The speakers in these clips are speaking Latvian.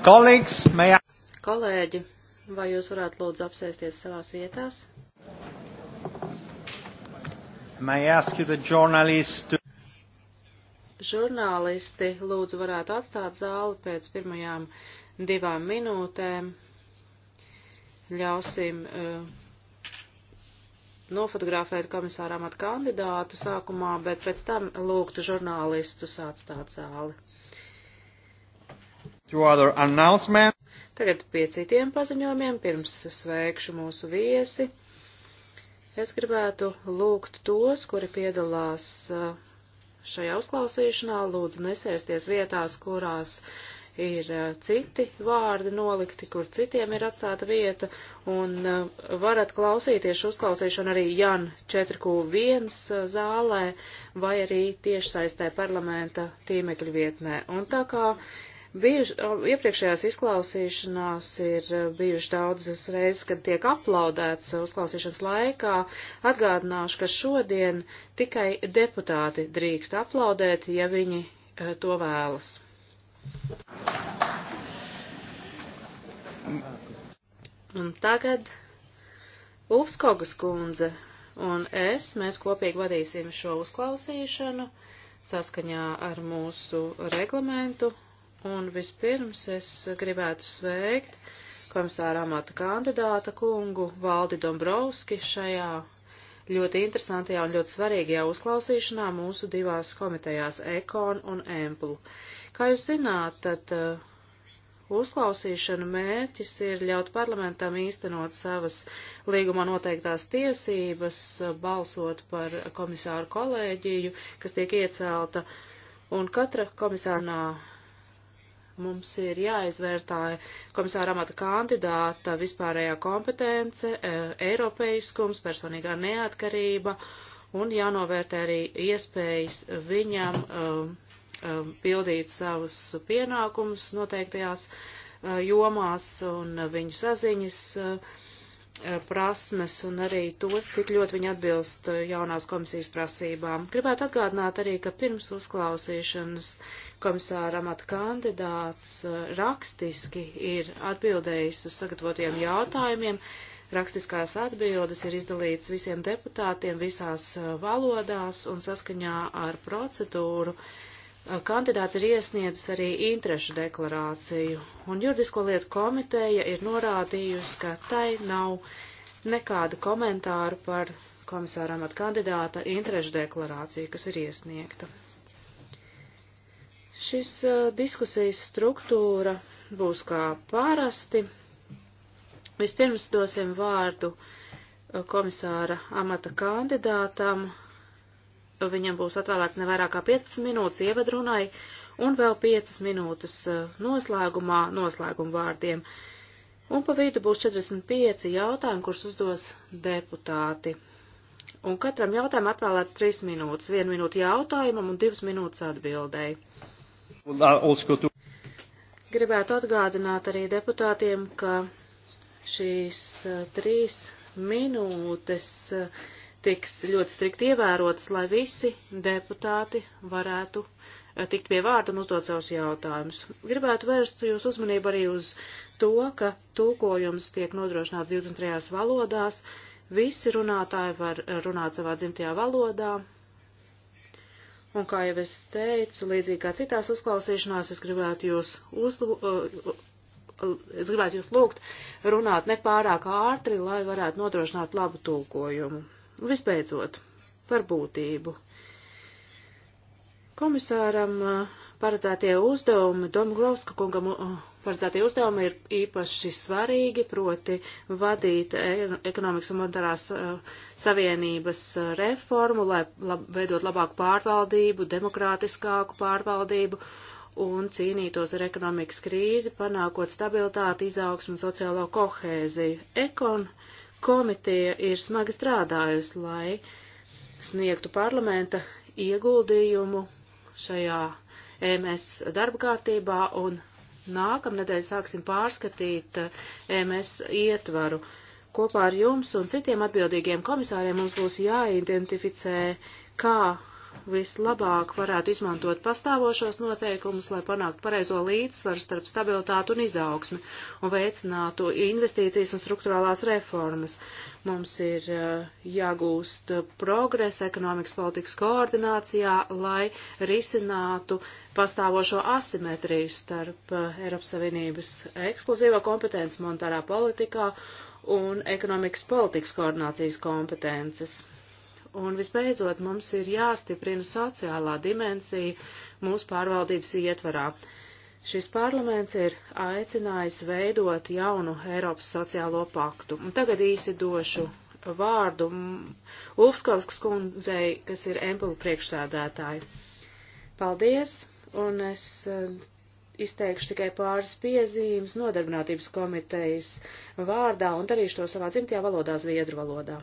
Kolēģis, mējā. Kolēģi, vai jūs varētu lūdzu apsēsties savās vietās? To... Žurnālisti lūdzu varētu atstāt zāli pēc pirmajām divām minūtēm. Ļausim uh, nofotografēt komisāram at kandidātu sākumā, bet pēc tam lūgtu žurnālistus atstāt zāli. Tagad pie citiem paziņojumiem, pirms sveikšu mūsu viesi. Es gribētu lūgt tos, kuri piedalās uh, šajā uzklausīšanā, lūdzu nesēsties vietās, kurās ir uh, citi vārdi nolikti, kur citiem ir atstāta vieta, un uh, varat klausīties uzklausīšanu arī Jan 4Q1 zālē vai arī tiešsaistē parlamenta tīmekļu vietnē. Un tā kā Biež, iepriekšējās izklausīšanās ir e, bijuši daudzas reizes, kad tiek aplaudēts e, uzklausīšanas laikā. Atgādināšu, ka šodien tikai deputāti drīkst aplaudēt, ja viņi e, to vēlas. Un tagad Ulfskogas kundze un es, mēs kopīgi vadīsim šo uzklausīšanu saskaņā ar mūsu reglamentu un vispirms es gribētu sveikt komisāra amata kandidāta kungu Valdi Dombrovski šajā ļoti interesantajā un ļoti svarīgajā uzklausīšanā mūsu divās komitejās Ekon un Emplu. Kā jūs zināt, tad uh, uzklausīšanu mērķis ir ļaut parlamentam īstenot savas līgumā noteiktās tiesības, uh, balsot par komisāru kolēģiju, kas tiek iecelta, un katra komisārnā Mums ir jāizvērtāja komisāra amata kandidāta vispārējā kompetence, e, eiropeiskums, personīgā neatkarība un jānovērtē arī iespējas viņam um, um, pildīt savus pienākumus noteiktajās uh, jomās un viņu saziņas. Uh, Eh, prasmes un arī to, cik ļoti viņi atbilst eh, jaunās komisijas prasībām. Gribētu atgādināt arī, ka pirms uzklausīšanas komisāra amata kandidāts eh, rakstiski ir atbildējis uz sagatavotiem jautājumiem. Rakstiskās atbildes ir izdalīts visiem deputātiem visās valodās un saskaņā ar procedūru. Uh, Kandidāts ir iesniedzis arī interešu deklarāciju, un juridisko lietu komiteja ir norādījusi, ka tai nav nekādu komentāru par komisāra amata kandidāta interešu deklarāciju, kas ir iesniegta. Šis uh, diskusijas struktūra būs kā parasti. Vispirms dosim vārdu komisāra amata kandidātam, viņam būs atvēlēts nevairāk kā 15 minūtes ievadrunai un vēl 5 minūtes eh, noslēgumā noslēguma vārdiem. Un pa vidu būs 45 jautājumi, kurus uzdos deputāti. Un katram jautājumam atvēlēts 3 minūtes, 1 minūte jautājumam un 2 minūtes atbildēji. Gribētu atgādināt arī deputātiem, ka šīs eh, trīs minūtes uh, tiks ļoti strikt ievērotas, lai visi deputāti varētu eh, tikt pie vārda un uzdot savus jautājumus. Gribētu vērst jūs uzmanību arī uz to, ka tulkojums tiek nodrošināts 23. valodās, visi runātāji var eh, runāt savā dzimtajā valodā, Un kā jau es teicu, līdzīgi kā citās uzklausīšanās, es gribētu jūs, uzlu, eh, es gribētu jūs lūgt runāt nepārāk ātri, lai varētu nodrošināt labu tūkojumu. Vispēcot, par būtību. Komisāram paredzētie uzdevumi, Doma Glauska kungam paredzētie uzdevumi ir īpaši svarīgi, proti vadīt e, ekonomikas un monetārās savienības reformu, lai lab, veidot labāku pārvaldību, demokrātiskāku pārvaldību un cīnītos ar ekonomikas krīzi, panākot stabilitāti, izaugsmu un sociālo kohēziju. Ekon komiteja ir smagi strādājusi, lai sniegtu parlamenta ieguldījumu šajā e MS darba kārtībā un nākamnedēļ sāksim pārskatīt e MS ietvaru. Kopā ar jums un citiem atbildīgiem komisāriem mums būs jāidentificē, kā vislabāk varētu izmantot pastāvošos noteikumus, lai panāktu pareizo līdzsvaru starp stabilitātu un izaugsmi un veicinātu investīcijas un struktūrālās reformas. Mums ir eh, jāgūst progres ekonomikas politikas koordinācijā, lai risinātu pastāvošo asimetriju starp eh, Eiropas Savienības ekskluzīvo kompetenci monetārā politikā un ekonomikas politikas koordinācijas kompetences. Un visbeidzot, mums ir jāstiprina sociālā dimensija mūsu pārvaldības ietvarā. Šis parlaments ir aicinājis veidot jaunu Eiropas sociālo paktu. Un tagad īsi došu vārdu Ulfskovskas kundzei, kas ir Empulu priekšsādātāja. Paldies, un es e, izteikšu tikai pāris piezīmes nodarbinātības komitejas vārdā un darīšu to savā dzimtajā valodā, zviedru valodā.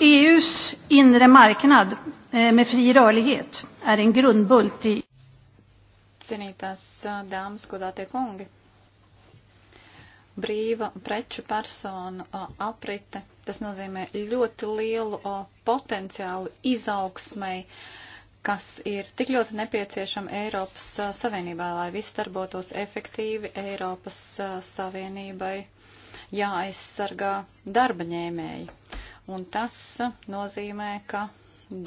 EUs inre marknad eh, med fri rörlighet är en grundbult i Cienītās eh, dāmas, godātie kungi, brīva preču personu eh, aprite, tas nozīmē ļoti lielu potenciālu izaugsmai, kas ir tik ļoti nepieciešama Eiropas Savienībā, lai viss darbotos efektīvi Eiropas Savienībai jāaizsargā darba ņēmēji. Un tas nozīmē, ka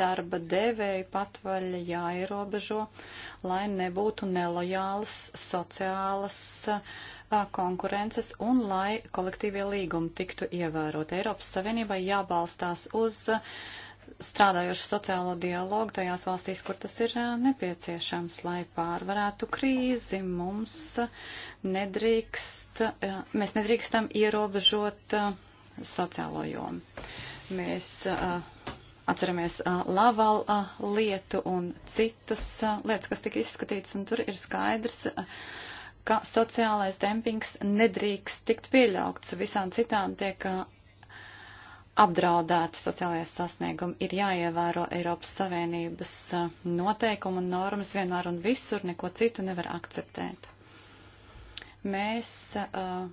darba devēja patvaļa jāierobežo, lai nebūtu nelojālas sociālas konkurences un lai kolektīvie līgumi tiktu ievērot. Eiropas Savienībai jābalstās uz strādājošu sociālo dialogu tajās valstīs, kur tas ir nepieciešams, lai pārvarētu krīzi. Mums nedrīkst, mēs nedrīkstam ierobežot sociālo jomu. Mēs uh, atceramies uh, Laval uh, lietu un citas lietas, kas tika izskatītas, un tur ir skaidrs, ka sociālais dempings nedrīkst tikt pieļaukts. Visām citām tiek apdraudēti sociālajie sasniegumi, ir jāievēro Eiropas Savienības noteikumi un normas vienmēr un visur, neko citu nevar akceptēt. Mēs uh,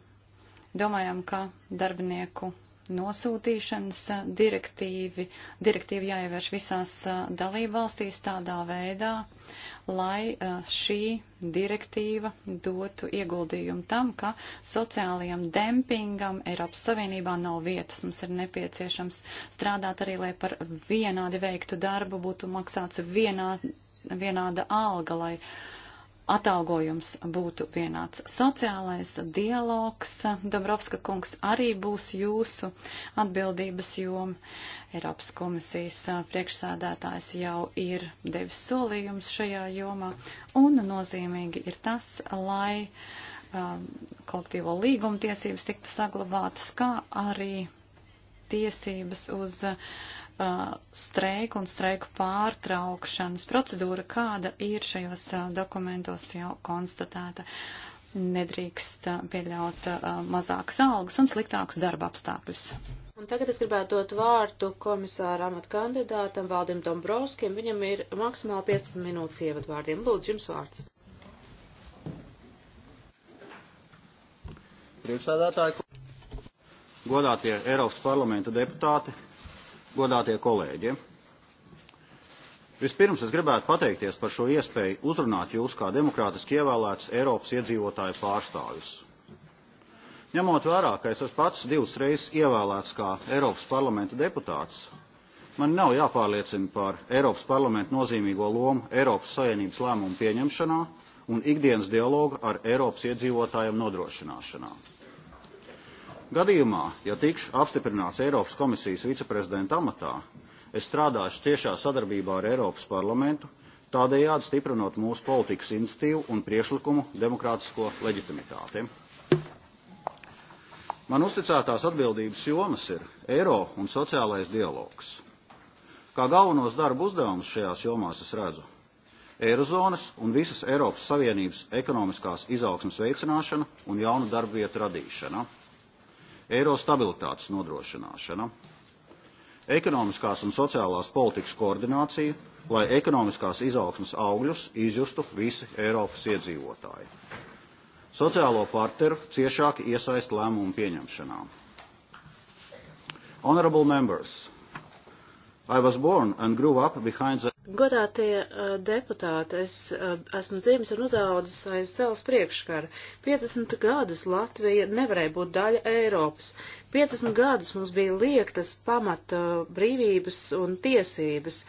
Domājam, ka darbinieku nosūtīšanas direktīvi, direktīvi jāievērš visās dalību valstīs tādā veidā, lai šī direktīva dotu ieguldījumu tam, ka sociālajam dempingam Eiropas Savienībā nav vietas. Mums ir nepieciešams strādāt arī, lai par vienādi veiktu darbu būtu maksāts vienā, vienāda alga, lai uh, atalgojums būtu vienāds. Sociālais dialogs, Dabrovska kungs, arī būs jūsu atbildības joma. Eiropas komisijas priekšsēdētājs jau ir devis solījums šajā jomā, un nozīmīgi ir tas, lai um, kolektīvo līgumu tiesības tiktu saglabātas, kā arī tiesības uz Uh, streiku un streiku pārtraukšanas procedūra, kāda ir šajos uh, dokumentos jau konstatēta. Nedrīkst uh, pieļaut mazākas algas un sliktākus darba apstākļus. Un tagad es gribētu dot vārdu komisāra amata kandidātam Valdim Dombrovskim. Viņam ir maksimāli 15 minūtes ievadvārdiem. Lūdzu, jums vārds. Priekšsēdētāji, godātie Eiropas parlamenta deputāti, godātie kolēģi! Vispirms es gribētu pateikties par šo iespēju uzrunāt jūs kā demokrātiski ievēlēts Eiropas iedzīvotāju pārstāvis. Ņemot vērā, ka es esmu pats divas reizes ievēlēts kā Eiropas parlamenta deputāts, man nav jāpārliecina par Eiropas parlamenta nozīmīgo lomu Eiropas Savienības lēmumu pieņemšanā un ikdienas dialogu ar Eiropas iedzīvotājiem nodrošināšanā. Gadījumā, ja tikšu apstiprināts Eiropas komisijas viceprezidenta amatā, es strādāšu ciešā sadarbībā ar Eiropas parlamentu, tādējādi stiprinot mūsu politikas iniciatīvu un priešlikumu demokrātisko leģitimitāti. Man uzticētās atbildības jomas ir eiro un sociālais dialogs. Kā galvenos darba uzdevumus šajās jomās es redzu Eirozonas un visas Eiropas Savienības ekonomiskās izaugsmas veicināšana un jaunu darba vietu radīšana eiro stabilitātes nodrošināšana, ekonomiskās un sociālās politikas koordinācija, lai ekonomiskās izaugsmas augļus izjustu visi Eiropas iedzīvotāji. Sociālo partneru ciešāk iesaist lēmumu pieņemšanā. Honorable members, I was born and grew up behind the Godātie uh, deputāti, es uh, esmu dzimis un uzaudzis aiz cels priekškara. 50 gadus Latvija nevarēja būt daļa Eiropas. 50 gadus mums bija liektas pamata brīvības un tiesības.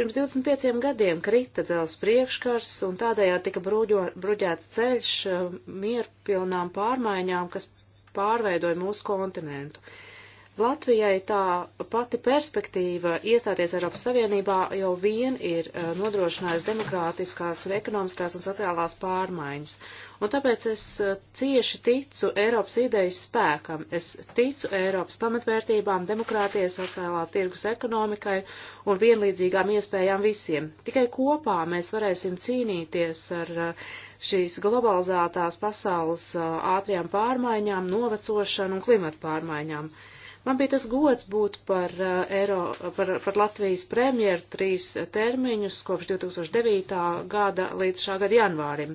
Pirms 25 gadiem krita cels priekškars un tādējā tika bruģo, bruģēts ceļš uh, mierpilnām pārmaiņām, kas pārveidoja mūsu kontinentu. Uh, Latvijai tā pati perspektīva iestāties Eiropas Savienībā jau vien ir eh, nodrošinājusi demokrātiskās, ekonomiskās un sociālās pārmaiņas. Un tāpēc es eh, cieši ticu Eiropas idejas spēkam. Es ticu Eiropas pamatvērtībām, demokrātijai, sociālā tirgus ekonomikai un vienlīdzīgām iespējām visiem. Tikai kopā mēs varēsim cīnīties ar eh, šīs globalizētās pasaules ātrajām pārmaiņām, novecošanu un klimatu pārmaiņām. Man bija tas gods būt par, uh, Eiro, par, par Latvijas premjeru trīs termiņus kopš 2009. gada līdz šā gada janvārim.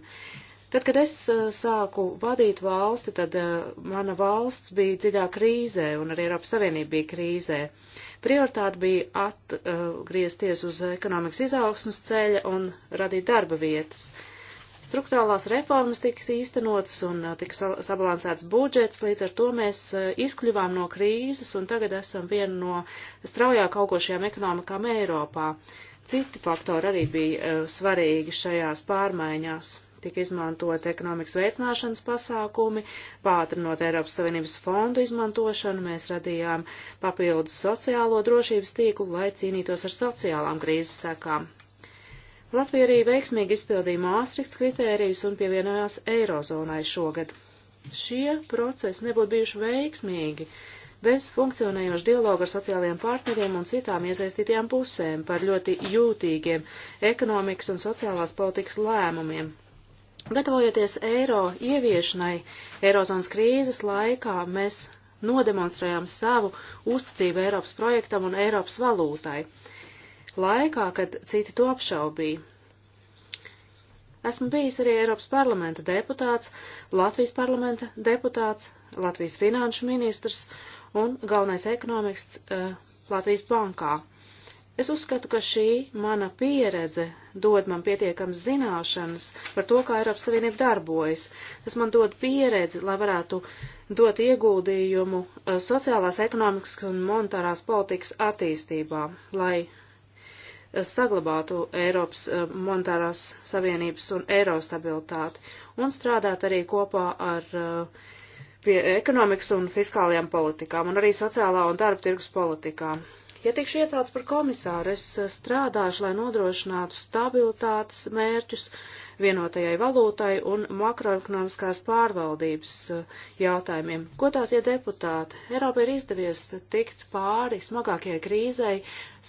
Tad, kad es uh, sāku vadīt valsti, tad uh, mana valsts bija dziļā krīzē un arī Eiropas Savienība bija krīzē. Prioritāte bija atgriezties uz ekonomikas izaugsmas ceļa un radīt darba vietas. Uh, Struktūrālās reformas tiks īstenotas un uh, tiks sabalansēts budžets, līdz ar to mēs uh, izkļuvām no krīzes un tagad esam viena no straujāk augošajām ekonomikām Eiropā. Citi faktori arī bija uh, svarīgi šajās pārmaiņās. Tika izmantot ekonomikas veicināšanas pasākumi, pātrinot Eiropas Savienības fondu izmantošanu, mēs radījām papildus sociālo drošības tīklu, lai cīnītos ar sociālām krīzes sekām. Latvija arī veiksmīgi izpildīja Māstrikts kritērijus un pievienojās Eirozonai šogad. Šie procesi nebūtu bijuši veiksmīgi bez funkcionējoša dialoga ar sociālajiem partneriem un citām iesaistītajām pusēm par ļoti jūtīgiem ekonomikas un sociālās politikas lēmumiem. Gatavojoties eiro ieviešanai, eirozonas krīzes laikā mēs nodemonstrējām savu uzticību Eiropas projektam un Eiropas valūtai laikā, kad citi to apšaubīja. Esmu bijis arī Eiropas parlamenta deputāts, Latvijas parlamenta deputāts, Latvijas finanšu ministrs un galvenais ekonomists uh, Latvijas bankā. Es uzskatu, ka šī mana pieredze dod man pietiekams zināšanas par to, kā Eiropas Savienība darbojas. Tas man dod pieredzi, lai varētu dot ieguldījumu eh, sociālās, ekonomikas un monetārās politikas attīstībā, lai saglabātu Eiropas eh, monetārās savienības un eiro stabilitāti un strādāt arī kopā ar eh, pie ekonomikas un fiskālajām politikām un arī sociālā un darba tirgus politikā. Ja tikšu iecelts par komisāru, es eh, strādāšu, lai nodrošinātu stabilitātes mērķus, vienotajai valūtai un makroekonomiskās pārvaldības eh, jautājumiem. Godātie deputāti, Eiropa ir izdevies tikt pāri smagākajai krīzei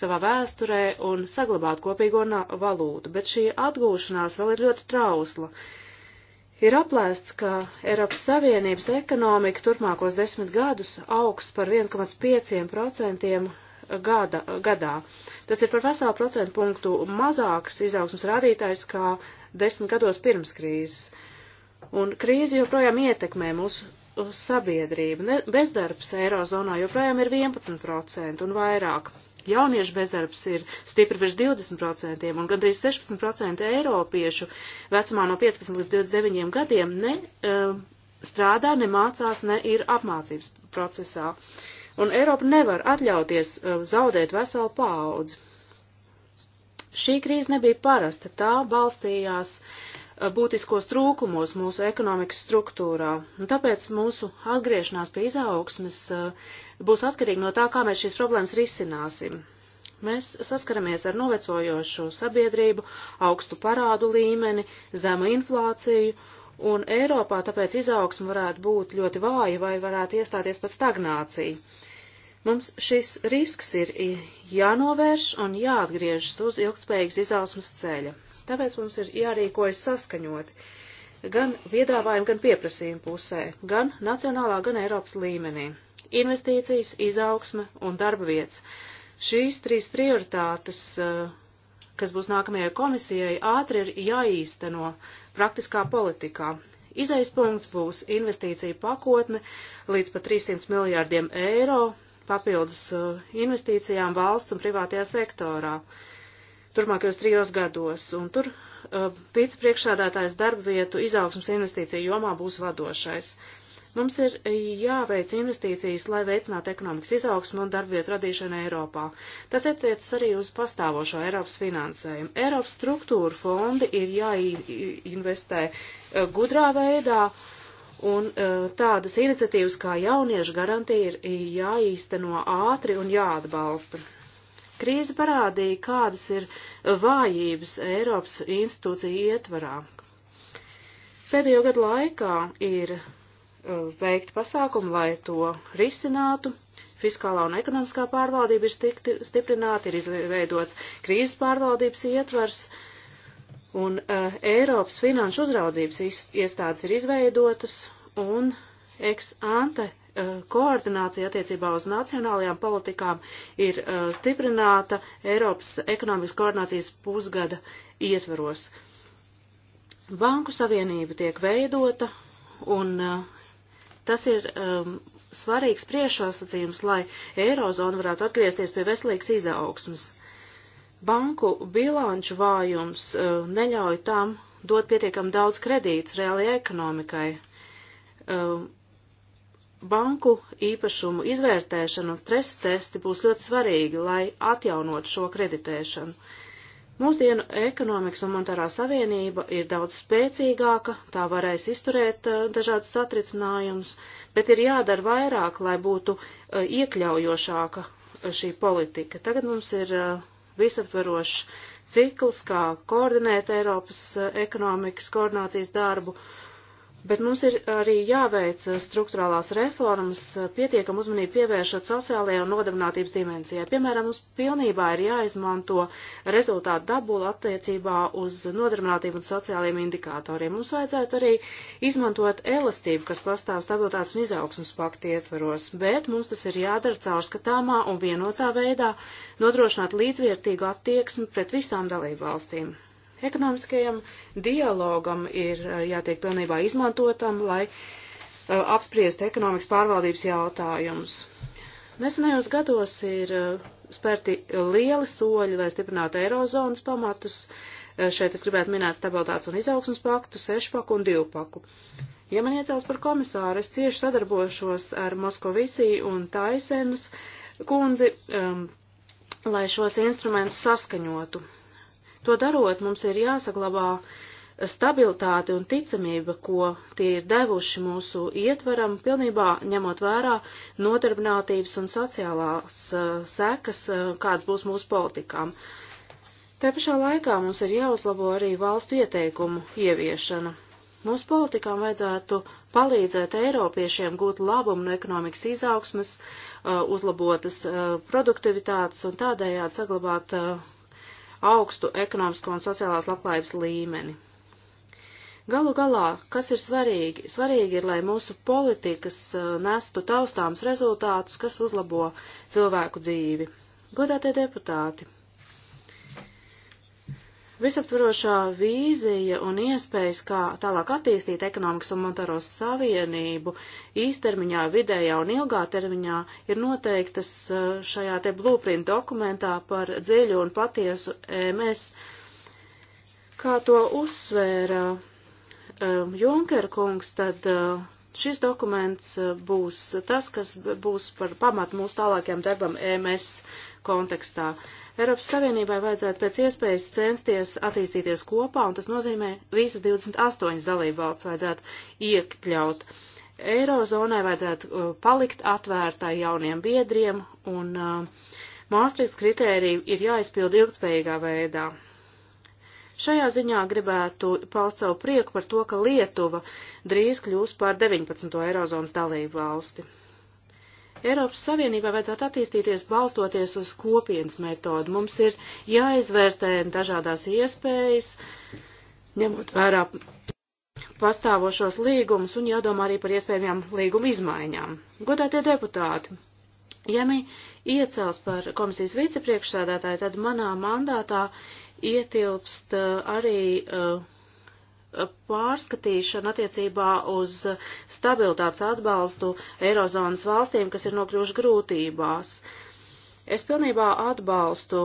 savā vēsturē un saglabāt kopīgo valūtu, bet šī atgūšanās vēl ir ļoti trausla. Ir aplēsts, ka Eiropas Savienības ekonomika turpmākos desmit gadus augs par 1,5% gada, gadā. Tas ir par veselu procentu punktu mazāks izaugsmas rādītājs kā desmit gados pirms krīzes. Un krīze joprojām ietekmē mūsu uz sabiedrību. Ne, bezdarbs Eirozonā joprojām ir 11% un vairāk. Jauniešu bezdarbs ir stipri virs 20% un gandrīz 16% eiropiešu vecumā no 15 līdz 29 gadiem ne uh, strādā, ne mācās, ne ir apmācības procesā. Un Eiropa nevar atļauties uh, zaudēt veselu paudzi. Šī krīze nebija parasta, tā balstījās eh, būtiskos trūkumos mūsu ekonomikas struktūrā, un tāpēc mūsu atgriešanās pie izaugsmes eh, būs atkarīgi no tā, kā mēs šīs problēmas risināsim. Mēs saskaramies ar novecojošu sabiedrību, augstu parādu līmeni, zemu inflāciju, un Eiropā tāpēc izaugsme varētu būt ļoti vāja vai varētu iestāties pat stagnācija. Mums šis risks ir jānovērš un jāatgriežas uz ilgspējīgas izausmas ceļa. Tāpēc mums ir jārīkojas saskaņoti gan piedāvājumu, gan pieprasījumu pusē, gan nacionālā, gan Eiropas līmenī. Investīcijas, izaugsme un darba vietas. Šīs trīs prioritātes, eh, kas būs nākamajai komisijai, ātri ir jāīsteno praktiskā politikā. Izaispunkts būs investīcija pakotne līdz pat 300 miljārdiem eiro papildus uh, investīcijām valsts un privātajā sektorā turpmākajos trijos gados. Un tur uh, vicepriekšsādātājs darba vietu izaugsmas investīciju jomā būs vadošais. Mums ir jāveic investīcijas, lai veicinātu ekonomikas izaugsmu un darbvietu radīšanu Eiropā. Tas attiecas arī uz pastāvošo Eiropas finansējumu. Eiropas struktūra fondi ir jāinvestē uh, gudrā veidā, uh, Un e, tādas iniciatīvas kā jauniešu garantija ir jāīsteno ātri un jāatbalsta. Krīze parādīja, kādas ir vājības Eiropas institūcija ietvarā. Pēdējo gadu laikā ir e, veikt pasākumu, lai to risinātu. Fiskālā un ekonomiskā pārvaldība ir stikti, stiprināta, ir izveidots krīzes pārvaldības ietvars, uh, Un uh, Eiropas finanšu uzraudzības iestādes ir izveidotas un ex ante uh, koordinācija attiecībā uz nacionālajām politikām ir uh, stiprināta Eiropas ekonomikas koordinācijas pusgada ietveros. Banku savienība tiek veidota un uh, tas ir um, svarīgs priešosacījums, lai Eirozona varētu atgriezties pie veselīgas izaugsmas. Uh, Banku bilanču vājums uh, neļauj tām dot pietiekam daudz kredītus reālajai ekonomikai. Uh, banku īpašumu izvērtēšana un stresa testi būs ļoti svarīgi, lai atjaunot šo kreditēšanu. Mūsdienu ekonomikas un monetārā savienība ir daudz spēcīgāka, tā varēs izturēt uh, dažādus satricinājumus, bet ir jādara vairāk, lai būtu uh, iekļaujošāka šī politika. Tagad mums ir uh, visaptverošs cikls, kā koordinēt Eiropas eh, ekonomikas koordinācijas darbu Bet mums ir arī jāveic eh, struktūrālās reformas, eh, pietiekam uzmanību pievēršot sociālajai un nodarbinātības dimensijai. Piemēram, mums pilnībā ir jāizmanto rezultātu dabula attiecībā uz nodarbinātību un sociālajiem indikātoriem. Mums vajadzētu arī izmantot elastību, kas pastāv stabilitātes un izaugsmas pakti ietvaros, bet mums tas ir jādara caurskatāmā un vienotā veidā, nodrošināt līdzvērtīgu attieksmi pret visām dalībvalstīm. Ekonomiskajam dialogam ir eh, jātiek pilnībā izmantotam, lai eh, apspriestu ekonomikas pārvaldības jautājumus. Nesenajos gados ir eh, spērti lieli soļi, lai stiprinātu eirozonas pamatus. Šeit es gribētu minēt stabilitātes un izaugsmas paktu, sešpaku un divpaku. Ja man iecels par komisāru, es cieši sadarbošos ar Moskovici un Taisenas kundzi, um, lai šos instrumentus saskaņotu. To darot, mums ir jāsaglabā stabilitāte un ticamība, ko tie ir devuši mūsu ietvaram, pilnībā ņemot vērā nodarbinātības un sociālās uh, sekas, uh, eh, kāds būs mūsu politikām. Te pašā laikā mums ir jāuzlabo arī valstu ieteikumu ieviešana. Mūsu politikām vajadzētu palīdzēt Eiropiešiem gūt labumu no ekonomikas izaugsmas, eh, uzlabotas produktivitātes un tādējādi saglabāt augstu ekonomisko un sociālās labklājības līmeni. Galu galā, kas ir svarīgi? Svarīgi ir, lai mūsu politikas eh, nestu taustāms rezultātus, kas uzlabo cilvēku dzīvi. Godātie deputāti! Visaptvarošā vīzija un iespējas, kā tālāk attīstīt ekonomikas un monetāros savienību īstermiņā, vidējā un ilgā termiņā, ir noteiktas eh, šajā te blueprint dokumentā par dziļu un patiesu EMS. Kā to uzsvēra eh, Junker kungs, tad eh, šis dokuments būs tas, kas būs par pamatu mūsu tālākajam darbam EMS kontekstā. Eiropas Savienībai vajadzētu pēc iespējas censties attīstīties kopā, un tas nozīmē visas 28 dalību valsts vajadzētu iekļaut. Eirozonai vajadzētu uh, palikt atvērtai jauniem biedriem, un uh, Māstrīts kritērija ir jāizpild ilgspējīgā veidā. Šajā ziņā gribētu paust savu prieku par to, ka Lietuva drīz kļūs par 19. Eirozonas dalību valsti. Eiropas Savienībā vajadzētu attīstīties balstoties uz kopienas metodu. Mums ir jāizvērtē dažādās iespējas, ņemot vērā pastāvošos līgumus un jādomā arī par iespējamām līguma izmaiņām. Godātie deputāti, ja mi iecels par komisijas vicepriekšsēdētāju, tad manā mandātā ietilpst uh, arī uh, pārskatīšana attiecībā uz stabilitātes atbalstu Eirozonas valstīm, kas ir nokļuvuši grūtībās. Es pilnībā atbalstu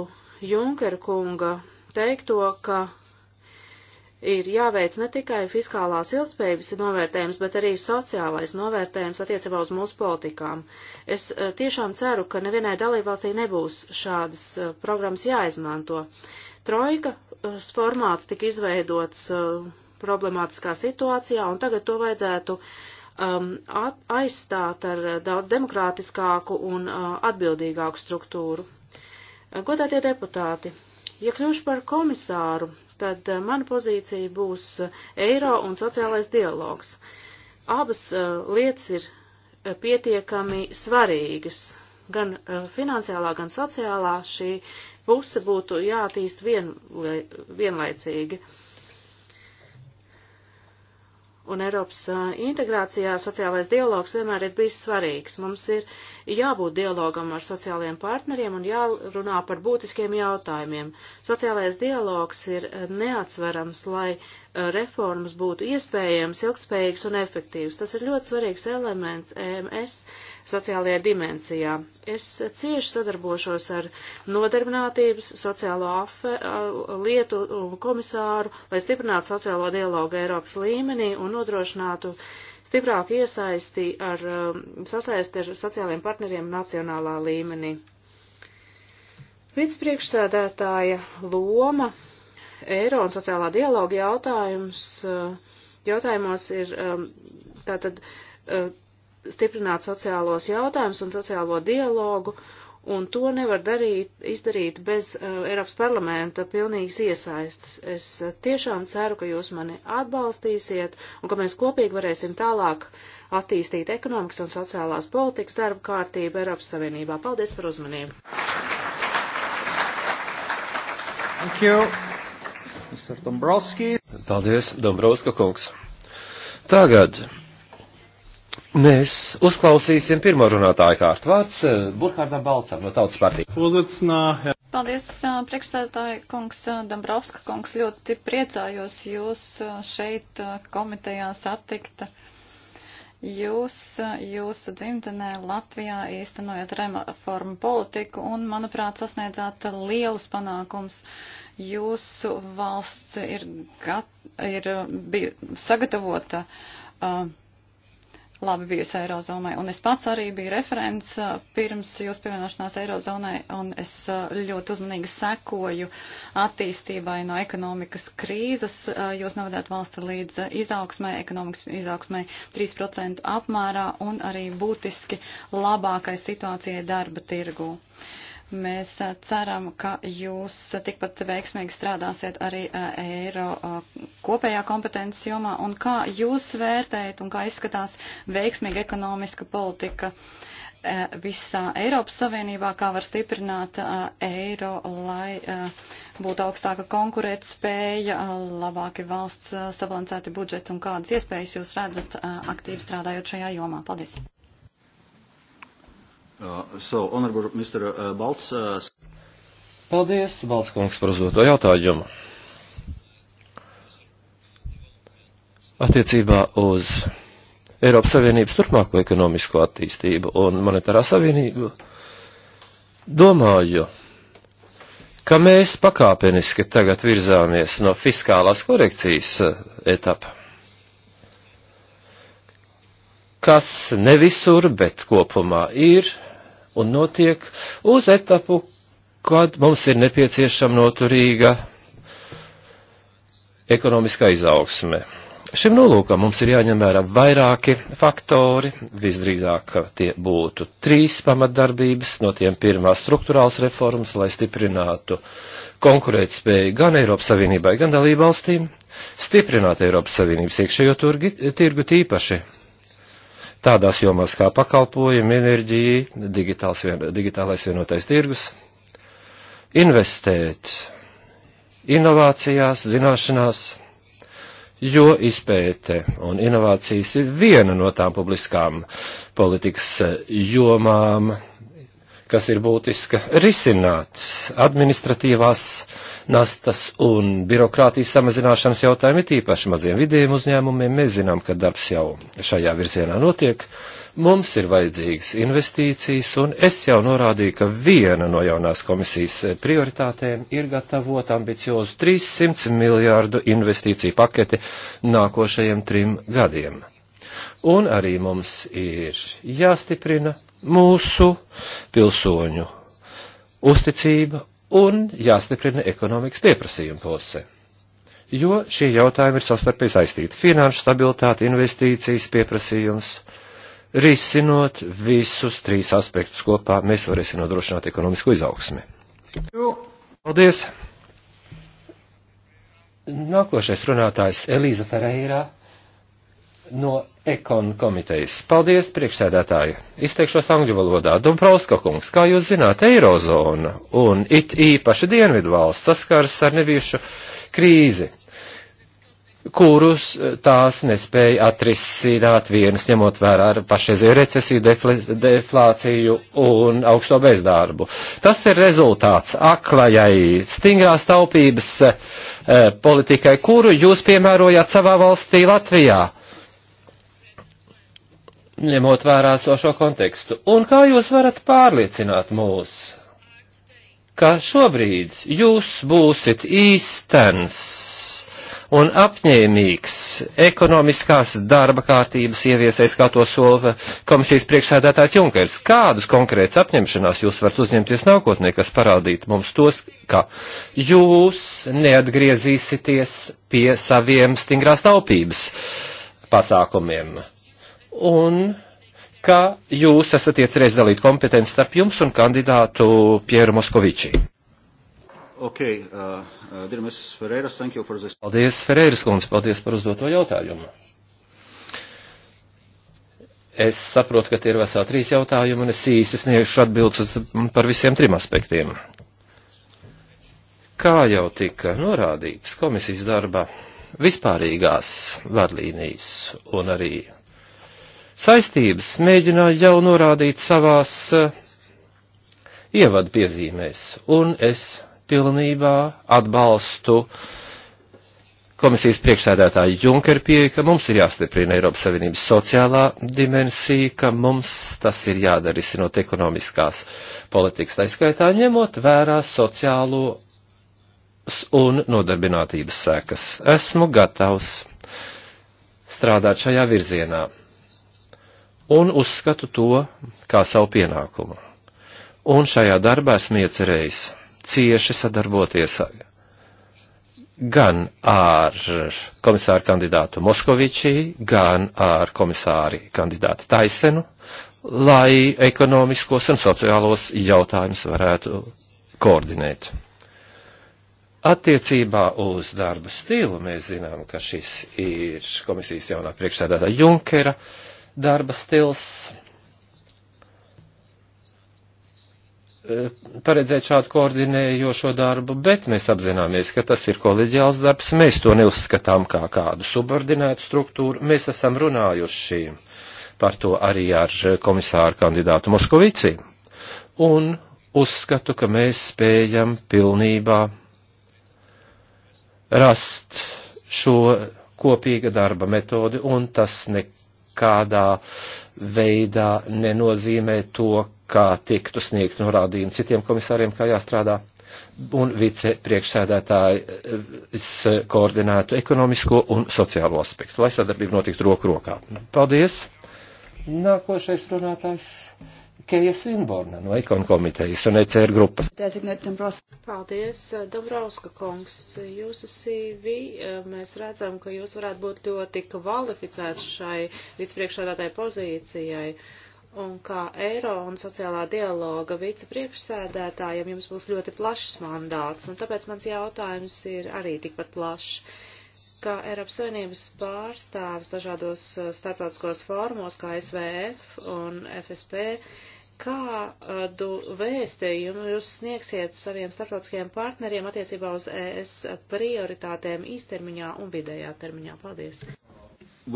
Junkera kunga teikto, ka ir jāveic ne tikai fiskālās ilgspējības novērtējums, bet arī sociālais novērtējums attiecībā uz mūsu politikām. Es eh, tiešām ceru, ka nevienai dalībvalstī nebūs šādas eh, programmas jāizmanto. Trojka eh, formāts tika izveidots uh, problemātiskā situācijā, un tagad to vajadzētu um, at, aizstāt ar daudz demokrātiskāku un uh, atbildīgāku struktūru. Uh, godātie deputāti, ja kļūšu par komisāru, tad uh, mana pozīcija būs uh, eiro un sociālais dialogs. Abas uh, lietas ir uh, pietiekami svarīgas, gan uh, finansiālā, gan sociālā šī puse būtu jātīst vien, vienlaicīgi. Uh, un Eiropas integrācijā sociālais dialogs vienmēr ir bijis svarīgs. Mums ir jābūt dialogam ar sociālajiem partneriem un jārunā par būtiskiem jautājumiem. Sociālais dialogs ir eh, neatsverams, lai eh, reformas būtu iespējams, ilgspējīgs un efektīvs. Tas ir ļoti svarīgs elements EMS sociālajā dimensijā. Es eh, cieši sadarbošos ar nodarbinātības, sociālo afe, lietu komisāru, lai stiprinātu sociālo dialogu Eiropas līmenī un nodrošinātu uh, stiprāku iesaisti ar, um, sasaisti ar sociālajiem partneriem nacionālā līmenī. Vicepriekšsēdētāja loma eiro un sociālā dialoga jautājums, uh, jautājumos ir um, tātad uh, stiprināt sociālos jautājumus un sociālo dialogu un to nevar darīt, izdarīt bez uh, Eiropas parlamenta pilnīgas iesaistas. Es uh, tiešām ceru, ka jūs mani atbalstīsiet un ka mēs kopīgi varēsim tālāk attīstīt ekonomikas un sociālās politikas darba kārtību Eiropas Savienībā. Paldies par uzmanību! Thank you, Mr. Dombrovski. Paldies, Dombrovska kungs. Tagad Mēs uzklausīsim pirmo runātāju kārtu vārds eh, Burkhārdam Balcam no Tautas partijas. Paldies, eh, priekšstādātāji kungs eh, Dombrovska kungs. Ļoti priecājos jūs šeit komitejā satikta. Jūs, jūsu dzimtenē Latvijā īstenojat reformu politiku un, manuprāt, sasniedzāt lielus panākums. Jūsu valsts ir, gat, ir bija sagatavota. Uh, labi bijusi Eirozonai. Un es pats arī biju referents uh, pirms jūs pievienošanās Eirozonai, un es uh, ļoti uzmanīgi sekoju attīstībai no ekonomikas krīzes. Uh, jūs novadāt valsti līdz izaugsmai, ekonomikas izaugsmai 3% apmērā un arī būtiski labākai situācijai darba tirgū. Uh, Mēs ceram, ka jūs tikpat veiksmīgi strādāsiet arī eiro kopējā kompetences jomā. Un kā jūs vērtējat un kā izskatās veiksmīga ekonomiska politika visā Eiropas Savienībā, kā var stiprināt eiro, lai būtu augstāka konkurētspēja, labāki valsts sabalansēti budžeti un kādas iespējas jūs redzat aktīvi strādājot šajā jomā? Paldies! Uh, so, honorable Mr. Uh, Balts. Uh... Paldies, Balts kungs, par uzdoto jautājumu. Attiecībā uz Eiropas Savienības turpmāko ekonomisko attīstību un monetārā savienību domāju, ka mēs pakāpeniski tagad virzāmies no fiskālās korekcijas uh, etapa kas ne visur, bet kopumā ir un notiek uz etapu, kad mums ir nepieciešama noturīga ekonomiskā izaugsme. Šim nolūkam mums ir jāņem vērā vairāki faktori, visdrīzāk tie būtu trīs pamatdarbības, no tiem pirmā struktūrāls reformas, lai stiprinātu konkurētspēju gan Eiropas Savienībai, gan dalībvalstīm, stiprināt Eiropas Savienības iekšējo turgi, tirgu tīpaši tādās jomās kā pakalpojumi, enerģija, vien, digitālais vienotais tirgus, investēt inovācijās, zināšanās, jo izpēte un inovācijas ir viena no tām publiskām politikas jomām, kas ir būtiska, risināt administratīvās nastas un birokrātijas samazināšanas jautājumi, tīpaši maziem vidiem uzņēmumiem. Mēs zinām, ka darbs jau šajā virzienā notiek. Mums ir vajadzīgas investīcijas, un es jau norādīju, ka viena no jaunās komisijas prioritātēm ir gatavot ambiciozu 300 miljārdu investīciju paketi nākošajiem trim gadiem un arī mums ir jāstiprina mūsu pilsoņu uzticība un jāstiprina ekonomikas pieprasījuma puse. Jo šie jautājumi ir savstarpēji saistīti - finanšu stabilitāte, investīcijas, pieprasījums. Risinot visus trīs aspektus kopā, mēs varēsim nodrošināt ekonomisko izaugsmi. Paldies! Nākošais runātājs Elīza Ferreira no Ekon komitejas. Paldies, priekšsēdētāji. Izteikšos angļu valodā. Dumprauska kungs, kā jūs zināt, Eirozona un it īpaši Dienvidu valsts saskaras ar nebijušu krīzi, kurus eh, tās nespēja atrisināt vienas, ņemot vērā ar pašreizēju recesiju, defl deflāciju un augsto bezdarbu. Tas ir rezultāts aklajai stingrās taupības eh, politikai, kuru jūs piemērojāt savā valstī Latvijā ņemot vērā sošo kontekstu. Un kā jūs varat pārliecināt mūs, ka šobrīd jūs būsit īstens un apņēmīgs ekonomiskās darba kārtības ieviesais, kā to sola komisijas priekšsēdētājs Junkers. Kādus konkrēts apņemšanās jūs varat uzņemties nākotnē, kas parādīt mums tos, ka jūs neatgriezīsieties pie saviem stingrās taupības pasākumiem? un ka jūs esat iecerējis dalīt kompetenci starp jums un kandidātu Pieru Moskovičī. Okay, uh, uh, Ferreiras, this... Paldies, Ferreiras kundze, paldies par uzdoto jautājumu. Es saprotu, ka tie ir vesā trīs jautājumi, un es īsi sniegšu atbildes par visiem trim aspektiem. Kā jau tika norādīts komisijas darba vispārīgās vadlīnijas un arī saistības mēģināju jau norādīt savās eh, ievadpiezīmēs, un es pilnībā atbalstu komisijas priekšsēdētāju Junkeru pieeja, ka mums ir jāstiprina Eiropas Savienības sociālā dimensija, ka mums tas ir jādara izsinot ekonomiskās politikas, tā skaitā ņemot vērā sociālo un nodarbinātības sekas. Esmu gatavs strādāt šajā virzienā un uzskatu to kā savu pienākumu. Un šajā darbā esmu iecerējis cieši sadarboties gan ar komisāru kandidātu Moškovičī, gan ar komisāri kandidātu Taisenu, lai ekonomiskos un sociālos jautājumus varētu koordinēt. Attiecībā uz darba stilu mēs zinām, ka šis ir komisijas jaunā priekšsēdētāja Junkera uh, darba stils e, paredzēt šādu koordinējošo darbu, bet mēs apzināmies, ka tas ir koleģiāls darbs, mēs to neuzskatām kā kādu subordinētu struktūru, mēs esam runājuši par to arī ar komisāru kandidātu Moskovici, un uzskatu, ka mēs spējam pilnībā rast šo kopīga darba metodi, un tas nekā nekādā veidā nenozīmē to, kā tiktu sniegt norādījumi citiem komisāriem, kā jāstrādā un vicepriekšsēdētājs koordinētu ekonomisko un sociālo aspektu, lai sadarbība notiktu roku rokā. Paldies! Nākošais runātājs Keja Svinborna no Ekon komitejas un ECR grupas. Paldies, Dabrauska kungs. Jūsu CV eh, mēs redzam, ka jūs varētu būt ļoti kvalificēts šai vicepriekšādātai pozīcijai. Un kā eiro un sociālā dialoga vicepriekšsēdētājiem jums būs ļoti plašs mandāts, un tāpēc mans jautājums ir arī tikpat plašs. Kā Eiropas Savienības pārstāvis dažādos eh, starptautiskos formos, kā SVF un FSP, Kādu vēstījumu jūs sniegsiet saviem starptautiskajiem partneriem attiecībā uz ES prioritātēm īstermiņā un vidējā termiņā? Paldies!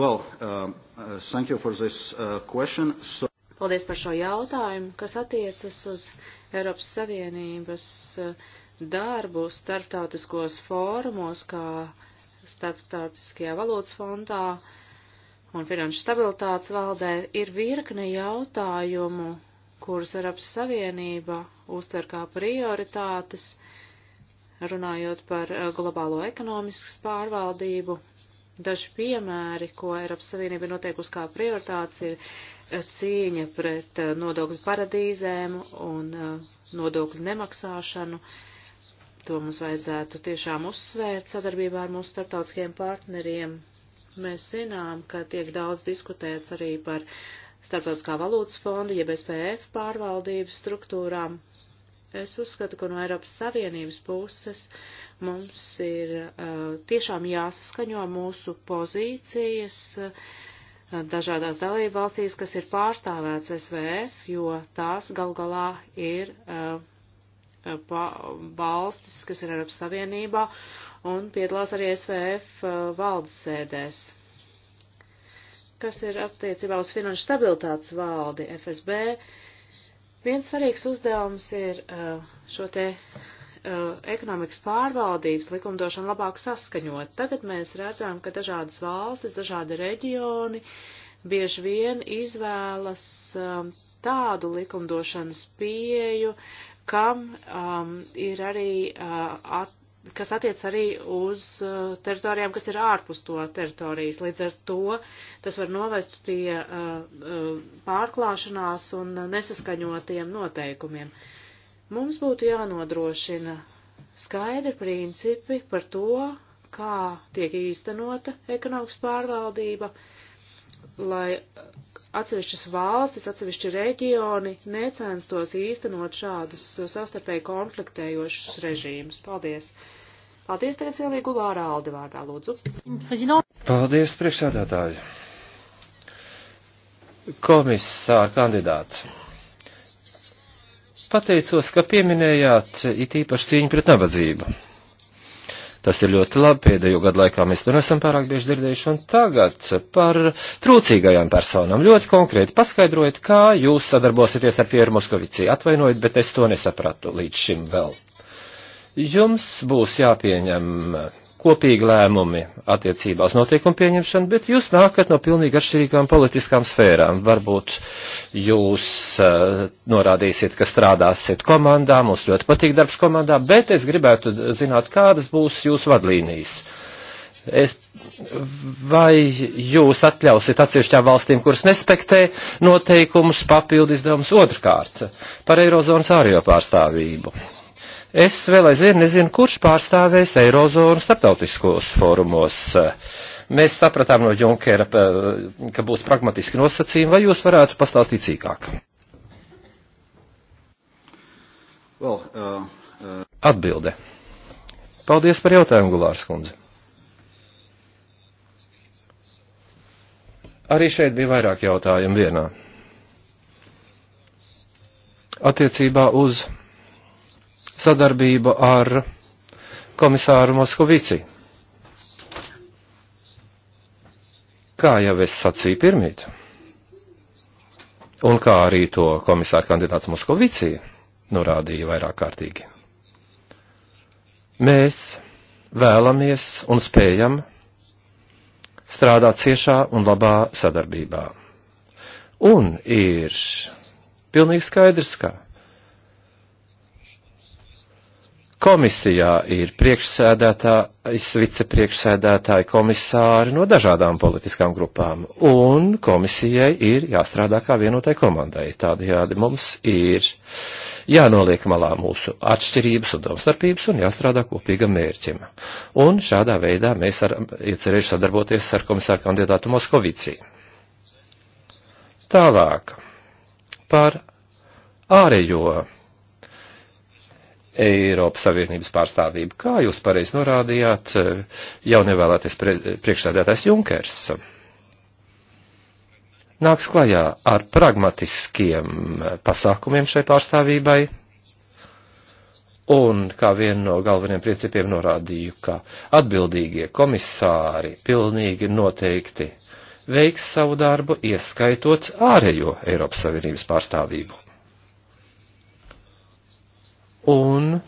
Well, um, uh, thank you for this uh, question. So... Paldies par šo jautājumu, kas attiecas uz Eiropas Savienības uh, darbu starptautiskos fórumos, kā starptautiskajā valodas fondā un finanšu stabilitātes valdē. Ir virkne jautājumu, kuras Eiropas Savienība uztver kā prioritātes, runājot par eh, globālo ekonomiskas pārvaldību. Daži piemēri, ko Eiropas Savienība ir noteikusi kā prioritātes, ir eh, cīņa pret eh, nodokļu paradīzēm un nodokļu nemaksāšanu. To mums vajadzētu tiešām uzsvērt sadarbībā ar mūsu starptautiskajiem partneriem. Mēs zinām, ka tiek daudz diskutēts arī par starptautiskā valūtas fonda, jeb SPF pārvaldības struktūrām. Es uzskatu, ka no Eiropas Savienības puses mums ir uh, tiešām jāsaskaņo mūsu pozīcijas uh, dažādās dalību valstīs, kas ir pārstāvēts SVF, jo tās gal galā ir uh, uh valstis, kas ir Eiropas Savienībā, un piedalās arī SVF uh, valdes sēdēs kas ir attiecībā uz finanšu stabilitātes valdi FSB. Viens svarīgs uzdevums ir uh, šo te uh, ekonomikas pārvaldības likumdošanu labāk saskaņot. Tagad mēs redzam, ka dažādas valstis, dažādi reģioni bieži vien izvēlas um, tādu likumdošanas pieju, kam um, ir arī uh, at, kas attiec arī uz uh, teritorijām, kas ir ārpus to teritorijas. Līdz ar to tas var novest pie uh, uh, pārklāšanās un nesaskaņotiem noteikumiem. Mums būtu jānodrošina skaidri principi par to, kā tiek īstenota ekonomikas pārvaldība, uh, lai atsevišķas valstis, atsevišķi reģioni necenstos īstenot šādus savstarpēji konfliktējošus režīmus. Paldies! Paldies, tagad Silvija Gulārā Aldi vārdā, lūdzu. Paldies, priekšsēdētāji. Komisāra kandidāti. Pateicos, ka pieminējāt it īpaši cīņu pret nabadzību. Tas ir ļoti labi, pēdējo gadu laikā mēs to nesam pārāk bieži dzirdējuši, un tagad par trūcīgajām personām. Ļoti konkrēti paskaidrojiet, kā jūs sadarbosieties ar Pieru Moskovici. Atvainojiet, bet es to nesapratu līdz šim vēl. Jums būs jāpieņem kopīgi lēmumi attiecībā uz notiekumu pieņemšanu, bet jūs nākat no pilnīgi atšķirīgām politiskām sfērām. Varbūt jūs uh, norādīsiet, ka strādāsiet komandā, mums ļoti patīk darbs komandā, bet es gribētu zināt, kādas būs jūsu vadlīnijas. Es, vai jūs atļausiet atsevišķām valstīm, kuras nespektē noteikumus, papildu izdevumus otrkārt par Eirozonas ārējo pārstāvību? Es vēl aizvien nezinu, kurš pārstāvēs Eirozonu starptautiskos fórumos. Mēs sapratām no Junkera, ka būs pragmatiski nosacījumi, vai jūs varētu pastāstīt sīkāk? Well, uh, uh... Atbilde. Paldies par jautājumu, Gulārs kundze. Arī šeit bija vairāk jautājumu vienā. Attiecībā uz sadarbību ar komisāru Moskovici. Kā jau es sacīju pirmīt, un kā arī to komisāra kandidāts Moskovici norādīja vairāk kārtīgi, mēs vēlamies un spējam strādāt ciešā un labā sadarbībā. Un ir pilnīgi skaidrs, ka Komisijā ir priekšsēdētājs, vicepriekšsēdētāji, komisāri no dažādām politiskām grupām, un komisijai ir jāstrādā kā vienotai komandai. Tādējādi mums ir jānoliek malā mūsu atšķirības un domstarpības un jāstrādā kopīgam mērķim. Un šādā veidā mēs ar, iecerēšu sadarboties ar komisāru kandidātu Moskovici. Tālāk par ārējo Eiropas Savienības pārstāvību. Kā jūs pareizi norādījāt, eh, jau nevēlēties priekšstādātais Junkers nāks klajā ar pragmatiskiem pasākumiem šai pārstāvībai, un kā vienu no galveniem principiem norādīju, ka atbildīgie komisāri pilnīgi noteikti veiks savu darbu, ieskaitot ārējo Eiropas Savienības pārstāvību un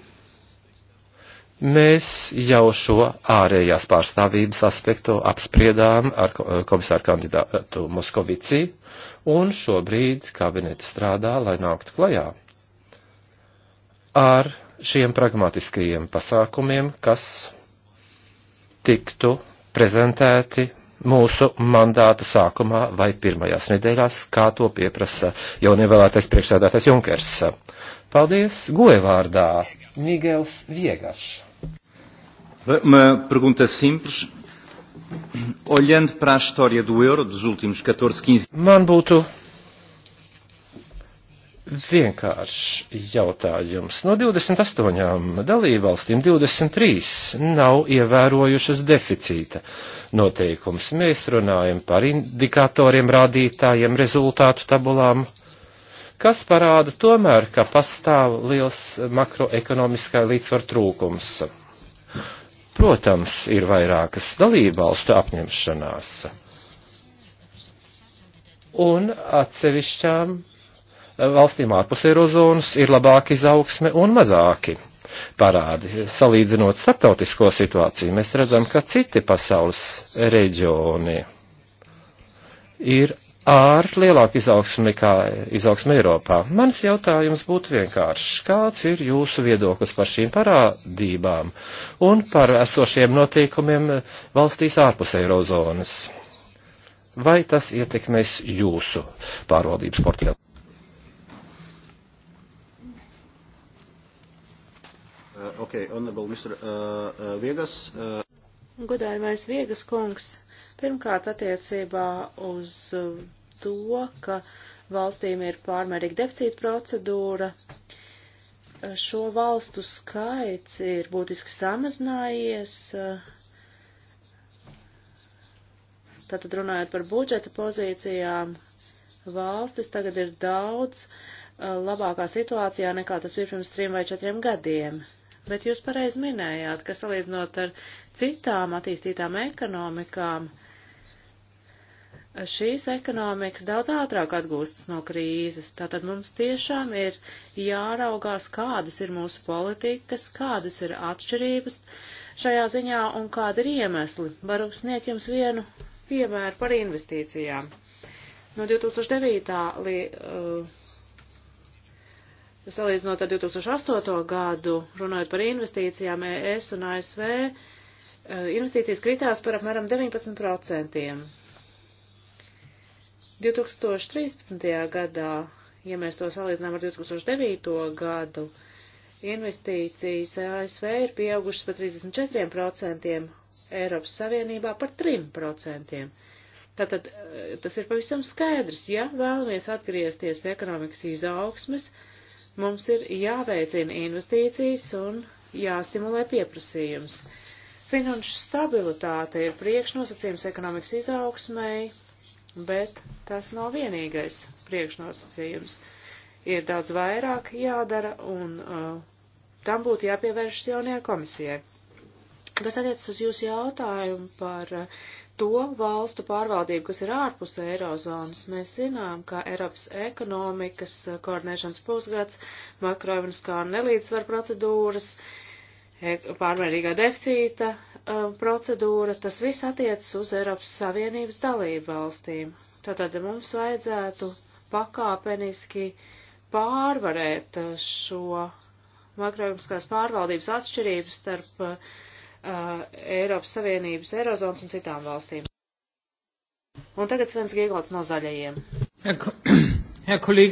mēs jau šo ārējās pārstāvības aspektu apspriedām ar eh, komisāru kandidātu Moskovici, un šobrīd kabineti strādā, lai nāktu klajā ar šiem pragmatiskajiem pasākumiem, kas tiktu prezentēti mūsu mandāta sākumā vai pirmajās nedēļās, kā to pieprasa jau nevēlētais priekšsēdētais Junkers. Paldies, goja vārdā, Migels Viegašs. Uma pergunta simples. Olhando para a história do euro dos últimos 14, 15 Man būtu vienkāršs jautājums. No 28 dalībvalstīm 23 nav ievērojušas deficīta noteikums. Mēs runājam par indikatoriem, rādītājiem, rezultātu tabulām, kas parāda tomēr, ka pastāv liels makroekonomiskā līdzsvar trūkums. Protams, ir vairākas dalībvalstu apņemšanās. Un atsevišķām valstīm ārpus Eirozonas ir labāka izaugsme un mazāki parādi. Salīdzinot starptautisko situāciju, mēs redzam, ka citi pasaules reģioni ir ar lielāku izaugsmu nekā izaugsmu Eiropā. Mans jautājums būtu vienkāršs. Kāds ir jūsu viedoklis par šīm parādībām un par esošiem notiekumiem valstīs ārpus Eirozonas? Vai tas ietekmēs jūsu pārvaldības portfeli? Uh, okay, honorable Mr. Uh, uh, Viegas. Uh... Godājumais Viegas kungs, pirmkārt attiecībā uz uh, to, ka valstīm ir pārmērīga deficīta procedūra, uh, šo valstu skaits ir būtiski samazinājies. Tātad runājot par budžeta pozīcijām, valstis tagad ir daudz labākā situācijā nekā tas bija pirms trim vai četriem gadiem. Bet jūs pareizi minējāt, ka salīdzinot ar citām attīstītām ekonomikām, šīs ekonomikas daudz ātrāk atgūstas no krīzes. Tātad mums tiešām ir jāraugās, kādas ir mūsu politikas, kādas ir atšķirības šajā ziņā un kādi ir iemesli. Varu sniegt jums vienu piemēru par investīcijām. No 2009. Li, uh, Salīdzinot ar 2008. gadu, runājot par investīcijām ES un ASV, eh, investīcijas kritās par apmēram 19%. 2013. gadā, ja mēs to salīdzinām ar 2009. gadu, investīcijas ASV ir pieaugušas par 34%, Eiropas Savienībā par 3%. Tātad eh, tas ir pavisam skaidrs, ja vēlamies atgriezties pie ekonomikas izaugsmes, uh, Mums ir jāveicina investīcijas un jāstimulē pieprasījums. Finanšu stabilitāte ir priekšnosacījums ekonomikas izaugsmēji, bet tas nav vienīgais priekšnosacījums. Ir daudz vairāk jādara un uh, tam būtu jāpievēršas jaunajā komisijai. Kas attiecas uz jūsu jautājumu par uh, to valstu pārvaldību, kas ir ārpus eirozonas. Mēs zinām, ka Eiropas ekonomikas koordinēšanas pusgads, makroekonomiskā nelīdzsvar procedūras, e, pārmērīgā deficīta e, procedūra, tas viss attiecas uz Eiropas Savienības dalību valstīm. Tātad mums vajadzētu pakāpeniski pārvarēt šo makroekonomiskās pārvaldības atšķirības starp uh, uh, Eiropas Savienības, Eirozonas un citām valstīm. Un tagad Svens Giegots no zaļajiem.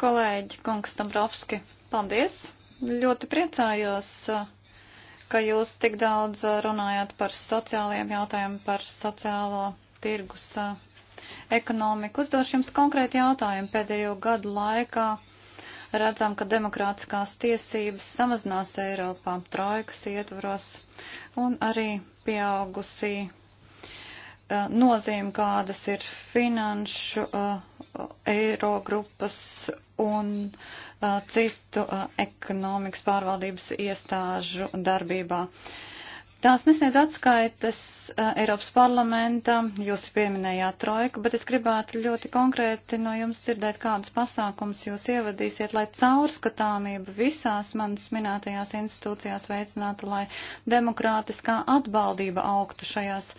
Kolēģi, kungs Dombrovski, paldies! Ļoti priecājos, uh, ka jūs tik daudz uh, runājat par sociālajiem jautājumiem, par sociālo tirgus uh, ekonomiku. Uzdošu jums konkrēti jautājumu pēdējo gadu laikā redzam, ka demokrātiskās tiesības samazinās Eiropā trojkas ietvaros un arī pieaugusī eh, nozīme, kādas ir finanšu, eh, eiro grupas un eh, citu ekonomikas pārvaldības iestāžu darbībā. Uh, Tās nesniedz atskaitas Eiropas parlamenta, jūs pieminējāt trojku, bet es gribētu ļoti konkrēti no jums dzirdēt, kādus pasākums jūs ievadīsiet, lai caurskatāmība visās manas minētajās institūcijās veicinātu, lai demokrātiskā atbaldība augtu šajās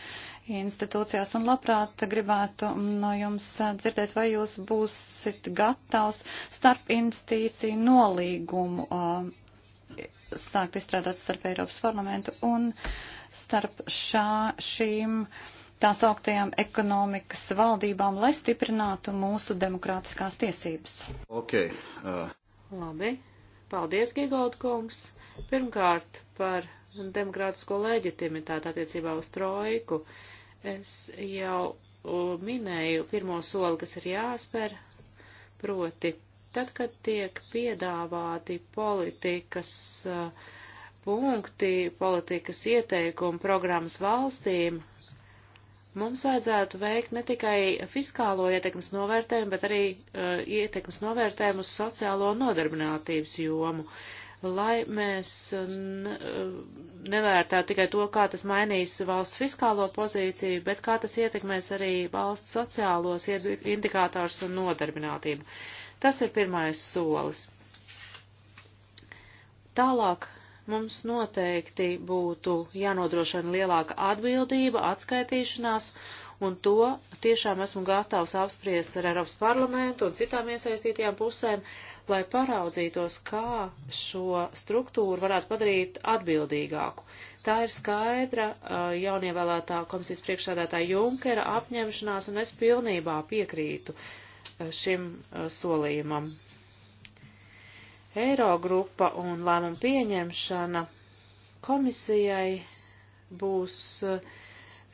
institūcijās. Un labprāt gribētu no jums dzirdēt, vai jūs būsit gatavs starp institīciju nolīgumu sākt izstrādāt starp Eiropas parlamentu un starp šā, šīm tās augtajām ekonomikas valdībām, lai stiprinātu mūsu demokrātiskās tiesības. Okay, uh. Labi. Paldies, Gigold kungs. Pirmkārt, par demokrātisko leģitimitāti attiecībā uz trojku. Es jau minēju pirmo soli, kas ir jāspēr, proti Tad, kad tiek piedāvāti politikas uh, punkti, politikas ieteikumi programmas valstīm, mums vajadzētu veikt ne tikai fiskālo ietekmes novērtējumu, bet arī uh, ietekmes novērtējumu uz sociālo nodarbinātības jomu. Uh, lai mēs uh, uh, nevērtētu tikai to, kā tas mainīs valsts fiskālo pozīciju, bet kā tas ietekmēs arī valsts sociālos indikātors un nodarbinātību. Tas ir pirmais solis. Tālāk mums noteikti būtu jānodrošina lielāka atbildība, atskaitīšanās, un to tiešām esmu gatavs apspriest ar Eiropas parlamentu un citām iesaistītajām pusēm, lai paraudzītos, kā šo struktūru varētu padarīt atbildīgāku. Tā ir skaidra uh, jaunievēlētā komisijas priekšsādātāja Junkera apņemšanās, un es pilnībā piekrītu šim eh, solījumam. Eirogrupa un lēmumu pieņemšana komisijai būs eh,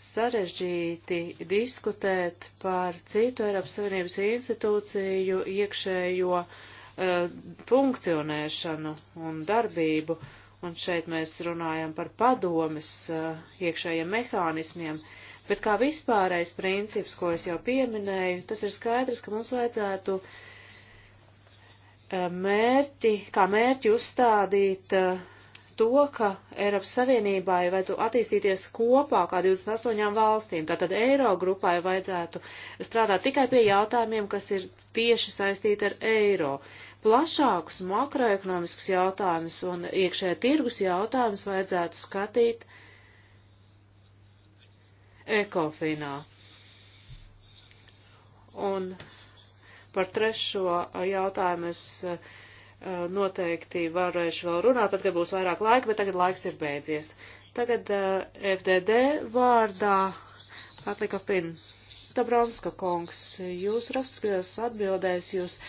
sarežģīti diskutēt par citu Eiropas Savienības institūciju iekšējo uh, funkcionēšanu un darbību, un šeit mēs runājam par padomes uh, iekšējiem mehānismiem, uh, Bet kā vispārējais princips, ko es jau pieminēju, tas ir skaidrs, ka mums vajadzētu eh, mērķi, kā mērķi uzstādīt eh, to, ka Eiropas Savienībai vajadzētu attīstīties kopā kā 28 valstīm. Tātad Eiro grupai vajadzētu strādāt tikai pie jautājumiem, kas ir tieši saistīti ar eiro. Plašākus makroekonomiskus jautājumus un iekšē tirgus jautājumus vajadzētu skatīt uh, ekofinā. Un par trešo jautājumu es eh, noteikti varēšu vēl runāt, tad, kad būs vairāk laika, bet tagad laiks ir beidzies. Tagad eh, FDD vārdā atlika pin. Tabranska kungs, jūs rakstiskajās atbildēs jūs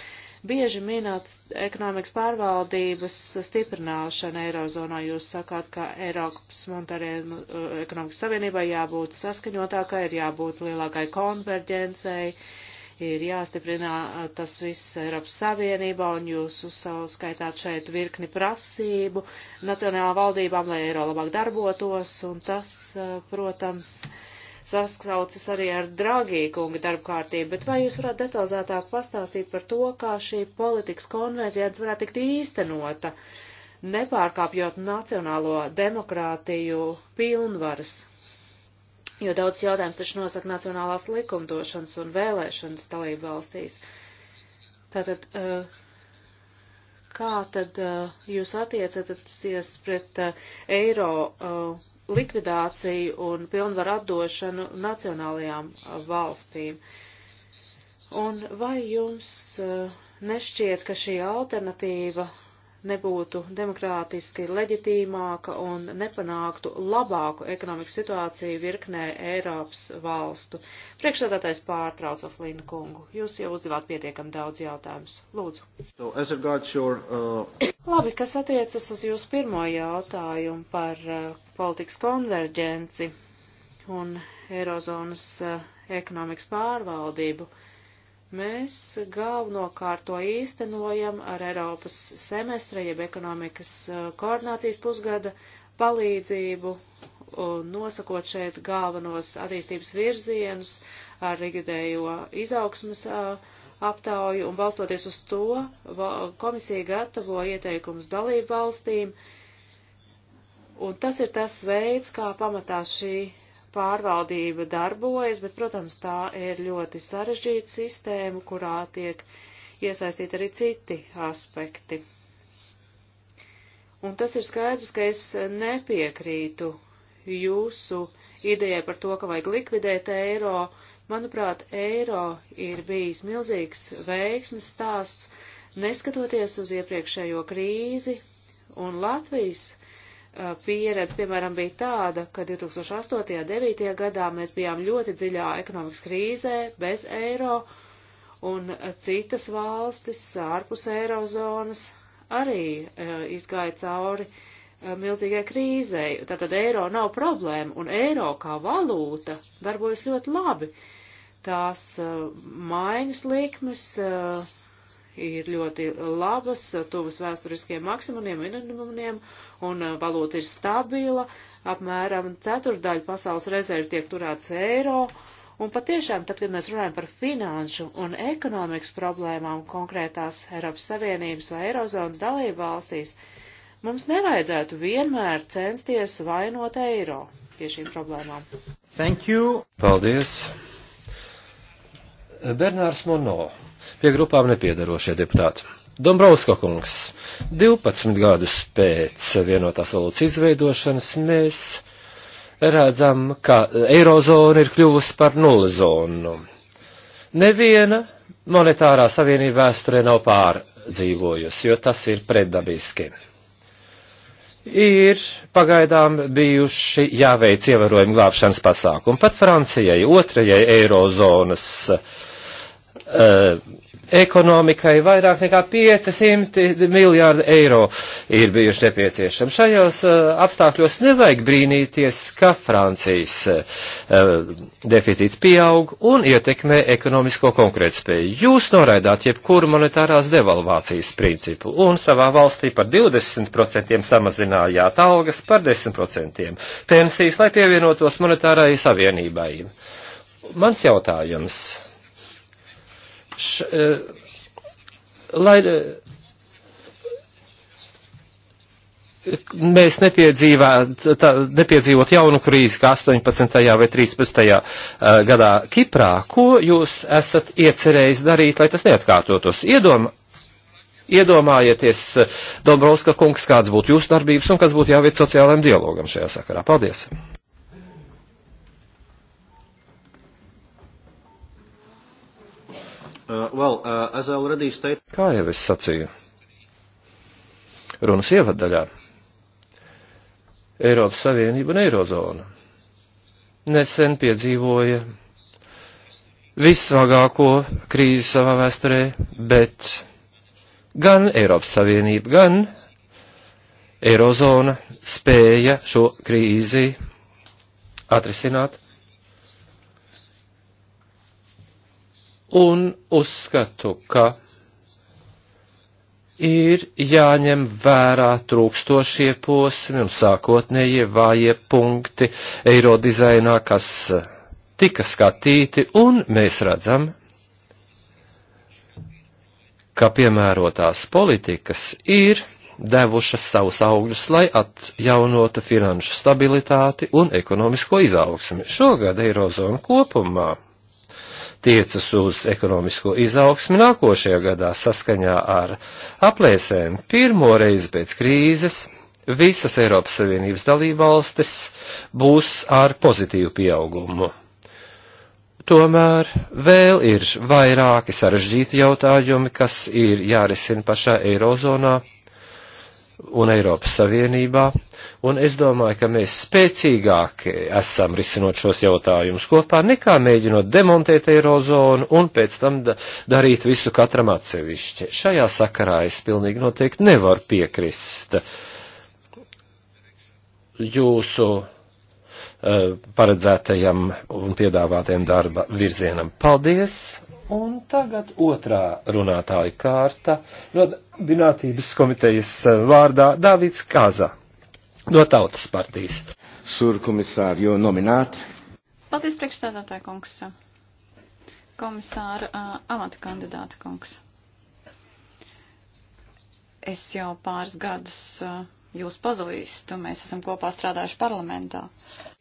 bieži minēts ekonomikas pārvaldības stiprināšana Eirozonā. Jūs sakāt, ka Eiropas monetāriem uh, ekonomikas savienībai jābūt saskaņotākai, ir jābūt lielākai konverģencei, ir jāstiprinā uh, tas viss Eiropas Savienībā, un jūs uzskaitāt šeit virkni prasību nacionālām valdībām, lai Eiro labāk darbotos, un tas, uh, protams, uh, saskaucas arī ar Dragī kunga darba kārtību, bet vai jūs varētu detalizētāk pastāstīt par to, kā šī politikas konverģents varētu tikt īstenota, nepārkāpjot nacionālo demokrātiju pilnvaras? Jo daudz jautājums taču nosaka nacionālās likumdošanas un vēlēšanas dalību valstīs. Tātad, uh, kā tad uh, jūs attiecaties pret uh, eiro uh, likvidāciju un pilnvaru atdošanu nacionālajām uh, valstīm? Un vai jums uh, nešķiet, ka šī alternatīva nebūtu demokrātiski leģitīmāka un nepanāktu labāku ekonomikas situāciju virknē Eiropas valstu. Priekšsēdētājs pārtrauc Oflīna kungu. Jūs jau uzdevāt pietiekam daudz jautājumus. Lūdzu. So, your, uh... Labi, kas attiecas uz jūsu pirmo jautājumu par uh, politikas konverģenci un Eirozonas uh, ekonomikas pārvaldību. Uh, Mēs galvenokārt to īstenojam ar Eiropas semestra, jeb ekonomikas uh, koordinācijas pusgada palīdzību, uh, nosakot šeit galvenos attīstības virzienus ar rigidējo izaugsmas uh, aptauju un balstoties uz to, komisija gatavo ieteikumus dalību valstīm, un tas ir tas veids, kā pamatā šī pārvaldība darbojas, bet, protams, tā ir ļoti sarežģīta sistēma, kurā tiek iesaistīti arī citi aspekti. Un tas ir skaidrs, ka es nepiekrītu jūsu idejai par to, ka vajag likvidēt eiro. Manuprāt, eiro ir bijis milzīgs veiksmes stāsts, neskatoties uz iepriekšējo krīzi, un Latvijas Eh, pieredze, piemēram, bija tāda, ka 2008. un 2009. gadā mēs bijām ļoti dziļā ekonomikas krīzē, bez eiro, un eh, citas valstis ārpus eirozonas arī eh, izgāja cauri milzīgai krīzei. Tātad eiro nav problēma, un eiro kā valūta darbojas ļoti labi. Tās maiņas likmes ir ļoti labas, tuvas vēsturiskiem maksimumiem, minimumiem, un uh, valūta ir stabila, apmēram ceturdaļa pasaules rezervi tiek turēts eiro, un patiešām, tad, kad mēs runājam par finanšu un ekonomikas problēmām konkrētās Eiropas Savienības vai Eirozonas dalību valstīs, mums nevajadzētu vienmēr censties vainot eiro pie šīm problēmām. Thank you! Paldies! Bernārs Monod pie grupām nepiedarošie deputāti. Dombrovska kungs, 12 gadus pēc vienotās valūtas izveidošanas mēs redzam, ka eirozona ir kļuvusi par nulles zonu. Neviena monetārā savienība vēsturē nav pārdzīvojusi, jo tas ir pretdabiski. Ir pagaidām bijuši jāveic ievērojumi glābšanas pasākumi pat Francijai, otrajai eirozonas uh, ekonomikai vairāk nekā 500 miljārdi eiro ir bijuši nepieciešami. Šajos eh, apstākļos nevajag brīnīties, ka Francijas eh, deficīts pieaug un ietekmē ekonomisko konkurētspēju. Jūs noraidāt jebkuru monetārās devalvācijas principu un savā valstī par 20% samazinājāt algas par 10% pensijas, lai pievienotos monetārai savienībai. Mans jautājums š, e, lai e, mēs tā, nepiedzīvot jaunu krīzi kā 18. vai 13. E, gadā Kiprā, ko jūs esat iecerējis darīt, lai tas neatkārtotos? Iedom, iedomājieties, Dombrovska kungs, kāds būtu jūsu darbības un kas būtu jāveic sociālajam dialogam šajā sakarā. Paldies! Uh, well, uh, stated... Kā jau es sacīju? Runas ievadaļā. Eiropas Savienība un Eirozona nesen piedzīvoja vissvagāko krīzi savā vēsturē, bet gan Eiropas Savienība, gan Eirozona spēja šo krīzi atrisināt un uzskatu, ka ir jāņem vērā trūkstošie posmi un sākotnējie vājie punkti eiro dizainā, kas tika skatīti, un mēs redzam, ka piemērotās politikas ir devušas savus augļus, lai atjaunota finanšu stabilitāti un ekonomisko izaugsmi. Šogad Eirozona kopumā tiecas uz ekonomisko izaugsmi nākošajā gadā saskaņā ar aplēsēm. Pirmo reizi pēc krīzes visas Eiropas Savienības dalībvalstis būs ar pozitīvu pieaugumu. Tomēr vēl ir vairāki sarežģīti jautājumi, kas ir jārisina pašā Eirozonā un Eiropas Savienībā Un es domāju, ka mēs spēcīgāk esam risinot šos jautājumus kopā, nekā mēģinot demontēt eirozonu un pēc tam da darīt visu katram atsevišķi. Šajā sakarā es pilnīgi noteikti nevaru piekrist jūsu eh, paredzētajam un piedāvātajam darba virzienam. Paldies! Un tagad otrā runātāja kārta no Dinātības komitejas eh, vārdā Davids Kaza no tautas partijas. Sur komisāri, jo nominēt. Paldies, priekšstādātāja kungs. Komisāra uh, amata kandidāta kungs. Es jau pāris gadus uh, jūs pazīstu, mēs esam kopā strādājuši parlamentā.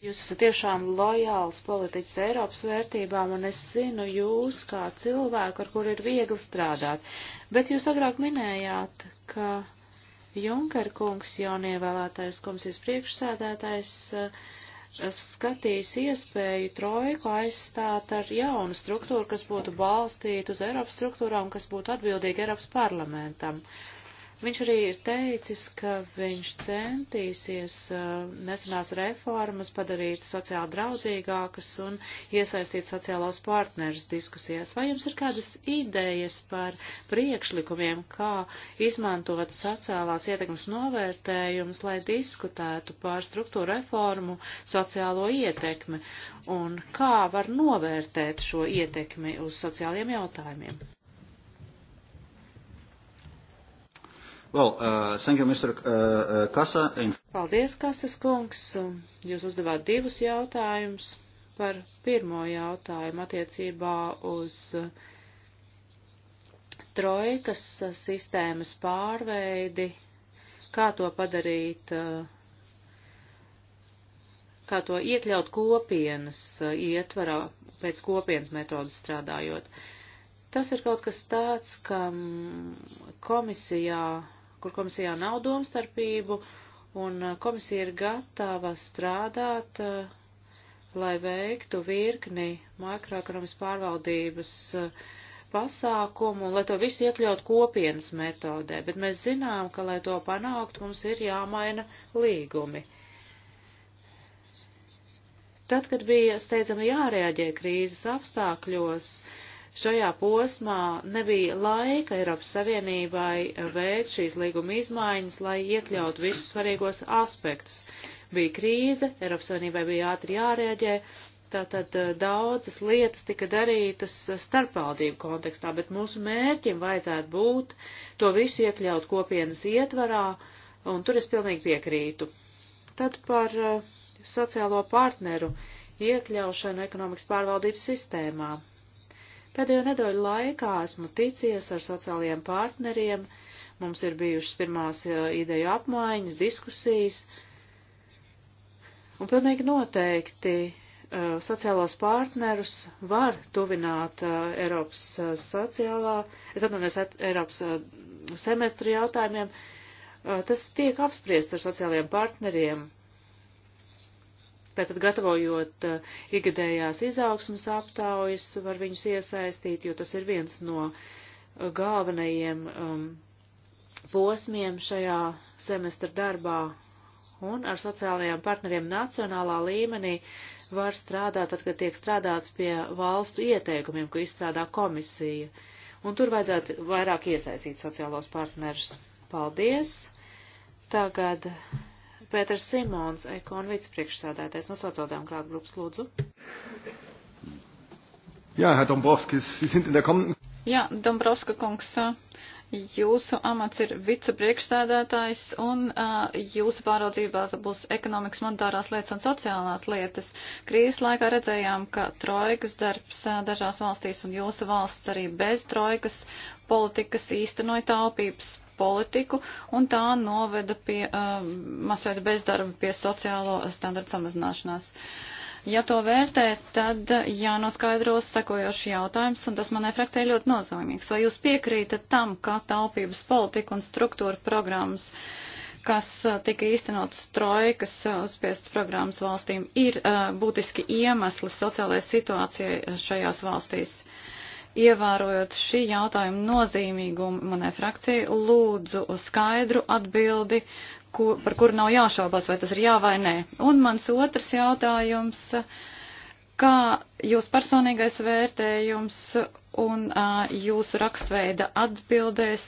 Jūs esat tiešām lojāls politiķis Eiropas vērtībām, un es zinu jūs kā cilvēku, ar kuru ir viegli strādāt. Bet jūs agrāk minējāt, ka Junker kungs, jaunievēlētais komisijas priekšsēdētājs, eh, skatīs iespēju trojku aizstāt ar jaunu struktūru, kas būtu balstīta uz Eiropas struktūrām, kas būtu atbildīga Eiropas parlamentam. Uh, Viņš arī ir teicis, ka viņš centīsies uh, nesenās reformas padarīt sociāli draudzīgākas un iesaistīt sociālos partnerus diskusijās. Vai jums ir kādas idejas par priekšlikumiem, kā izmantot sociālās ietekmes novērtējumus, lai diskutētu par struktūra reformu sociālo ietekmi un kā var novērtēt šo ietekmi uz sociāliem jautājumiem? Well, uh, you, Mr. Uh, uh, Kasa. Paldies, Kasas kungs. Um, jūs uzdevāt divus jautājumus par pirmo jautājumu attiecībā uz uh, trojkas uh, sistēmas pārveidi, kā to padarīt, kā to iekļaut kopienas ietvarā, pēc kopienas metodas strādājot. Tas ir kaut kas tāds, kam komisijā kur komisijā nav domstarpību, un uh, komisija ir gatava strādāt, uh, lai veiktu virkni makroekonomis pārvaldības uh, pasākumu, lai to visu iekļaut kopienas metodē, bet mēs zinām, ka, lai to panākt, mums ir jāmaina līgumi. Tad, kad bija steidzami jārēģē krīzes apstākļos, uh, Šajā posmā nebija laika Eiropas Savienībai veikt šīs līguma izmaiņas, lai iekļautu visus svarīgos aspektus. Bija krīze, Eiropas Savienībai bija ātri jārēģē, tātad eh, daudzas lietas tika darītas starpvaldību kontekstā, bet mūsu mērķim vajadzētu būt to visu iekļaut kopienas ietvarā, un tur es pilnīgi piekrītu. Tad par eh, sociālo partneru iekļaušanu ekonomikas pārvaldības sistēmā. Pēdējo nedēļu laikā esmu ticies ar sociālajiem partneriem, mums ir bijušas pirmās ideju apmaiņas, diskusijas, un pilnīgi noteikti sociālos partnerus var tuvināt uh, Eiropas sociālā, es atvainojos Eiropas uh, semestra jautājumiem. Uh, tas tiek apspriests ar sociālajiem partneriem, Tātad gatavojot uh, ikgadējās izaugsmas aptaujas, var viņus iesaistīt, jo tas ir viens no uh, galvenajiem um, posmiem šajā semestra darbā. Un ar sociālajiem partneriem nacionālā līmenī var strādāt, tad, kad tiek strādāts pie valstu ieteikumiem, ko izstrādā komisija. Un tur vajadzētu vairāk iesaistīt sociālos partnerus. Paldies! Tagad Pēters Simons, ekonu vicepriekšsādātais, nosaucotām klāt grupas lūdzu. Jā, Herr Dombrovskis, Sie sind in der kommenden. Jā, Dombrovska kungs, Jūsu amats ir vicepriekšsēdētājs un uh, jūsu pāraudzībā būs ekonomikas, monetārās lietas un sociālās lietas. Krīzes laikā redzējām, ka trojkas darbs uh, dažās valstīs un jūsu valsts arī bez trojkas politikas īstenoja taupības politiku un tā noveda pie uh, masveida bezdarba, pie sociālo standartu samazināšanās. Uh, Ja to vērtē, tad jānoskaidro sekojoši jautājums, un tas manai frakcijai ļoti nozīmīgs. Vai jūs piekrītat tam, ka taupības politika un struktūra programmas, kas uh, tika īstenotas trojkas uh, uzspiestas programmas valstīm, ir uh, būtiski iemesli sociālajai situācijai šajās valstīs? Ievērojot šī jautājuma nozīmīgumu manai frakcijai, lūdzu skaidru atbildi ku, par kuru nav jāšaubās, vai tas ir jā vai nē. Un mans otrs jautājums, kā jūs personīgais vērtējums un uh, jūsu rakstveida atbildēs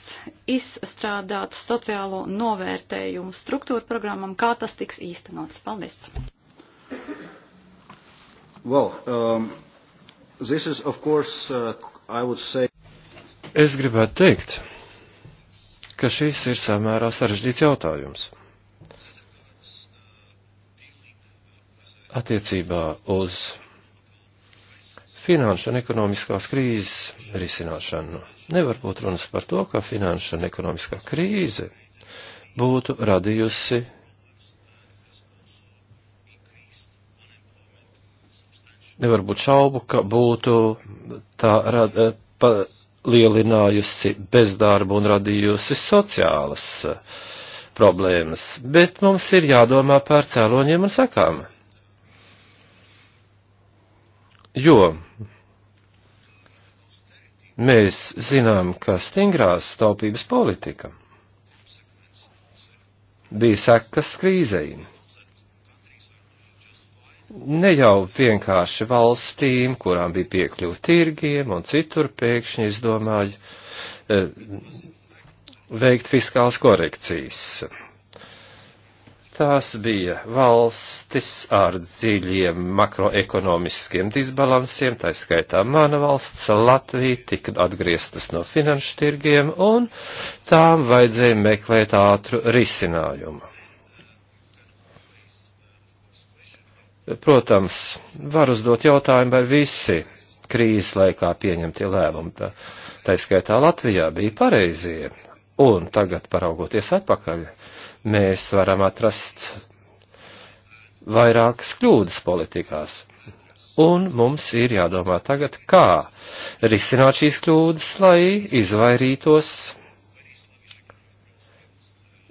izstrādāt sociālo novērtējumu struktūru programmam, kā tas tiks īstenots. Paldies! Well, um, this is, of course, uh, I would say... Es gribētu teikt, ka šis ir samērā sarežģīts jautājums. attiecībā uz finanšu un ekonomiskās krīzes risināšanu. Nevar būt runas par to, ka finanšu un ekonomiskā krīze būtu radījusi nevar būt šaubu, ka būtu tā rad, eh, palielinājusi bezdarbu un radījusi sociālas eh, problēmas, bet mums ir jādomā par cēloņiem un sakām jo mēs zinām, ka stingrās taupības politika bija sekas krīzei. Ne jau vienkārši valstīm, kurām bija piekļuvi tirgiem un citur pēkšņi izdomāju eh, veikt fiskālas korekcijas Tās bija valstis ar dziļiem makroekonomiskiem disbalansiem, tā skaitā mana valsts, Latvija, tika atgrieztas no finanšu tirgiem, un tām vajadzēja meklēt ātru risinājumu. Protams, var uzdot jautājumu, vai visi krīzes laikā pieņemtie lēmumi, tā, tā skaitā Latvijā, bija pareizie, un tagad paraugoties atpakaļ mēs varam atrast vairākas kļūdas politikās. Un mums ir jādomā tagad, kā risināt šīs kļūdas, lai izvairītos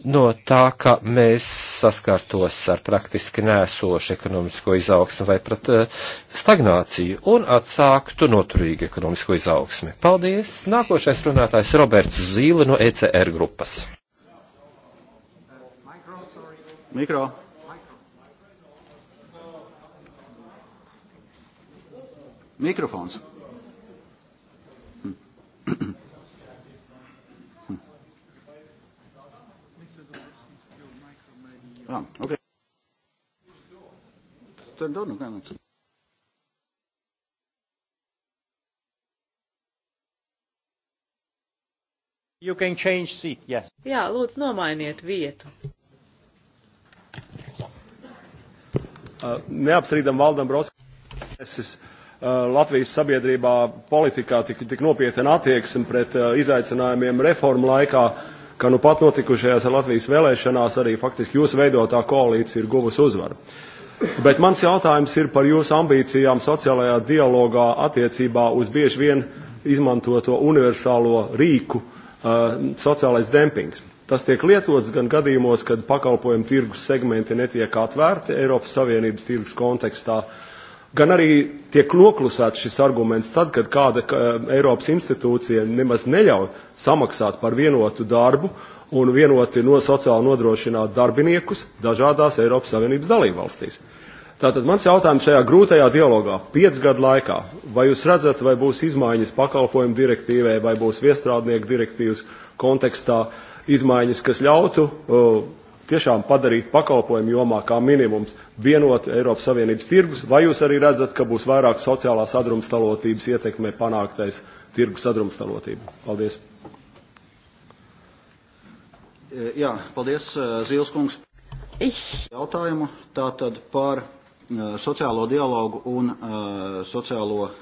no tā, ka mēs saskartos ar praktiski nēsošu ekonomisko izaugsmu vai pat eh, stagnāciju un atsāktu noturīgu ekonomisko izaugsmi. Paldies! Nākošais runātājs Roberts Zīle no ECR grupas. Mikro. Mikrofons. Ah, okay. Turn down again. You can change seat, yes. Jā, lūdzu, nomainiet vietu. Uh, neapstrīdam valdam Broskis. Uh, Latvijas sabiedrībā politikā tik, tik nopietna attieksme pret uh, izaicinājumiem reformu laikā, ka nu pat notikušajās Latvijas vēlēšanās arī faktiski jūsu veidotā koalīcija ir guvusi uzvaru. Bet mans jautājums ir par jūsu ambīcijām sociālajā dialogā attiecībā uz bieži vien izmantoto universālo rīku uh, sociālais dempings. Tas tiek lietots gan gadījumos, kad pakalpojumu tirgus segmenti netiek atvērti Eiropas Savienības tirgus kontekstā, gan arī tiek noklusēts šis arguments tad, kad kāda Eiropas institūcija nemaz neļauj samaksāt par vienotu darbu un vienoti no sociāli nodrošināt darbiniekus dažādās Eiropas Savienības dalībvalstīs. Tātad mans jautājums šajā grūtajā dialogā, piecu gadu laikā, vai jūs redzat, vai būs izmaiņas pakalpojumu direktīvai, vai būs viestrādnieku direktīvas kontekstā, uh, izmaiņas, kas ļautu uh, tiešām padarīt pakalpojumu jomā kā minimums vienot Eiropas Savienības tirgus, vai jūs arī redzat, ka būs vairāk sociālā sadrumstalotības ietekmē panāktais tirgus sadrumstalotība? Paldies. E, jā, paldies, e, Zīles kungs. Jautājumu tātad par e, sociālo dialogu un uh, sociālo uh,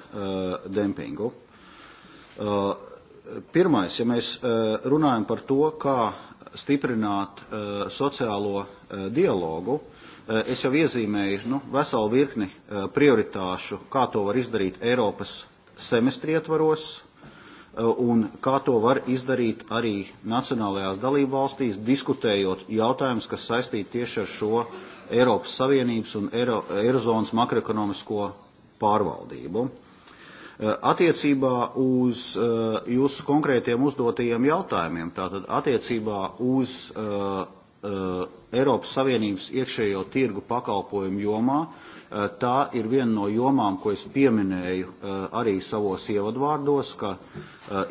dempingu. Uh, Pirmais, ja mēs e, runājam par to, kā stiprināt e, sociālo e, dialogu, es jau iezīmēju nu, veselu virkni prioritāšu, kā to var izdarīt Eiropas semestri ietvaros un kā to var izdarīt arī nacionālajās dalībvalstīs, diskutējot jautājumus, kas saistīti tieši ar šo Eiropas Savienības un Eiro, Eirozonas makroekonomisko pārvaldību. Uh, Eh, attiecībā uz eh, jūsu konkrētiem uzdotajiem jautājumiem, tātad attiecībā uz eh, Eiropas Savienības iekšējo tirgu pakalpojumu jomā, tā ir viena no jomām, ko es pieminēju arī savos ievadvārdos, ka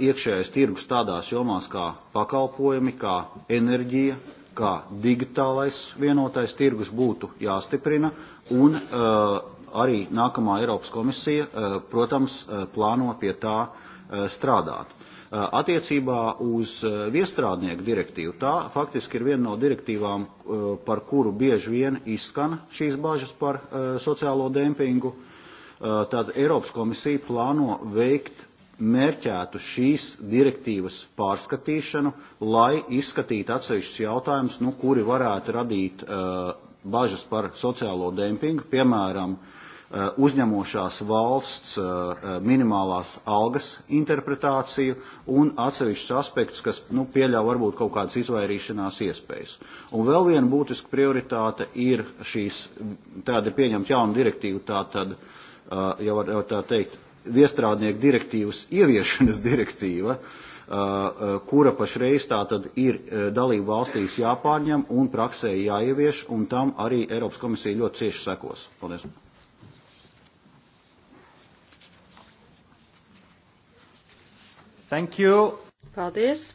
iekšējais tirgus tādās jomās kā pakalpojumi, kā enerģija, kā digitālais vienotais tirgus būtu jāstiprina un uh, arī nākamā Eiropas komisija, eh, protams, eh, plāno pie tā eh, strādāt. Attiecībā uz viestrādnieku direktīvu tā faktiski ir viena no direktīvām, par kuru bieži vien izskan šīs bažas par sociālo dempingu. Tad Eiropas komisija plāno veikt mērķētu šīs direktīvas pārskatīšanu, lai izskatītu atsevišķus jautājumus, nu, kuri varētu radīt uh, bažas par sociālo dempingu, piemēram, uh, Eh, uzņemošās valsts eh, eh, minimālās algas interpretāciju un atsevišķus aspektus, kas nu, pieļauj varbūt kaut kādas izvairīšanās iespējas. Un vēl viena būtiska prioritāte ir šīs, tāda ir pieņemta jauna direktīva, tā tad, ja var, var tā teikt, viestrādnieku direktīvas ieviešanas direktīva, kura pašreiz tā tad ir dalību valstīs jāpārņem un praksē jāievieš, un tam arī Eiropas komisija ļoti cieši sekos. Paldies. Thank you. Paldies.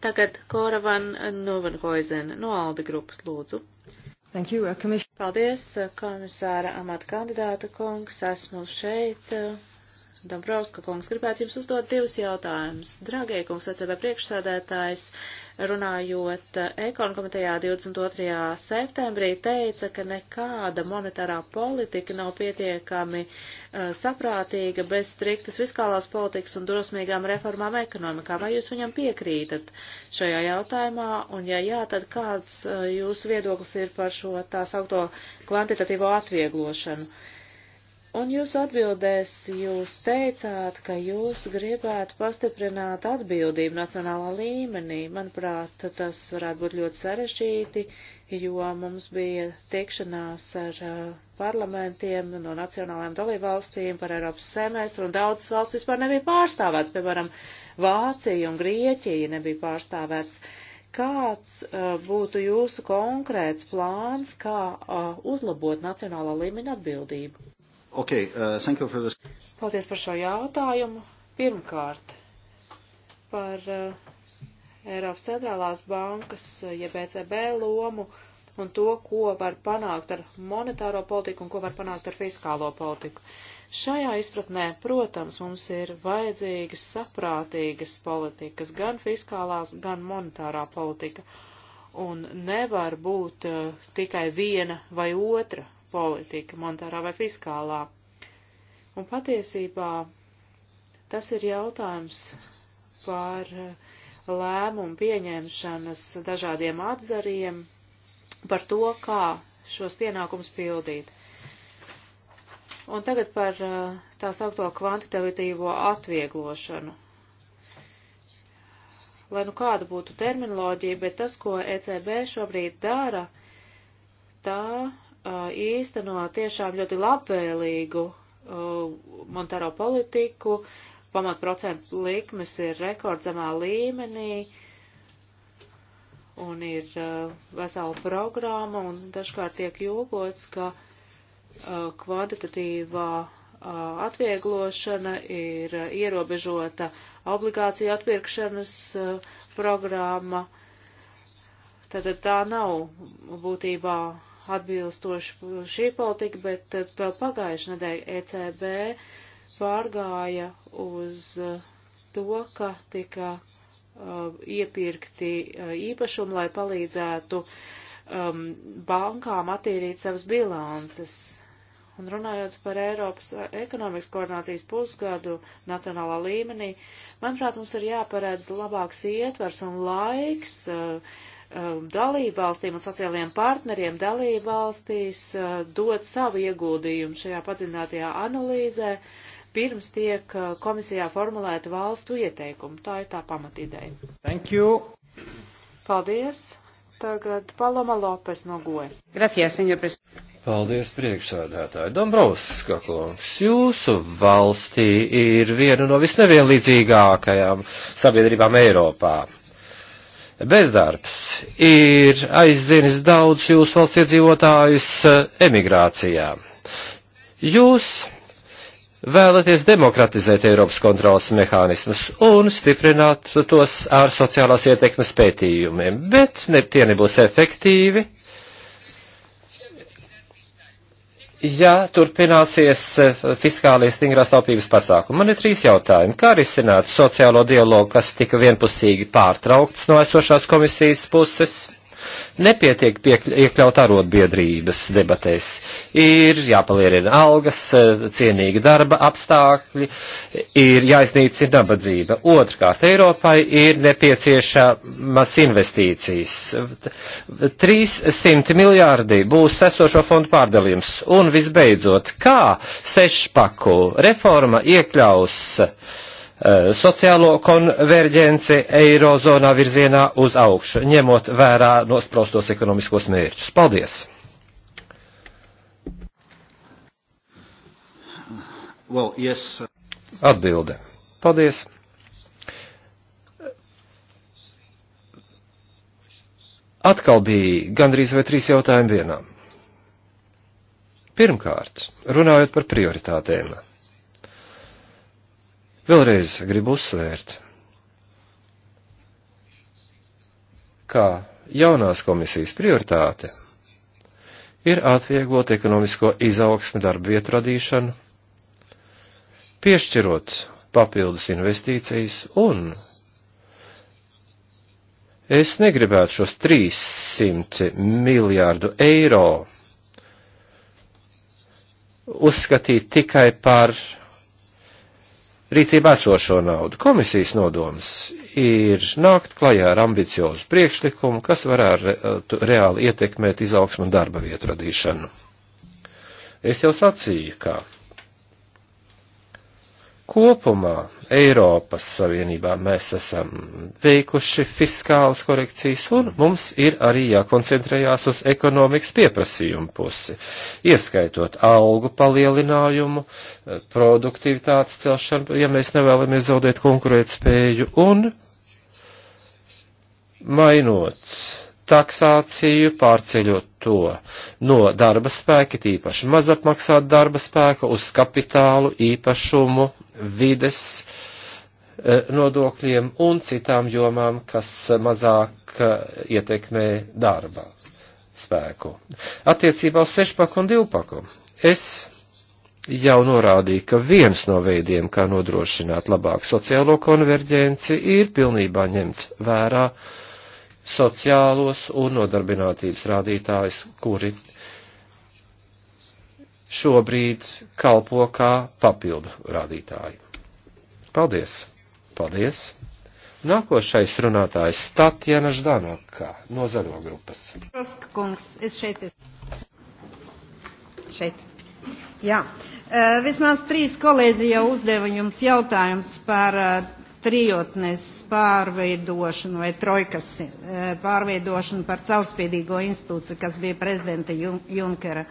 Tagad Kora van Novenhoizen no Alda grupas lūdzu. Thank you, uh, Paldies, uh, komisāra amata kandidāta kungs. Esmu šeit. Uh, Dombrovska kungs, gribētu jums uzdot divus jautājumus. Dragie kungs, ECB priekšsādētājs, runājot eh, ekonomikomitejā 22. septembrī, teica, ka nekāda monetārā politika nav pietiekami uh, saprātīga bez striktas fiskālās politikas un drosmīgām reformām ekonomikā. Vai jūs viņam piekrītat šajā jautājumā? Un ja jā, tad kāds uh, jūsu viedoklis ir par šo tā saukto kvantitatīvo atvieglošanu? Uh, Un jūs atbildēs, jūs teicāt, ka jūs gribētu pastiprināt atbildību nacionālā līmenī. Manuprāt, tas varētu būt ļoti sarežģīti, jo mums bija tikšanās ar uh, parlamentiem no nacionālajām dalībvalstīm par Eiropas semestru, un daudzas valsts vispār nebija pārstāvēts, piemēram, Vācija un Grieķija nebija pārstāvēts kāds uh, būtu jūsu konkrēts plāns, kā uh, uzlabot nacionālā līmeņa atbildību? Okay, uh, thank you for this. Paldies par šo jautājumu. Pirmkārt, par uh, Eiropas centrālās bankas, uh, jeb ECB lomu un to, ko var panākt ar monetāro politiku un ko var panākt ar fiskālo politiku. Šajā izpratnē, protams, mums ir vajadzīgas saprātīgas politikas, gan fiskālās, gan monetārā politika. Uh, un nevar būt uh, tikai viena vai otra politika, monetārā vai fiskālā. Un patiesībā tas ir jautājums par uh, lēmumu pieņemšanas dažādiem atzariem, par to, kā šos pienākumus pildīt. Un tagad par uh, tā saukto kvantitatīvo atvieglošanu lai nu kāda būtu terminoloģija, bet tas, ko ECB šobrīd dara, tā uh, īsteno tiešām ļoti labvēlīgu uh, monetāro politiku, pamatprocentu likmes ir rekordzemā līmenī un ir uh, vesela programma un dažkārt tiek jokots, ka kvantitatīvā atvieglošana, ir ierobežota obligāciju atpirkšanas programma. Tātad tā nav būtībā atbilstoši šī politika, bet vēl pagājušajā nedēļā ECB pārgāja uz to, ka tika uh, iepirkti uh, īpašumi, lai palīdzētu um, bankām attīrīt savas bilances Un runājot par Eiropas eh, ekonomikas koordinācijas pusgadu nacionālā līmenī, manuprāt, mums ir jāparedz labāks ietvers un laiks uh, dalībvalstīm un sociālajiem partneriem dalībvalstīs uh, dot savu ieguldījumu šajā padziļinātajā analīzē, pirms tiek komisijā formulēta valstu ieteikuma. Tā ir tā pamatideja. Thank you. Paldies. Tagad Paloma Lopes no Goja. Gracias, senor presidente. Paldies, priekšsādātāji. Dombrovska kungs, jūsu valstī ir viena no visnevienlīdzīgākajām sabiedrībām Eiropā. Bezdarbs ir aizdzinis daudz jūsu valsts iedzīvotājus eh, emigrācijā. Jūs vēlaties demokratizēt Eiropas kontrolas mehānismus un stiprināt tos ar sociālās ietekmes pētījumiem, bet ne, tie nebūs efektīvi ja turpināsies eh, fiskālie stingrās taupības pasākumi. Man ir trīs jautājumi. Kā risināt sociālo dialogu, kas tika vienpusīgi pārtraukts no esošās komisijas puses? nepietiek piekļ, iekļaut arotbiedrības debatēs. Ir jāpalielina algas, eh, cienīgi darba apstākļi, ir jāiznīcina nabadzība. Otrkārt, Eiropai ir nepieciešamas investīcijas. 300 miljārdi būs esošo fondu pārdalījums. Un visbeidzot, kā sešpaku reforma iekļaus Eh, sociālo konverģenci eirozonā virzienā uz augšu, ņemot vērā nospraustos ekonomiskos mērķus. Paldies! Well, yes. Uh, Atbilde. Paldies. Atkal bija gandrīz vai trīs jautājumi vienā. Pirmkārt, runājot par prioritātēm. Vēlreiz gribu uzsvērt, kā jaunās komisijas prioritāte ir atvieglot ekonomisko izaugsmi darba vietu radīšanu, piešķirot papildus investīcijas un Es negribētu šos 300 miljārdu eiro uzskatīt tikai par rīcībā esošo naudu. Komisijas nodoms ir nākt klajā ar ambiciozu priekšlikumu, kas varētu reāli ietekmēt izaugsmu un darba vietu radīšanu. Es jau sacīju, ka kopumā Eiropas Savienībā mēs esam veikuši fiskālas korekcijas un mums ir arī jākoncentrējās uz ekonomikas pieprasījumu pusi, ieskaitot algu palielinājumu, produktivitātes celšanu, ja mēs nevēlamies zaudēt konkurētspēju un mainot taksāciju, pārceļot to no darba spēka, tīpaši mazapmaksāt darba spēka, uz kapitālu, īpašumu, vides e, nodokļiem un citām jomām, kas mazāk e, ietekmē darba spēku. Attiecībā uz sešpaku un divpaku es jau norādīju, ka viens no veidiem, kā nodrošināt labāku sociālo konverģenci, ir pilnībā ņemt vērā uh, sociālos un nodarbinātības rādītājus, kuri šobrīd kalpo kā papildu rādītāji. Paldies! Paldies! Nākošais runātājs Tatjana Ždanokā no Zaļo grupas. Kungs, es šeit esmu. Šeit. Jā. Vismaz trīs kolēģi jau uzdeva jums jautājums par trijotnes pārveidošanu vai trojkas eh, pārveidošanu par caurspīdīgo institūciju, kas bija prezidenta Junkera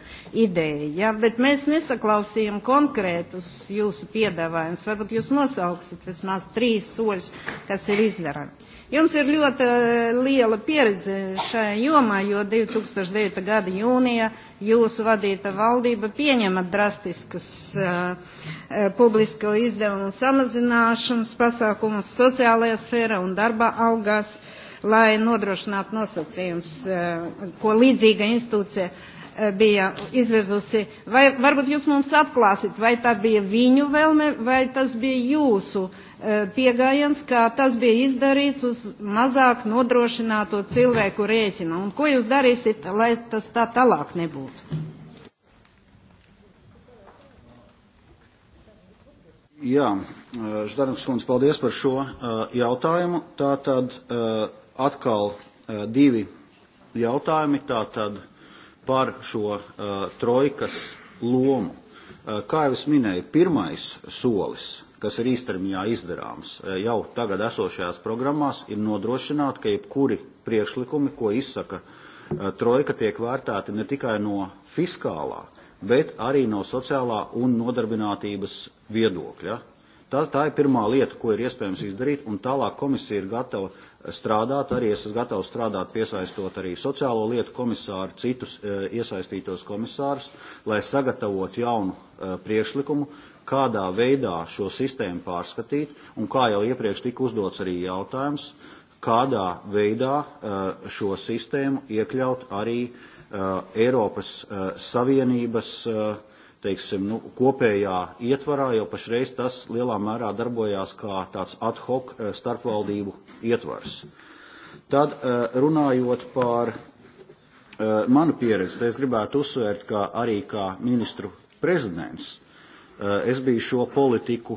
ideja. Ja? Bet mēs nesaklausījām konkrētus jūsu piedāvājumus. Varbūt jūs nosauksit vismaz trīs soļus, kas ir izdarami. Jums ir ļoti eh, liela pieredze šajā jomā, jo 2009. gada jūnija jūsu vadīta valdība pieņēma drastiskus uh, eh, eh, publisko izdevumu samazināšanas pasākumus sociālajā sfērā un darba algās, lai nodrošinātu nosacījums, uh, ko līdzīga institūcija bija izvezusi. Vai varbūt jūs mums atklāsit, vai tā bija viņu vēlme, vai tas bija jūsu E, pieejams, kā tas bija izdarīts uz mazāk nodrošināto cilvēku rēķina. Un ko jūs darīsiet, lai tas tā tālāk nebūtu? Jā, e, Ždarnas kundze, paldies par šo e, jautājumu. Tā tad atkal divi jautājumi tātad par šo trojkas lomu. Kā jau es minēju, pirmais solis – kas ir īstermiņā izdarāms jau tagad esošajās programmās, ir nodrošināt, ka jebkuri priekšlikumi, ko izsaka eh, trojka, tiek vērtēti ne tikai no fiskālā, bet arī no sociālā un nodarbinātības viedokļa. Tā, tā ir pirmā lieta, ko ir iespējams izdarīt, un tālāk komisija ir gatava strādāt, arī es esmu gatavs strādāt, piesaistot arī sociālo lietu komisāru, citus e, iesaistītos komisārus, lai sagatavotu jaunu e, priekšlikumu, kādā veidā šo sistēmu pārskatīt, un kā jau iepriekš tika uzdots arī jautājums, kādā veidā uh, šo sistēmu iekļaut arī uh, Eiropas uh, Savienības teiksim, nu, kopējā ietvarā, jo pašreiz tas lielā mērā darbojās kā tāds ad hoc starpvaldību ietvars. Tad runājot par manu pieredzi, es gribētu uzsvērt, ka arī kā ministru prezidents Eh, es biju šo politiku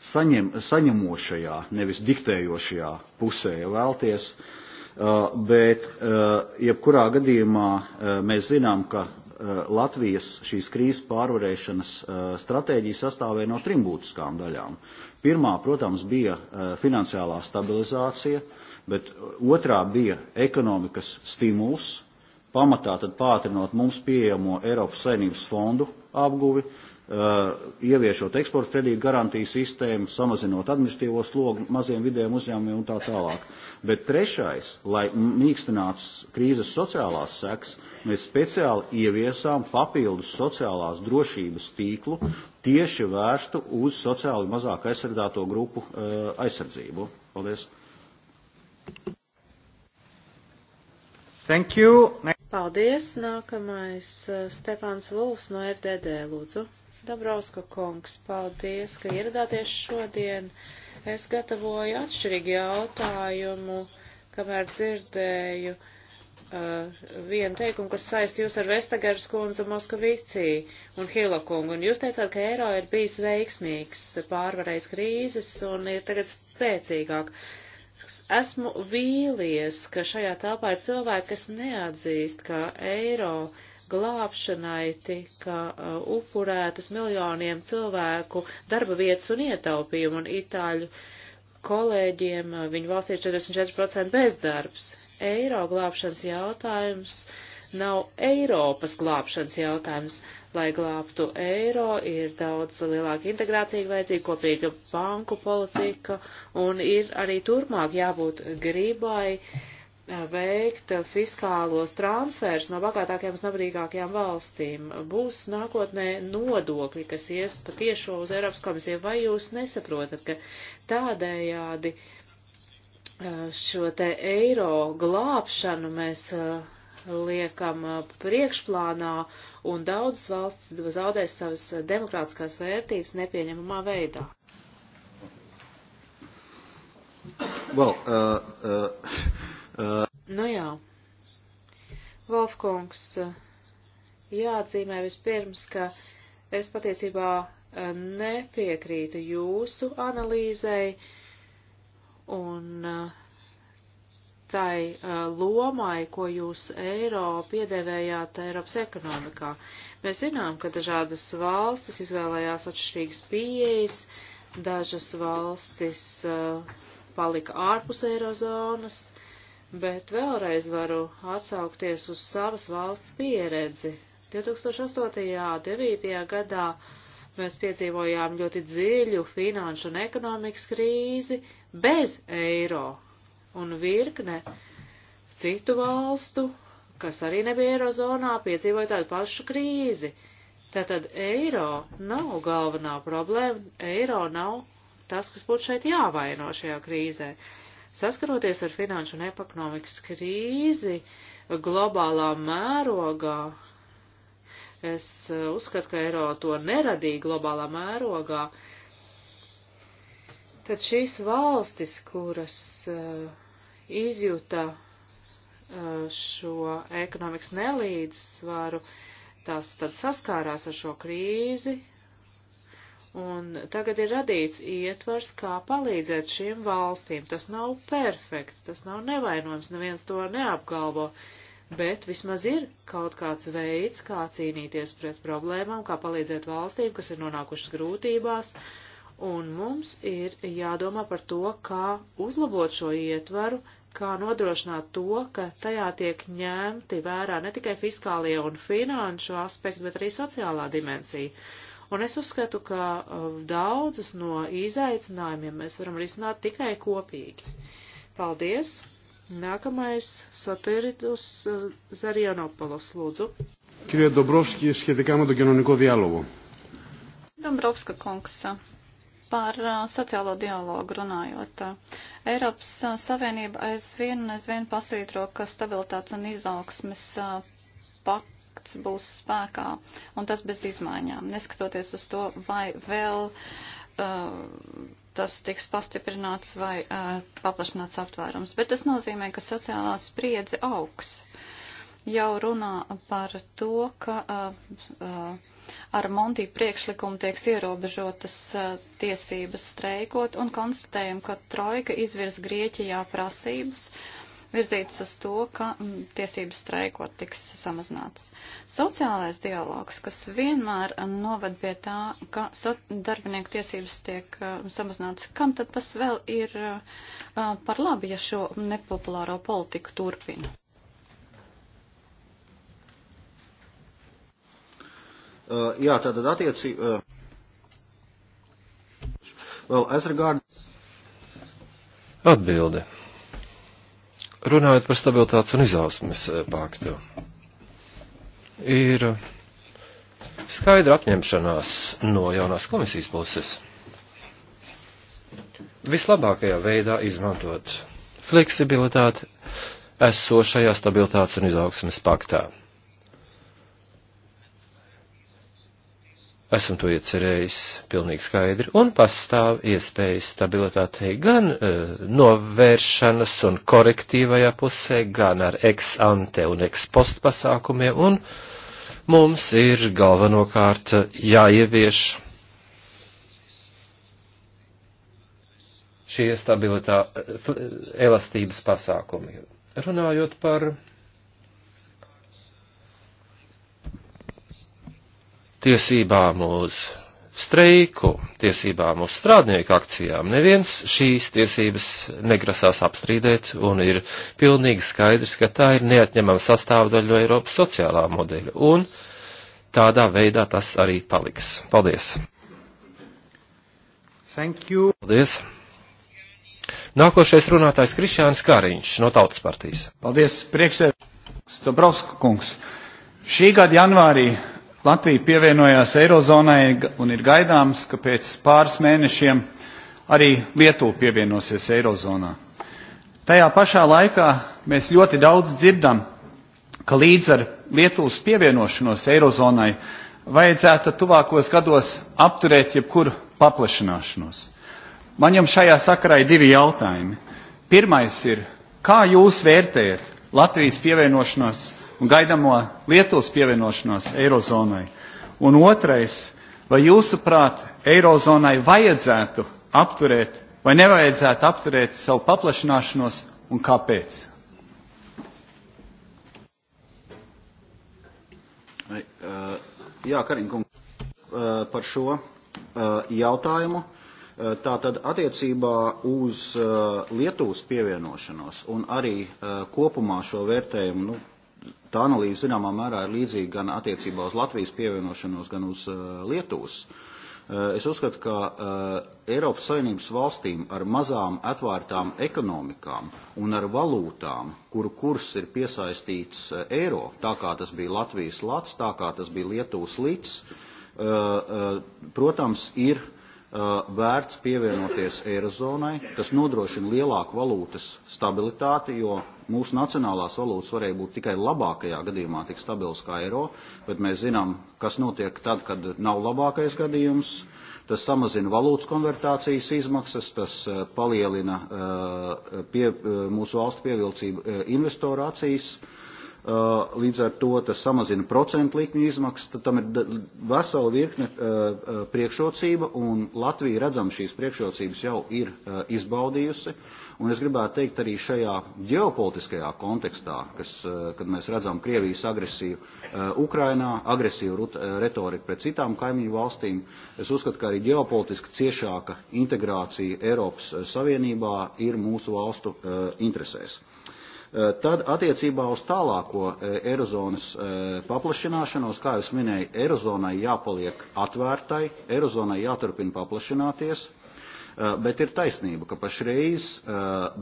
saņem, saņemošajā, nevis diktējošajā pusē, ja vēlties, eh, bet eh, jebkurā gadījumā mēs zinām, ka Latvijas šīs krīzes pārvarēšanas stratēģija sastāvēja no trim būtiskām daļām. Pirmā, protams, bija finansiālā stabilizācija, bet otrā bija ekonomikas stimuls, pamatā tad pātrinot mums pieejamo Eiropas saimnības fondu apguvi, uh, Uh, ieviešot eksporta kredīta garantijas sistēmu, samazinot administratīvo slogu maziem vidējiem uzņēmumiem un tā tālāk. Bet trešais, lai mīkstinātu krīzes sociālās sekas, mēs speciāli ieviesām papildus sociālās drošības tīklu tieši vērstu uz sociāli mazāk aizsargāto grupu uh, aizsardzību. Paldies! Thank you. Paldies. Nākamais uh, Stefāns Vulfs no FDD, lūdzu. Dabrauska kungs, paldies, ka ieradāties šodien. Es gatavoju atšķirīgu jautājumu, kamēr dzirdēju uh, vienu teikumu, kas saist jūs ar Vestagars kundzu Moskavicī un Hilo kungu. Un jūs teicāt, ka eiro ir bijis veiksmīgs, pārvarējis krīzes un ir tagad spēcīgāk. Esmu vīlies, ka šajā telpā ir cilvēki, kas neatzīst, ka eiro glābšanai tika uh, upurētas miljoniem cilvēku darba vietas un ietaupījumu, un itāļu kolēģiem uh, viņu valstī ir 44% bezdarbs. Eiro glābšanas jautājums nav Eiropas glābšanas jautājums. Lai glābtu eiro, ir daudz lielāka integrācija vajadzīga, kopīga banku politika, un ir arī turpmāk jābūt gribai. Uh, Eh, veikt fiskālos transfers no bagātākajām uz nabadīgākajām valstīm. Būs nākotnē nodokļi, kas ies pa tiešo uz Eiropas komisiju. Vai jūs nesaprotat, ka tādējādi eh, šo te eiro glābšanu mēs eh, liekam priekšplānā un daudzas valstis zaudēs savas demokrātiskās vērtības nepieņemamā veidā? Well, uh, uh... Uh... Nu jā. Volfkungs, jāatzīmē vispirms, ka es patiesībā e, nepiekrītu jūsu analīzei un e, tai e, lomai, ko jūs eiro piedēvējāt Eiropas ekonomikā. Mēs zinām, ka dažādas valstis izvēlējās atšķirīgas pieejas, dažas valstis palika ārpus eirozonas, uh, bet vēlreiz varu atsaukties uz savas valsts pieredzi. 2008. un 2009. gadā mēs piedzīvojām ļoti dziļu finanšu un ekonomikas krīzi bez eiro un virkne citu valstu, kas arī nebija eirozonā, piedzīvoja tādu pašu krīzi. Tātad eiro nav galvenā problēma, eiro nav tas, kas būtu šeit jāvaino šajā krīzē. Uh, Saskaroties ar finanšu un ekonomikas krīzi globālā mērogā, es eh, uzskatu, ka eiro to neradīja globālā mērogā, tad šīs valstis, kuras uh, eh, izjūta uh, eh, šo ekonomikas nelīdzsvaru, tās tad saskārās ar šo krīzi Un tagad ir radīts ietvars, kā palīdzēt šīm valstīm. Tas nav perfekts, tas nav nevainojams, neviens to neapgalvo, bet vismaz ir kaut kāds veids, kā cīnīties pret problēmām, kā palīdzēt valstīm, kas ir nonākušas grūtībās, un mums ir jādomā par to, kā uzlabot šo ietvaru, kā nodrošināt to, ka tajā tiek ņemti vērā ne tikai fiskālie un finanšu aspekti, bet arī sociālā dimensija. Un es uzskatu, ka uh, daudzus no izaicinājumiem mēs varam risināt tikai kopīgi. Paldies! Nākamais Soteridus uh, Zarianopolos, lūdzu. Kirija Dobrovski, skatīkā man to ģenoniko dialogu. Dombrovska kungs, par uh, sociālo dialogu runājot. Eiropas Savienība aizvien un aizvien pasvītro, ka stabilitātes un izaugsmes pakāpienas akts būs spēkā, un tas bez izmaiņām, neskatoties uz to, vai vēl uh, tas tiks pastiprināts vai uh, paplašināts aptvērums. Bet tas nozīmē, ka sociālā spriedze augs. Jau runā par to, ka uh, uh ar Monti priekšlikumu tiek ierobežotas uh, tiesības streikot un konstatējam, ka Trojka izvirs Grieķijā prasības, uh, virzītas uz to, ka mm, tiesības streikot tiks samazinātas. Sociālais dialogs, kas vienmēr mm, noved pie tā, ka darbinieku tiesības tiek mm, samazinātas, kam tad tas vēl ir par labi, ja šo nepopulāro politiku turpina? Uh, jā, tātad attiecība. Uh... Well, as regards. Atbilde. Runājot par stabilitātes un izausmes eh, paktu, ir skaidra apņemšanās no jaunās komisijas puses vislabākajā veidā izmantot fleksibilitāti esošajā stabilitātes un izaugsmes paktā. esam to iecerējis pilnīgi skaidri, un pastāv iespējas stabilitātei gan e, novēršanas un korektīvajā pusē, gan ar ex ante un ex post pasākumiem, un mums ir galvenokārt e, jāievieš šie stabilitā, e, e, elastības pasākumi. Runājot par tiesībām uz streiku, tiesībām uz strādnieku akcijām. Neviens šīs tiesības negrasās apstrīdēt, un ir pilnīgi skaidrs, ka tā ir neatņemama sastāvdaļa no Eiropas sociālā modeļa, un tādā veidā tas arī paliks. Paldies! Thank you. Paldies! Nākošais runātājs Krišāns Kariņš no Tautas partijas. Paldies, priekšsēdētājs Stobrovska kungs. Šī gada janvārī Latvija pievienojās Eirozonai un ir gaidāms, ka pēc pāris mēnešiem arī Lietuva pievienosies Eirozonā. Tajā pašā laikā mēs ļoti daudz dzirdam, ka līdz ar Lietuvas pievienošanos Eirozonai vajadzētu tuvākos gados apturēt jebkuru paplašanāšanos. Man jums šajā sakarā ir divi jautājumi. Pirmais ir, kā jūs vērtējat Latvijas pievienošanos Eirozonai? un gaidamo Lietuvas pievienošanos Eirozonai? Un otrais, vai jūsuprāt, Eirozonai vajadzētu apturēt vai nevajadzētu apturēt savu paplašināšanos un kāpēc? Jā, Karinkungs, par šo jautājumu. Tātad attiecībā uz Lietuvas pievienošanos un arī kopumā šo vērtējumu, nu, Tā analīze zināmā mērā ir līdzīga gan attiecībā uz Latvijas pievienošanos, gan uz uh, Lietuvas. Uh, es uzskatu, ka uh, Eiropas Savienības valstīm ar mazām atvērtām ekonomikām un ar valūtām, kuru kurs ir piesaistīts uh, eiro, tā kā tas bija Latvijas lats, tā kā tas bija Lietuvas līts, uh, uh, protams, ir vērts pievienoties Eirozonai. Tas nodrošina lielāku valūtas stabilitāti, jo mūsu nacionālās valūtas varēja būt tikai labākajā gadījumā tik stabils kā eiro, bet mēs zinām, kas notiek tad, kad nav labākais gadījums. Tas samazina valūtas konvertācijas izmaksas, tas eh, palielina eh, pie, eh, mūsu valstu pievilcību investoru acīs. Uh, Uh, līdz ar to tas samazina procentu likmju izmaksas, tad tam ir vesela virkne uh, uh, priekšrocība, un Latvija redzam šīs priekšrocības jau ir izbaudījusi. Un es gribētu teikt arī šajā ģeopolitiskajā kontekstā, kas, kad mēs redzam Krievijas agresiju Ukrainā, agresīvu retoriku pret citām kaimiņu valstīm, es uzskatu, ka arī ģeopolitiski ciešāka integrācija Eiropas Savienībā ir mūsu valstu interesēs. Eh, tad attiecībā uz tālāko eh, Eirozonas eh, paplašināšanos, kā jūs minēju, Eirozonai jāpaliek atvērtai, Eirozonai jāturpina paplašināties, bet ir taisnība, ka pašreiz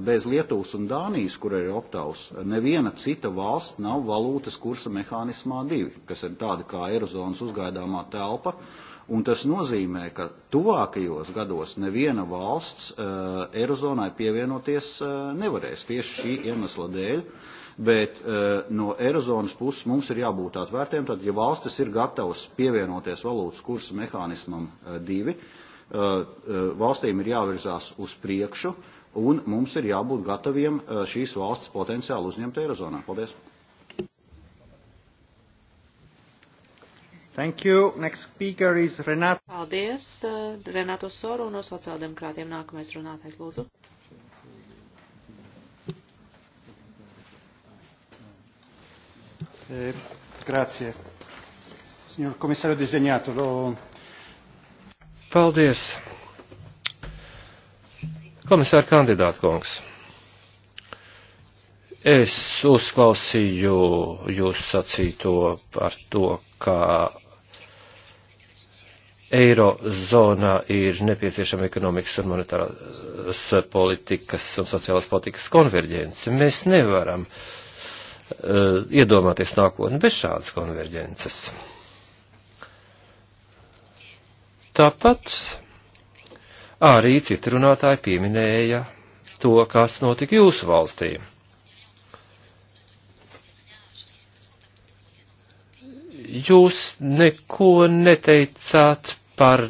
bez Lietuvas un Dānijas, kur ir optaus, neviena cita valsts nav valūtas kursa mehānismā divi, kas ir tāda kā Eirozonas uzgaidāmā telpa, Un tas nozīmē, ka tuvākajos gados neviena valsts uh, Eirozonai pievienoties uh, nevarēs tieši šī iemesla dēļ. Bet uh, no Eirozonas puses mums ir jābūt atvērtiem. Tad, ja valstis ir gatavas pievienoties valūtas kursa mehānismam uh, divi, uh, uh, valstīm ir jāvirzās uz priekšu un mums ir jābūt gataviem uh, šīs valsts potenciāli uzņemt Eirozonā. Paldies! Thank you. Next speaker is Renato. Paldies. Uh, Renato Soru no sociāldemokrātiem nākamais runātais, lūdzu. Eh, grazie. Signor commissario disegnato, lo... Paldies. Komisāra kandidāta kungs. Es uzklausīju jūs sacīto par to, ka Eirozonā ir nepieciešama ekonomikas un monetārās politikas un sociālās politikas konverģence. Mēs nevaram uh, iedomāties nākotni bez šādas konverģences. Tāpat arī citi runātāji pieminēja to, kas notika jūsu valstīm Jūs neko neteicāt par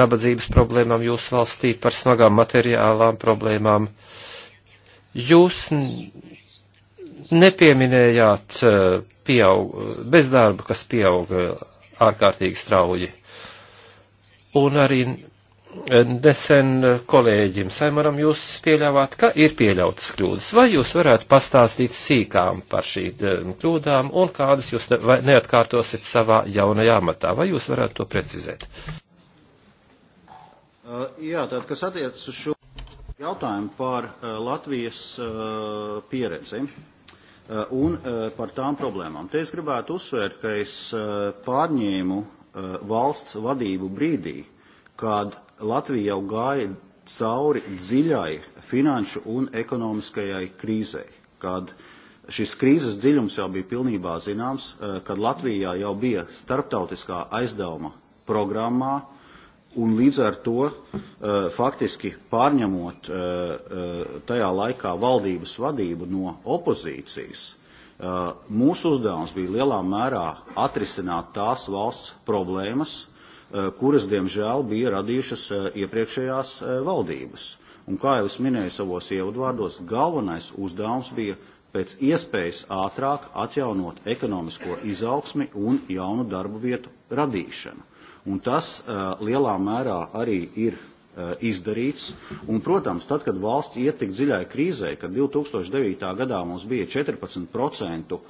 nabadzības problēmām jūsu valstī, par smagām materiālām problēmām. Jūs nepieminējāt eh, pieaug, bezdarbu, kas pieauga ārkārtīgi strauji. Un arī nesen kolēģim Saimaram jūs pieļāvāt, ka ir pieļautas kļūdas. Vai jūs varētu pastāstīt sīkām par šīm eh, kļūdām un kādas jūs neatkārtosiet savā jaunajā amatā? Vai jūs varētu to precizēt? Uh, jā, tad, kas attiecas uz šo jautājumu par uh, Latvijas uh, pieredzi uh, un uh, par tām problēmām. Te es gribētu uzsvērt, ka es uh, pārņēmu valsts vadību brīdī, kad Latvija jau gāja cauri dziļai finanšu un ekonomiskajai krīzei, kad šis krīzes dziļums jau bija pilnībā zināms, eh, kad Latvijā jau bija starptautiskā aizdevuma programmā, un līdz ar to eh, faktiski pārņemot eh, tajā laikā valdības vadību no opozīcijas, mūsu uzdevums bija lielā mērā atrisināt tās valsts problēmas, Eh, kuras, diemžēl, bija radījušas eh, iepriekšējās eh, valdības. Un, kā jau es minēju savos ievadvārdos, galvenais uzdevums bija pēc iespējas ātrāk atjaunot ekonomisko izaugsmi un jaunu darbu vietu radīšanu. Un tas uh, lielā mērā arī ir uh, izdarīts. Un, protams, tad, kad valsts ietika dziļai krīzē, kad 2009. gadā mums bija 14%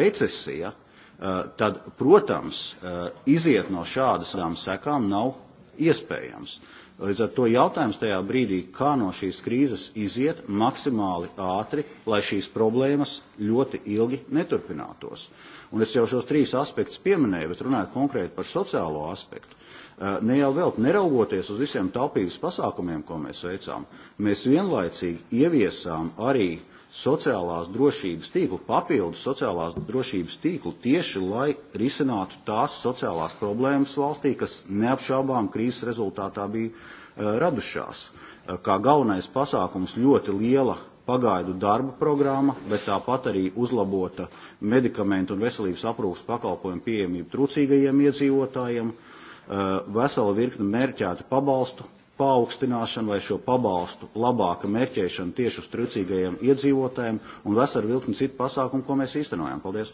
recesija, uh, Eh, tad, protams, eh, iziet no šādas sekām nav iespējams. Līdz ar to jautājums tajā brīdī, kā no šīs krīzes iziet maksimāli ātri, lai šīs problēmas ļoti ilgi neturpinātos. Un es jau šos trīs aspektus pieminēju, bet runājot konkrēti par sociālo aspektu. Eh, ne jau vēl neraugoties uz visiem taupības pasākumiem, ko mēs veicām, mēs vienlaicīgi ieviesām arī uh, sociālās drošības tīklu, papildus sociālās drošības tīklu tieši, lai risinātu tās sociālās problēmas valstī, kas neapšaubām krīzes rezultātā bija uh, radušās. Uh, kā galvenais pasākums ļoti liela pagaidu darba programma, bet tāpat arī uzlabota medikamentu un veselības aprūpas pakalpojumu pieejamību trūcīgajiem iedzīvotājiem, eh, vesela virkne mērķētu pabalstu paaugstināšanu vai šo pabalstu labāka mērķēšana tieši uz trūcīgajiem iedzīvotājiem un veselu vilkni citu pasākumu, ko mēs īstenojam. Paldies!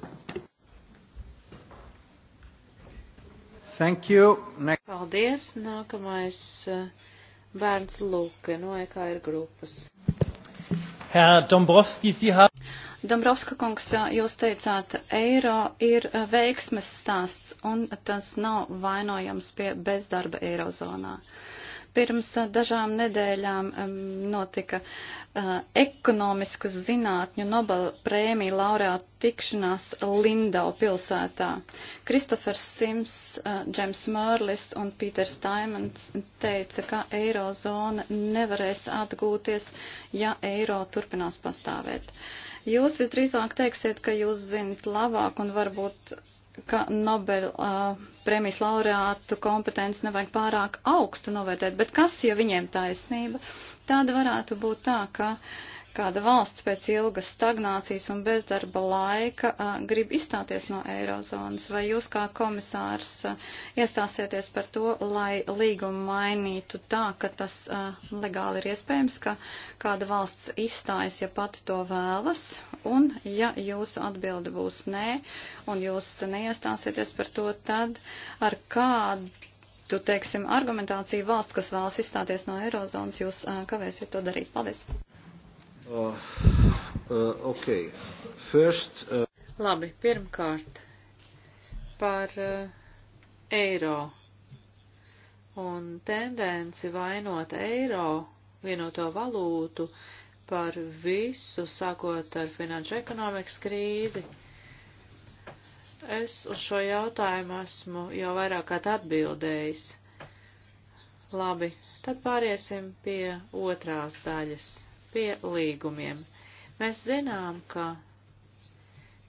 Thank you. Next. Paldies. Nākamais uh, bērns Luke no EKR grupas. Herr Dombrovski, Sie haben. Dombrovska kungs, uh, jūs teicāt, eiro ir uh, veiksmes stāsts un tas nav vainojams pie bezdarba eirozonā. Uh, Pirms eh, dažām nedēļām notika eh, ekonomiskas zinātņu Nobel prēmija laureāta tikšanās Lindau pilsētā. Kristofers Sims, Džems eh, Mārlis un Pīters Taimans teica, ka eirozona nevarēs atgūties, ja eiro turpinās pastāvēt. Jūs visdrīzāk teiksiet, ka jūs zinat labāk un varbūt ka Nobel uh, prēmijas laureātu kompetenci nevajag pārāk augstu novērtēt, bet kas, ja viņiem taisnība, tāda varētu būt tā, ka uh, kāda valsts pēc ilgas stagnācijas un bezdarba laika a, grib izstāties no eirozonas, vai jūs kā komisārs a, iestāsieties par to, lai līgumu mainītu tā, ka tas a, legāli ir iespējams, ka kāda valsts izstājas, ja pati to vēlas, un ja jūsu atbilde būs nē, un jūs neiestāsieties par to, tad ar kādu tu, teiksim, argumentāciju valsts, kas vēlas izstāties no Eirozonas, jūs kavēsiet to darīt. Paldies! Uh, uh, okay. First, uh... Labi, pirmkārt par uh, eiro un tendenci vainot eiro, vienoto valūtu, par visu, sākot ar finanšu ekonomikas krīzi. Es uz šo jautājumu esmu jau vairāk kā atbildējis. Labi, tad pāriesim pie otrās daļas pie līgumiem. Mēs zinām, ka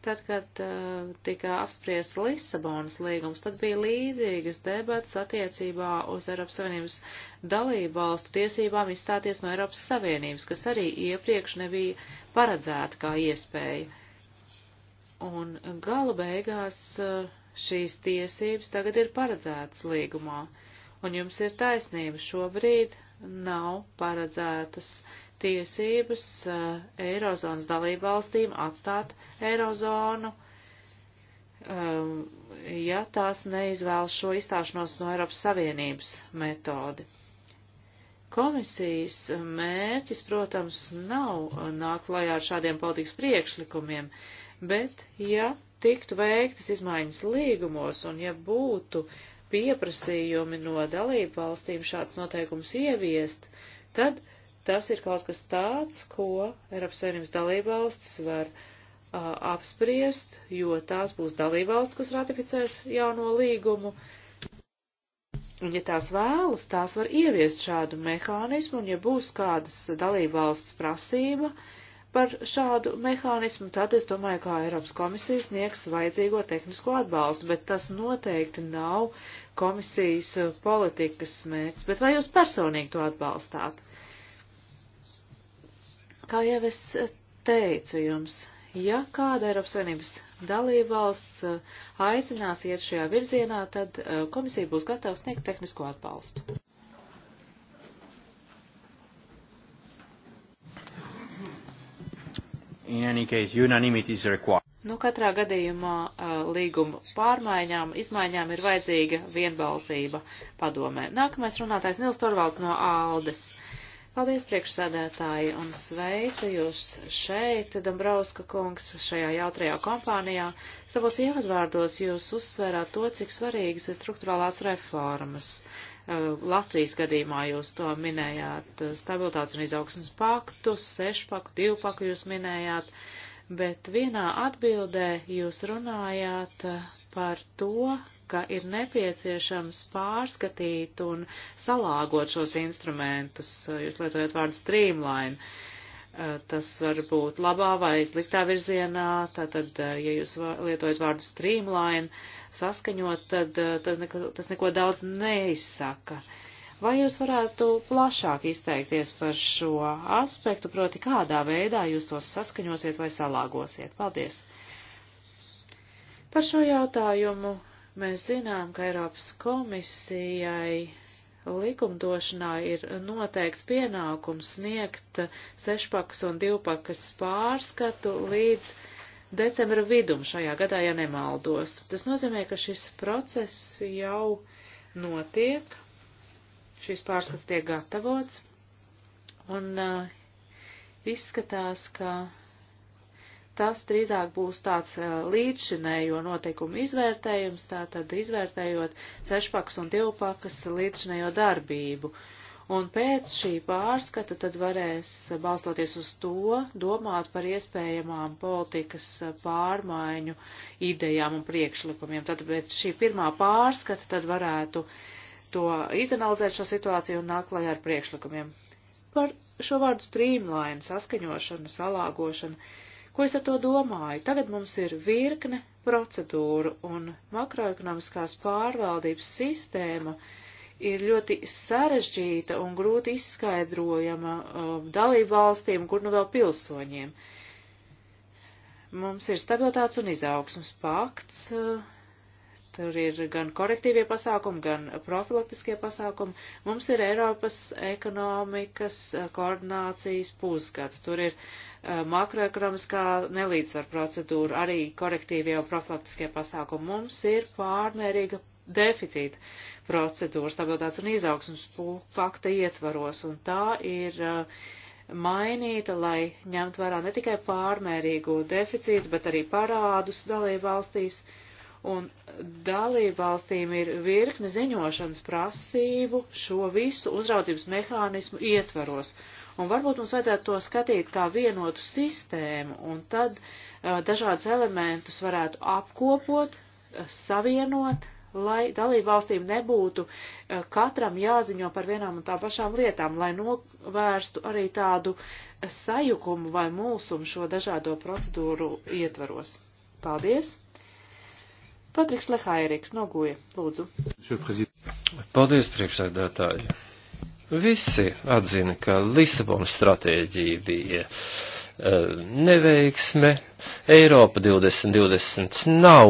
tad, kad uh, tika apspriests Lisabonas līgums, tad bija līdzīgas debatas attiecībā uz Eiropas Savienības dalību valstu tiesībām izstāties no Eiropas Savienības, kas arī iepriekš nebija paredzēta kā iespēja. Un gala beigās uh, šīs tiesības tagad ir paredzētas līgumā. Un jums ir taisnība, šobrīd nav paredzētas tiesības uh, Eirozonas dalībvalstīm atstāt Eirozonu, um, ja tās neizvēlas šo izstāšanos no Eiropas Savienības metodi. Komisijas mērķis, protams, nav nākt lajā ar šādiem politikas priekšlikumiem, bet ja tiktu veiktas izmaiņas līgumos un ja būtu pieprasījumi no dalību valstīm šāds noteikums ieviest, tad uh, Tas ir kaut kas tāds, ko Eiropas Savienības dalībvalstis var uh, apspriest, jo tās būs dalībvalstis, kas ratificēs jauno līgumu. Un, ja tās vēlas, tās var ieviest šādu mehānismu, un ja būs kādas dalībvalsts prasība par šādu mehānismu, tad es domāju, kā Eiropas komisija sniegs vajadzīgo tehnisko atbalstu, bet tas noteikti nav komisijas politikas mērķis. Bet vai jūs personīgi to atbalstāt? Uh, Kā jau es eh, teicu jums, ja kāda Eiropas Savienības dalībvalsts eh, aicinās iet šajā virzienā, tad eh, komisija būs gatava sniegt tehnisko atbalstu. Case, nu, katrā gadījumā līguma pārmaiņām, izmaiņām ir vajadzīga vienbalsība padomē. Nākamais runātājs Nils Torvalds no Aldes. Uh, Paldies priekšsēdētāji un sveicu jūs šeit, Dambrauska kungs, šajā jautrajā kompānijā. Savos ievadvārdos jūs uzsvērāt to, cik svarīgas ir struktūrālās reformas. Uh, Latvijas gadījumā jūs to minējāt, uh, stabilitātes un izaugsmas paktu, sešpaku, divpaku jūs minējāt, bet vienā atbildē jūs runājāt uh, par to, ka ir nepieciešams pārskatīt un salāgot šos instrumentus. Jūs lietojat vārdu streamline. Eh, tas var būt labā vai sliktā virzienā. Tātad, eh, ja jūs lietojat vārdu streamline, saskaņot, tad, eh, tad neko, tas neko daudz neizsaka. Vai jūs varētu plašāk izteikties par šo aspektu, proti kādā veidā jūs tos saskaņosiet vai salāgosiet? Paldies! Par šo jautājumu Mēs zinām, ka Eiropas komisijai likumdošanā ir noteikts pienākums sniegt sešpakas un divpakas pārskatu līdz decembra vidum šajā gadā, ja nemaldos. Tas nozīmē, ka šis process jau notiek, šis pārskats tiek gatavots, un uh, izskatās, ka tas drīzāk būs tāds eh, līdzšinējo noteikumu izvērtējums, tātad izvērtējot sešpakas un divpakas līdzšinējo darbību. Un pēc šī pārskata tad varēs, balstoties uz to, domāt par iespējamām politikas pārmaiņu idejām un priekšlikumiem. Tad pēc šī pirmā pārskata tad varētu to izanalizēt šo situāciju un nākt klajā ar priekšlikumiem. Par šo vārdu streamline, saskaņošanu, salāgošanu Ko es ar to domāju? Tagad mums ir virkne procedūru un makroekonomiskās pārvaldības sistēma ir ļoti sarežģīta un grūti izskaidrojama uh, dalību valstīm, kur nu vēl pilsoņiem. Mums ir stabilitātes un izaugsmas pakts, uh, Tur ir gan korektīvie pasākumi, gan profilaktiskie pasākumi. Mums ir Eiropas ekonomikas eh, koordinācijas pusgads. Tur ir uh, makroekonomiskā nelīdzsvar procedūra, arī korektīvie un profilaktiskie pasākumi. Mums ir pārmērīga deficīta procedūra stabilitātes un izaugsmas pakta ietvaros, un tā ir uh, mainīta, lai ņemt vērā ne tikai pārmērīgu deficītu, bet arī parādus dalību valstīs. Uh, un dalībvalstīm ir virkne ziņošanas prasību šo visu uzraudzības mehānismu ietvaros. Un varbūt mums vajadzētu to skatīt kā vienotu sistēmu, un tad uh, dažādus elementus varētu apkopot, uh, savienot, lai dalībvalstīm nebūtu uh, katram jāziņo par vienām un tā pašām lietām, lai novērstu arī tādu sajukumu vai mulsumu šo dažādo procedūru ietvaros. Paldies! Patriks Lehairīks noguja, lūdzu. Paldies, priekšsēdētāji. Visi atzina, ka Lisabonas stratēģija bija Eh, neveiksme. Eiropa 2020 nav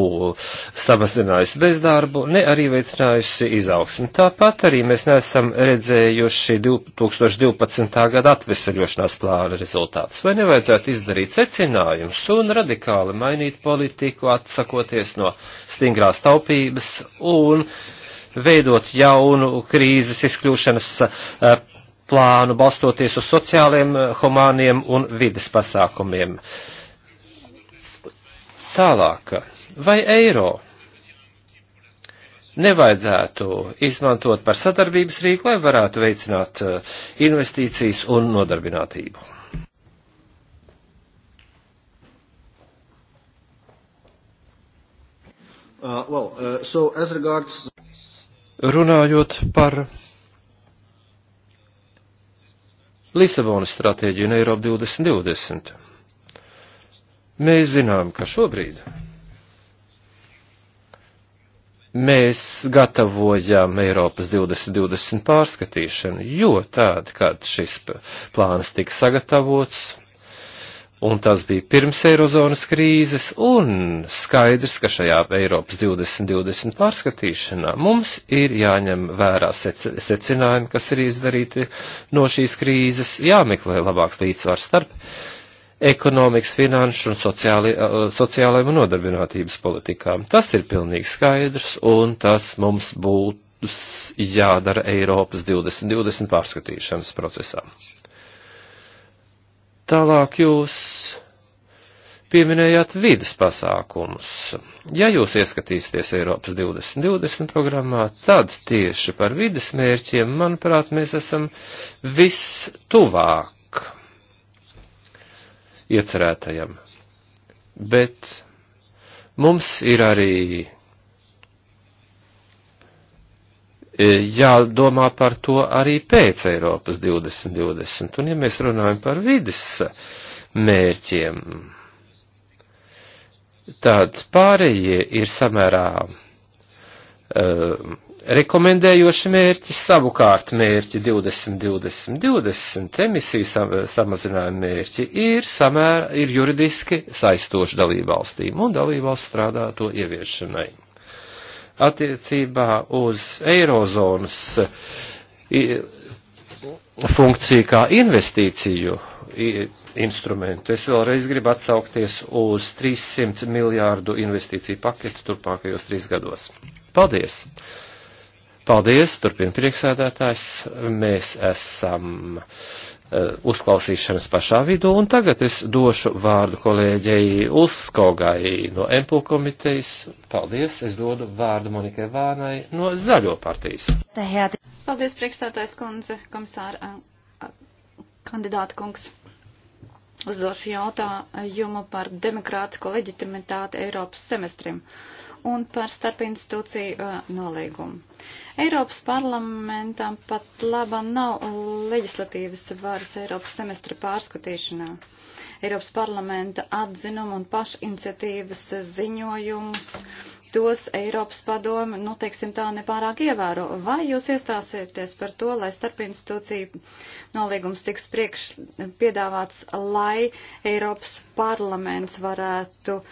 samazinājusi bezdarbu, ne arī veicinājusi izaugsmi. Tāpat arī mēs neesam redzējuši 2012. gada atveseļošanās plāna rezultātus. Vai nevajadzētu izdarīt secinājumus un radikāli mainīt politiku, atsakoties no stingrās taupības un veidot jaunu krīzes izkļūšanas eh, plānu, balstoties uz sociāliem, eh, humāniem un vides pasākumiem. Tālāk, vai eiro nevajadzētu izmantot par sadarbības rīku, lai varētu veicināt eh, investīcijas un nodarbinātību? Uh, well, uh, so as regards... Runājot par Lisabonas stratēģiju un Eiropu 2020. Mēs zinām, ka šobrīd mēs gatavojam Eiropas 2020 pārskatīšanu, jo tād, kad šis plāns tika sagatavots, un tas bija pirms Eirozonas krīzes, un skaidrs, ka šajā Eiropas 2020 pārskatīšanā mums ir jāņem vērā secinājumi, kas ir izdarīti no šīs krīzes, jāmeklē labāks līdzsvars starp ekonomikas, finanšu un sociāli, uh, sociālajiem un nodarbinātības politikām. Tas ir pilnīgi skaidrs, un tas mums būtu jādara Eiropas 2020 pārskatīšanas procesā. Tālāk jūs pieminējāt vidas pasākumus. Ja jūs ieskatīsieties Eiropas 2020 programmā, tad tieši par vidas mērķiem, manuprāt, mēs esam vistuvāk iecerētajam. Bet mums ir arī E, jādomā par to arī pēc Eiropas 2020. Un ja mēs runājam par vidas mērķiem, tāds pārējie ir samērā uh, rekomendējoši mērķi, savukārt mērķi 20, 20, 20 emisiju sam samazinājuma mērķi ir, samērā, ir juridiski saistoši dalībvalstīm, un dalībvalsts strādā to ieviešanai attiecībā uz eirozonas funkciju kā investīciju instrumentu. Es vēlreiz gribu atsaukties uz 300 miljārdu investīciju paketu turpmākajos trīs gados. Paldies! Paldies, turpina priekšsēdētājs. Mēs esam. Uh, Uh, uzklausīšanas pašā vidū, un tagad es došu vārdu kolēģei Ulskogai no Empul komitejas. Paldies, es dodu vārdu Monikai Vānai no Zaļo partijas. Paldies, priekšstātais kundze, komisāra kandidāta kungs. Uzdošu jautājumu par demokrātisko leģitimitāti Eiropas semestrim un par starpinstitūciju nolīgumu. Eiropas parlamentam pat laba nav leģislatīvas varas Eiropas semestra pārskatīšanā. Eiropas parlamenta atzinumu un pašiniciatīvas ziņojumus tos Eiropas padomi, nu, teiksim tā, nepārāk ievēro. Vai jūs iestāsieties par to, lai starpinstitūcija nolīgums tiks priekš piedāvāts, lai Eiropas parlaments varētu uh,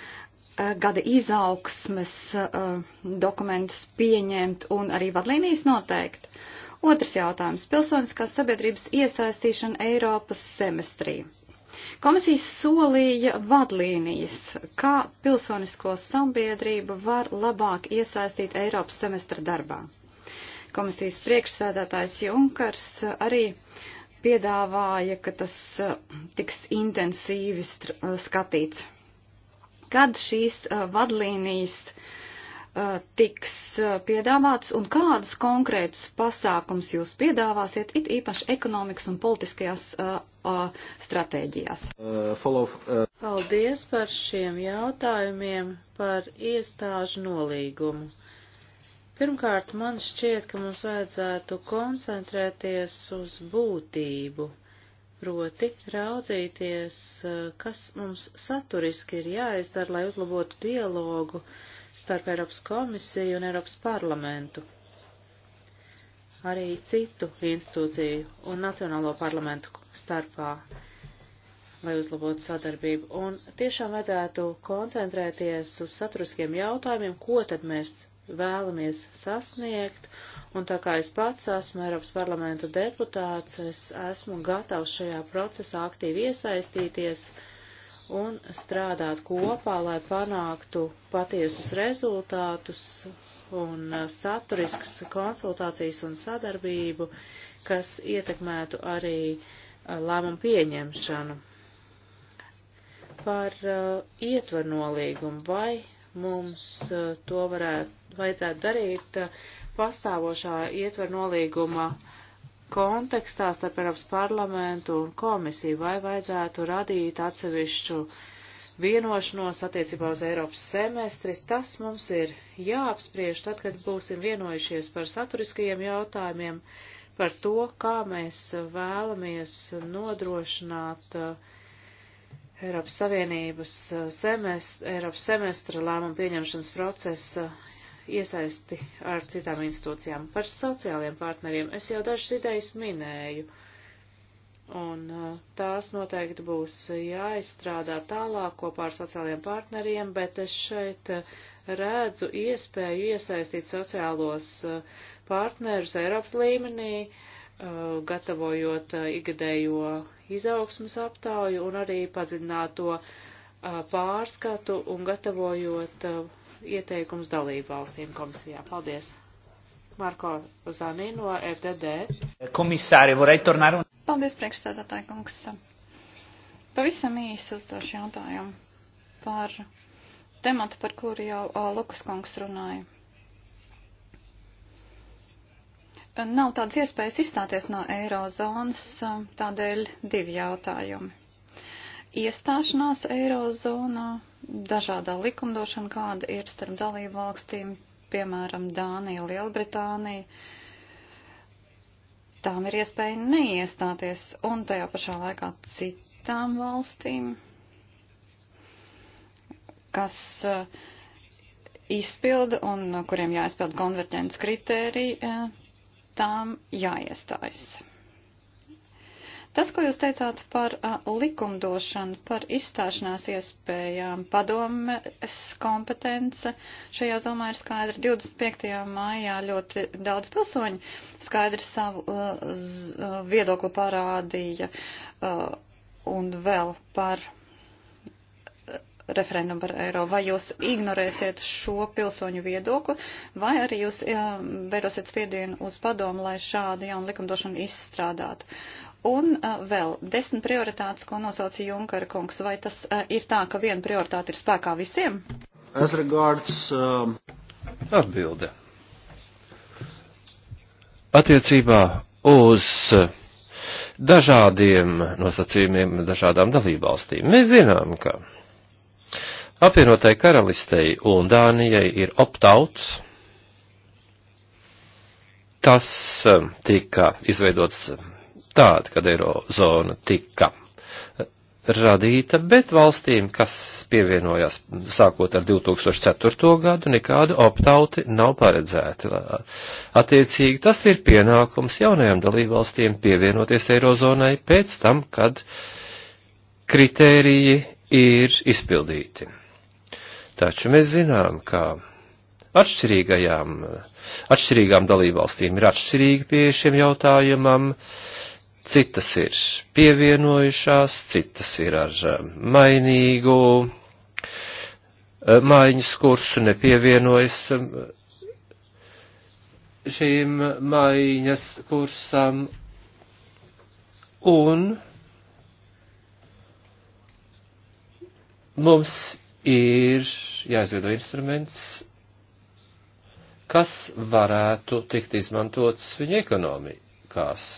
gada izaugsmes uh, dokumentus pieņemt un arī vadlīnijas noteikt? Otrs jautājums - pilsoniskās sabiedrības iesaistīšana Eiropas semestrī. Komisija solīja vadlīnijas, kā pilsonisko sambiedrību var labāk iesaistīt Eiropas semestra darbā. Komisijas priekšsēdētājs Junkars arī piedāvāja, ka tas uh, tiks intensīvi uh, skatīts. Kad šīs uh, vadlīnijas uh, Uh, tiks uh, piedāvāts un kādus konkrētus pasākums jūs piedāvāsiet, it īpaši ekonomikas un politiskajās uh, uh, stratēģijās? Uh, follow, uh... Paldies par šiem jautājumiem par iestāžu nolīgumu. Pirmkārt, man šķiet, ka mums vajadzētu koncentrēties uz būtību, proti raudzīties, uh, kas mums saturiski ir jāizdara, lai uzlabotu dialogu uh, starp Eiropas komisiju un Eiropas parlamentu, arī citu institūciju un nacionālo parlamentu starpā, lai uzlabotu sadarbību. Un tiešām vajadzētu koncentrēties uz saturiskiem jautājumiem, ko tad mēs vēlamies sasniegt, un tā kā es pats esmu Eiropas parlamenta deputāts, es esmu gatavs šajā procesā aktīvi iesaistīties, uh, un strādāt kopā, lai panāktu patiesus rezultātus un uh, saturisks konsultācijas un sadarbību, kas ietekmētu arī uh, lēmumu pieņemšanu. Par uh, ietvarnolīgumu vai mums uh, to varētu, vajadzētu darīt uh, pastāvošā ietvarnolīguma uh, kontekstā starp Eiropas parlamentu un komisiju, vai vajadzētu radīt atsevišķu vienošanos attiecībā uz Eiropas semestri, tas mums ir jāapspriež tad, kad būsim vienojušies par saturiskajiem jautājumiem, par to, kā mēs vēlamies nodrošināt uh, Eiropas Savienības uh, semest, Eiropas semestra lēmumu pieņemšanas procesa iesaisti ar citām institūcijām. Par sociāliem partneriem es jau dažas idejas minēju, un uh, tās noteikti būs jāizstrādā tālāk kopā ar sociāliem partneriem, bet es šeit uh, redzu iespēju iesaistīt sociālos uh, partnerus Eiropas līmenī, gatavojot ikgadējo izaugsmas aptauju un arī padziļināto pārskatu un gatavojot ieteikums dalību valstīm komisijā. Paldies! Marko Zanī no FDD. Komisāri, varēja tornāt un... Paldies, priekšstādātāji kungs. Pavisam īsi uzdošu jautājumu par tematu, par kuru jau o, Lukas kungs runāja. Nav tādas iespējas izstāties no eirozonas, tādēļ divi jautājumi. Iestāšanās eirozonā dažādā likumdošana, kāda ir starp dalību valstīm, piemēram, Dānija, Lielbritānija. Tām ir iespēja neiestāties un tajā pašā laikā citām valstīm, kas eh, izpilda un kuriem jāizpilda konverģents kritērija, eh, tām jāiestājas. Tas, ko jūs teicāt par a, likumdošanu, par izstāšanās iespējām, padomes kompetence, šajā zomā ir skaidra. 25. maijā ļoti daudz pilsoņu skaidri savu a, z, viedokli parādīja a, un vēl par referendumu par eiro, vai jūs ignorēsiet šo pilsoņu viedokli, vai arī jūs vērosiet spiedienu uz padomu, lai šādu jaunu likumdošanu izstrādātu. Un uh, vēl desmit prioritātes, ko nosauca Junkara kungs. Vai tas uh, ir tā, ka viena prioritāte ir spēkā visiem? As regards. Um... Atbilde. Attiecībā uz dažādiem nosacījumiem dažādām dalībvalstīm. Mēs zinām, ka apvienotai karalistei un Dānijai ir optauts. Tas tika izveidots tad, kad eirozona tika radīta, bet valstīm, kas pievienojās sākot ar 2004. gadu, nekādu optauti nav paredzēti. Attiecīgi tas ir pienākums jaunajām dalībvalstīm pievienoties Eirozonai pēc tam, kad kritēriji ir izpildīti. Taču mēs zinām, ka atšķirīgajām, atšķirīgām dalībvalstīm ir atšķirīgi pie šiem jautājumam, uh, citas ir pievienojušās, citas ir ar eh, mainīgu eh, mājiņas kursu, nepievienojas eh, šīm mājiņas kursam un mums ir jāizveido instruments, kas varētu tikt izmantots viņa ekonomikās.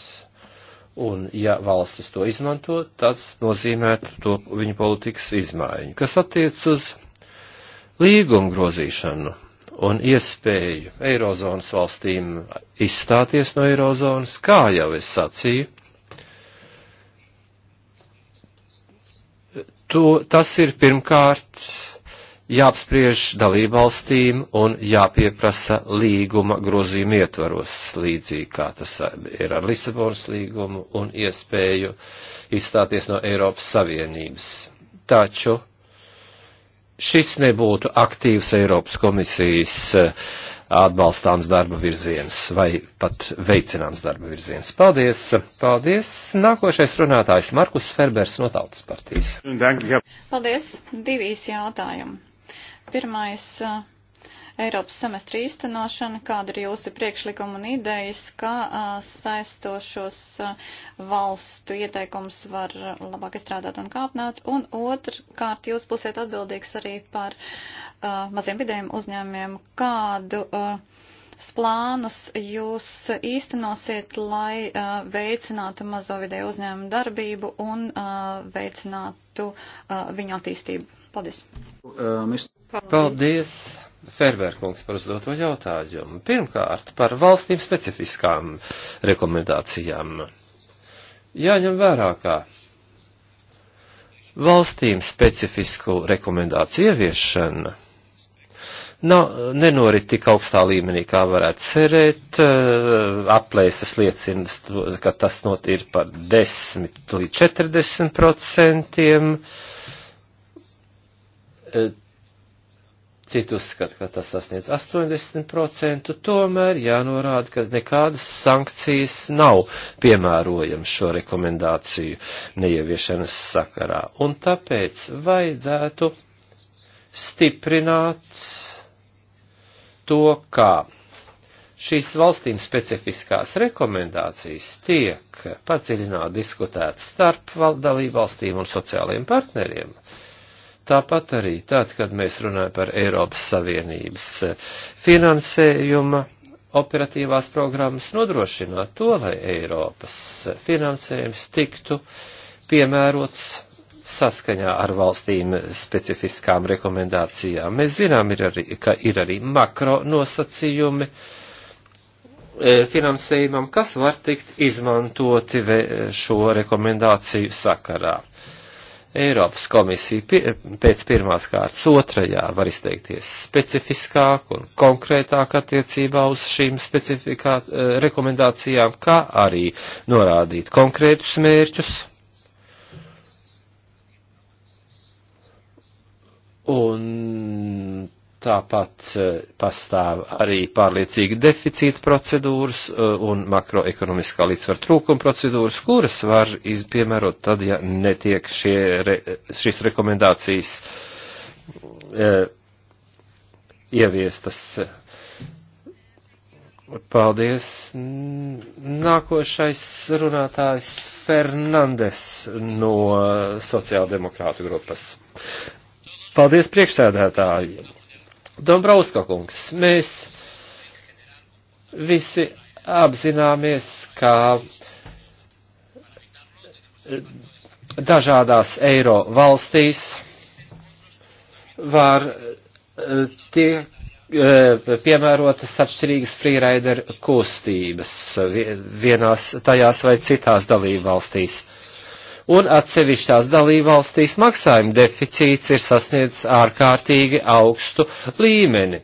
Un, ja valstis to izmanto, tas nozīmētu to viņu politikas izmaiņu, kas attiec uz līgumu grozīšanu un iespēju Eirozonas valstīm izstāties no Eirozonas, kā jau es sacīju. To, tas ir pirmkārt jāapspriež dalībvalstīm un jāpieprasa līguma grozījuma ietvaros, līdzīgi kā tas ir ar Lisabonas līgumu un iespēju izstāties no Eiropas Savienības. Taču šis nebūtu aktīvs Eiropas komisijas eh, atbalstāms darba virziens vai pat veicināms darba virziens. Paldies! Paldies! Nākošais runātājs Markus Ferbers no Tautas partijas. Paldies! Divīs jautājumi Pirmais uh, Eiropas semestra īstenošana, kāda ir jūsu priekšlikuma un idejas, kā uh, saistošos uh, valstu ieteikums var labāk izstrādāt un kāpnāt, un otrkārt jūs būsiet atbildīgs arī par uh, maziem vidējiem uzņēmiem, kādu plānus jūs īstenosiet, lai veicinātu mazo vidēju uzņēmumu darbību un veicinātu viņu attīstību. Paldies! Um, Paldies, Ferberkungs, par uzdoto jautājumu. Pirmkārt, par valstīm specifiskām rekomendācijām. Jāņem vērā, ka valstīm specifisku rekomendāciju ieviešana nav, nenorit tik augstā līmenī, kā varētu cerēt. Uh, aplēses liecina, ka tas not ir par 10 līdz 40 procentiem. Uh, Eh, citi uzskata, ka tas sasniedz 80%, tomēr jānorāda, ka nekādas sankcijas nav piemērojamas šo rekomendāciju neieviešanas sakarā. Un tāpēc vajadzētu stiprināt to, kā šīs valstīm specifiskās rekomendācijas tiek padziļināti diskutētas starp dalībvalstīm un sociālajiem partneriem. Uh, Tāpat arī tad, kad mēs runājam par Eiropas Savienības eh, finansējuma operatīvās programmas, nodrošināt to, lai Eiropas finansējums tiktu piemērots saskaņā ar valstīm specifiskām rekomendācijām. Mēs zinām, ir arī, ka ir arī makro nosacījumi eh, finansējumam, kas var tikt izmantoti šo rekomendāciju sakarā. Eiropas komisija pēc pirmās kārtas otrajā var izteikties specifiskāk un konkrētāk attiecībā uz šīm eh, rekomendācijām, kā arī norādīt konkrētus mērķus. Un Tāpat e, pastāv arī pārliecīgi deficīta procedūras e, un makroekonomiskā līdzsvara trūkuma procedūras, kuras var piemērot tad, ja netiek šie, re, šīs rekomendācijas e, ieviestas. Paldies. Nākošais runātājs Fernandes no sociāldemokrātu grupas. Paldies priekšsēdētāji Dombrovska kungs, mēs visi apzināmies, ka dažādās eiro valstīs var eh, tiek eh, piemērotas atšķirīgas freerider kustības vienās tajās vai citās dalību valstīs un atsevišķās dalībvalstīs maksājuma deficīts ir sasniedzis ārkārtīgi augstu līmeni,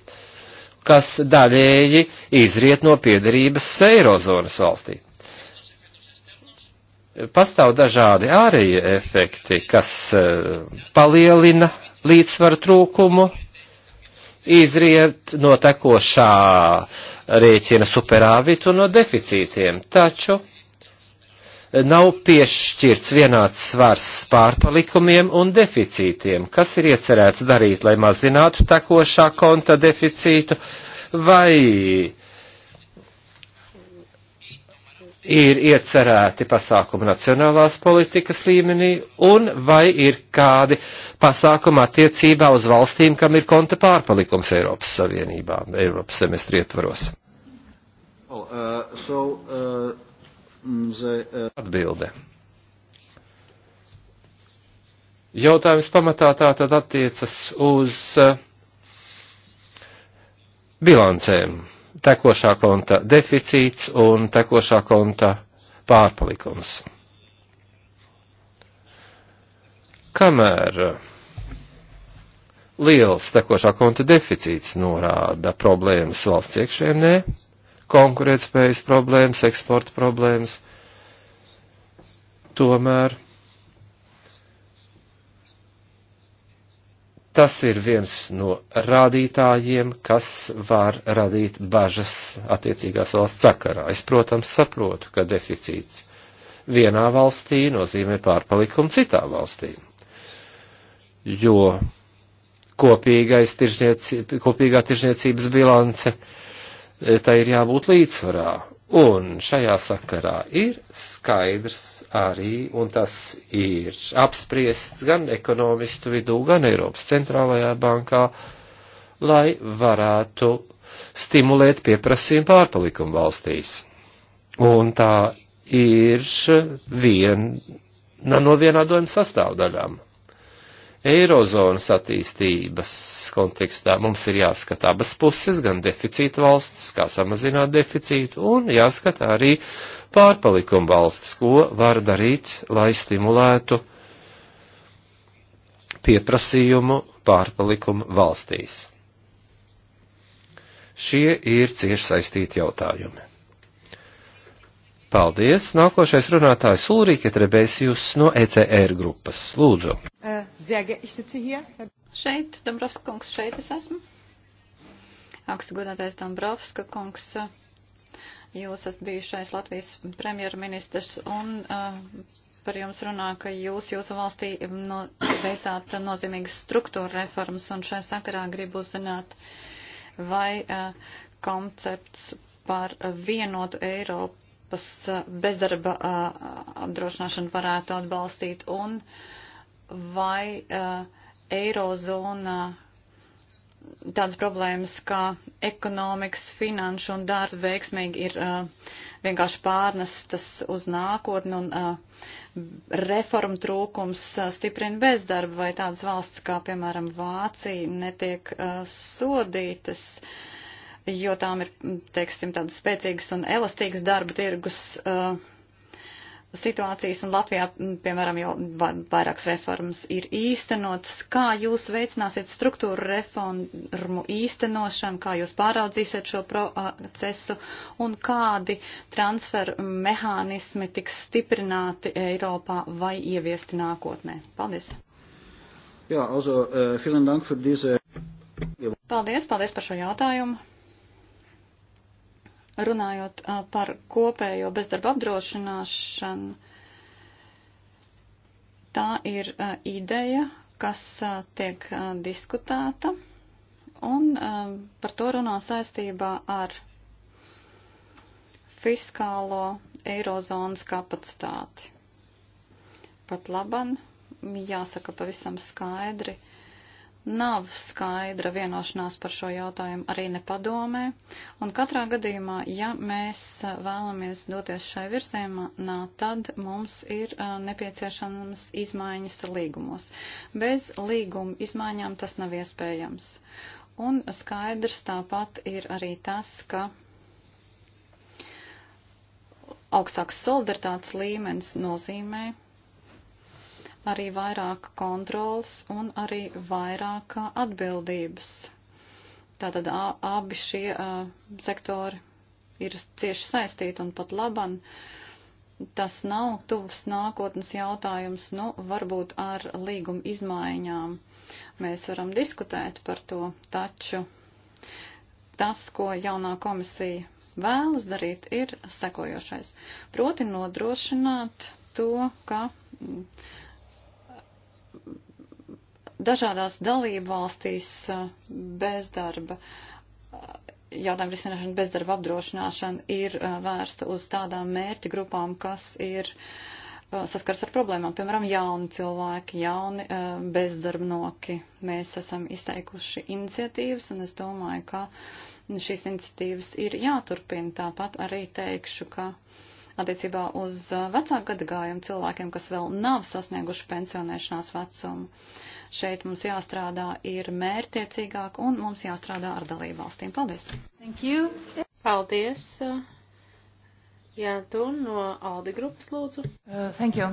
kas daļēji izriet no piedarības Eirozonas valstī. Pastāv dažādi ārējie efekti, kas eh, palielina līdzsvaru trūkumu, izriet no tekošā rēķina superāvitu un no deficītiem, taču nav piešķirts vienāds svars pārpalikumiem un deficītiem, kas ir iecerēts darīt, lai mazinātu tekošā konta deficītu, vai ir iecerēti pasākumi nacionālās politikas līmenī, un vai ir kādi pasākumi attiecībā uz valstīm, kam ir konta pārpalikums Eiropas Savienībā, Eiropas semestri ietvaros? Well, uh, so, uh... E, Atbilde. Jautājums pamatā tā tad attiecas uz e, bilancēm. Tekošā konta deficīts un tekošā konta pārpalikums. Kamēr liels tekošā konta deficīts norāda problēmas valsts iekšēnē, konkurētspējas problēmas, eksporta problēmas. Tomēr tas ir viens no rādītājiem, kas var radīt bažas attiecīgās valsts sakarā. Es, protams, saprotu, ka deficīts vienā valstī nozīmē pārpalikumu citā valstī. Jo kopīgais tiržniec, kopīgā tirzniecības bilance tai ir jābūt līdzsvarā. Un šajā sakarā ir skaidrs arī, un tas ir apspriests gan ekonomistu vidū, gan Eiropas centrālajā bankā, lai varētu stimulēt pieprasījumu pārpalikumu valstīs. Un tā ir viena no vienādojuma sastāvdaļām. Eirozonas attīstības kontekstā mums ir jāskatā abas puses, gan deficīta valsts, kā samazināt deficītu, un jāskatā arī pārpalikuma valsts, ko var darīt, lai stimulētu pieprasījumu pārpalikumu valstīs. Šie ir cieši saistīti jautājumi. Paldies! Nākošais runātājs Ulrike Trebēsijus no ECR grupas. Lūdzu! Uh. Šeit, Dombrovska kungs, šeit es esmu. Augsta godātais Dombrovska kungs, jūs esat bijušais Latvijas premjerministrs un uh, par jums runā, ka jūs jūsu valstī no, veicāt nozīmīgas struktūra reformas un šai sakarā gribu uzzināt, vai uh, koncepts par vienotu Eiropas eh, bezdarba uh, apdrošināšanu varētu atbalstīt un uh, vai uh, eh, Eirozonā eh, tādas problēmas kā ekonomikas, finanšu un darba veiksmīgi ir uh, vienkārši pārnestas uz nākotni un uh, reformu trūkums uh, stiprina bezdarbu vai tādas valsts kā, piemēram, Vācija netiek uh, sodītas, jo tām ir, teiksim, tādas spēcīgas un elastīgas darba tirgus. Uh, situācijas, un Latvijā, piemēram, jau vairākas reformas ir īstenotas. Kā jūs veicināsiet struktūru reformu īstenošanu, kā jūs pāraudzīsiet šo procesu, un kādi transfer mehānismi tiks stiprināti Eiropā vai ieviesti nākotnē? Paldies! Jā, also, uh, vielen Dank für diese. Paldies, paldies par šo jautājumu. Runājot par kopējo bezdarba apdrošināšanu, tā ir ideja, kas tiek diskutēta, un par to runā saistībā ar fiskālo eirozonas kapacitāti. Pat laban, jāsaka pavisam skaidri, uh, Nav skaidra vienošanās par šo jautājumu arī nepadomē, un katrā gadījumā, ja mēs vēlamies doties šai virzienā, tad mums ir nepieciešams izmaiņas līgumos. Bez līguma izmaiņām tas nav iespējams. Un skaidrs tāpat ir arī tas, ka augstāks solidaritātes līmenis nozīmē arī vairāk kontrols un arī vairāk atbildības. Tātad abi šie uh, sektori ir cieši saistīti un pat laban. Tas nav tuvs nākotnes jautājums, nu, varbūt ar līguma izmaiņām mēs varam diskutēt par to, taču tas, ko jaunā komisija vēlas darīt, ir sekojošais. Proti nodrošināt to, ka. Mm, dažādās dalību valstīs uh, bezdarba uh, jautājumu risināšana, bezdarba apdrošināšana ir uh, vērsta uz tādām mērķa grupām, kas ir saskars ar problēmām, piemēram, jauni cilvēki, jauni bezdarbnoki. Mēs esam izteikuši iniciatīvas, un es domāju, ka šīs iniciatīvas ir jāturpina. Tāpat arī teikšu, ka uh, attiecībā uz uh, vecāku gadagājumu cilvēkiem, kas vēl nav sasnieguši pensionēšanās vecumu. Šeit mums jāstrādā ir mērtiecīgāk un mums jāstrādā ar dalību valstīm. Paldies! Thank you! Paldies! Uh, Jā, tu no Aldi grupas lūdzu. Uh, thank you!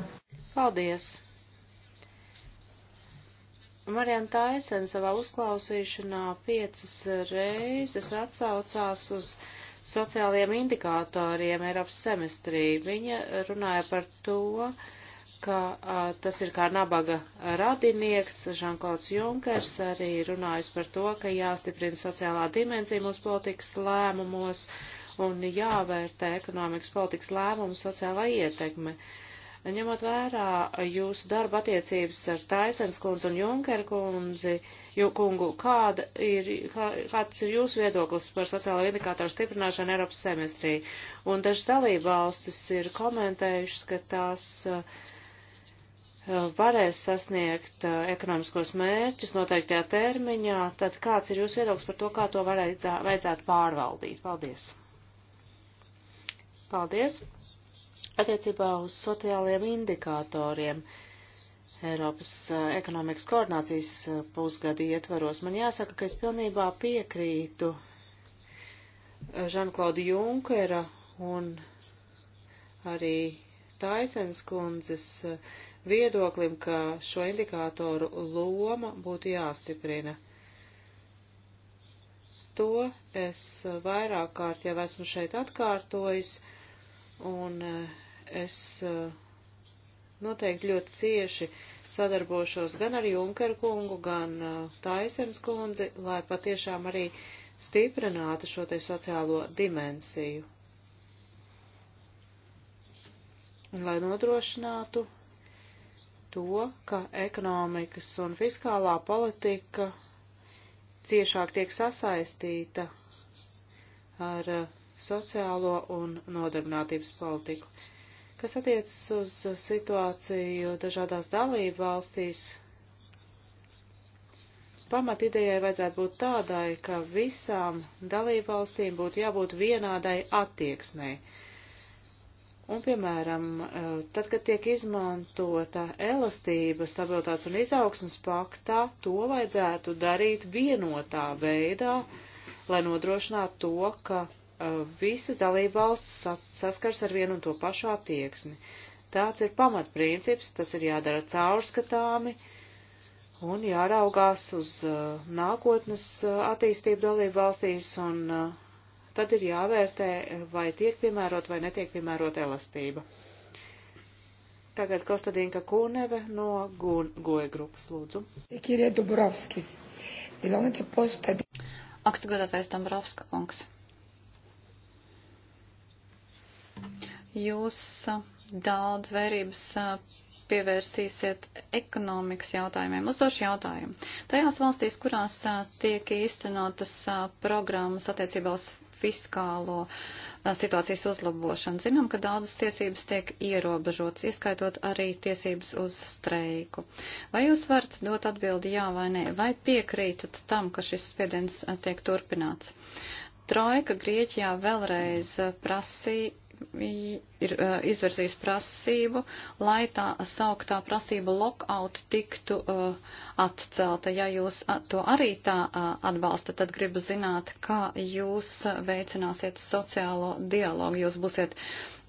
Paldies! Marijana Taisena savā uzklausīšanā piecas reizes atsaucās uz sociālajiem indikātoriem Eiropas semestrī. Viņa runāja par to, ka a, tas ir kā nabaga radinieks. Žanklauds Junkers arī runājas par to, ka jāstiprina sociālā dimensija mūsu politikas lēmumos un jāvērtē ekonomikas politikas lēmumu sociālā ietekme. Uh, Ņemot vērā jūsu darba attiecības ar Taisens kundzi un Junker kundzi, kungu, kāda ir, kā, kāds ir jūsu viedoklis par sociālo indikātoru stiprināšanu Eiropas semestrī? Un dažas dalībvalstis ir komentējušas, ka tās uh, uh, varēs sasniegt uh, ekonomiskos mērķus noteiktajā termiņā, tad kāds ir jūsu viedoklis par to, kā to varēdzā, vajadzētu pārvaldīt? Paldies! Paldies! Attiecībā uz sociālajiem indikatoriem Eiropas eh, ekonomikas koordinācijas eh, pusgada ietvaros man jāsaka, ka es pilnībā piekrītu eh, Žanklaudu Junkera un arī Taisens kundzes viedoklim, ka šo indikātoru loma būtu jāstiprina. To es vairāk kārt jau esmu šeit atkārtojis, un eh, es eh, noteikti ļoti cieši sadarbošos gan ar Junkeru kungu, gan eh, Taisens kundzi, lai patiešām arī stiprinātu šo te sociālo dimensiju. Un lai nodrošinātu to, ka ekonomikas un fiskālā politika ciešāk tiek sasaistīta ar uh, sociālo un nodarbinātības politiku. Kas attiecas uz situāciju dažādās dalību valstīs, pamat idejai vajadzētu būt tādai, ka visām dalību valstīm būtu jābūt vienādai attieksmei. Un, piemēram, tad, kad tiek izmantota elastība stabilitātes un izaugsmas paktā, to vajadzētu darīt vienotā veidā, lai nodrošinātu to, ka Uh, visas dalībvalstis saskars ar vienu un to pašu attieksmi. Tāds ir pamatprincips, tas ir jādara caurskatāmi un jāraugās uz uh, nākotnes uh, attīstību dalībvalstīs un tad ir jāvērtē, vai tiek piemērot vai netiek piemērot elastība. Tagad Kostadīnka Kūneve no Goja grupas lūdzu. Aksta godātais Dombrovska kungs. Jūs daudz vērības pievērsīsiet ekonomikas jautājumiem. Uzdošu jautājumu. Tajās valstīs, kurās tiek īstenotas programmas attiecībā uz fiskālo situācijas uzlabošanu, zinām, ka daudzas tiesības tiek ierobežotas, ieskaitot arī tiesības uz streiku. Vai jūs varat dot atbildi jā vai nē, vai piekrītat tam, ka šis spiediens tiek turpināts? Trojka Grieķijā vēlreiz prasīja ir uh, eh, izverzījis prasību, lai tā sauktā prasība lockout tiktu uh, atcelta. Ja jūs to arī tā uh, atbalsta, tad gribu zināt, kā jūs veicināsiet sociālo dialogu. Jūs būsiet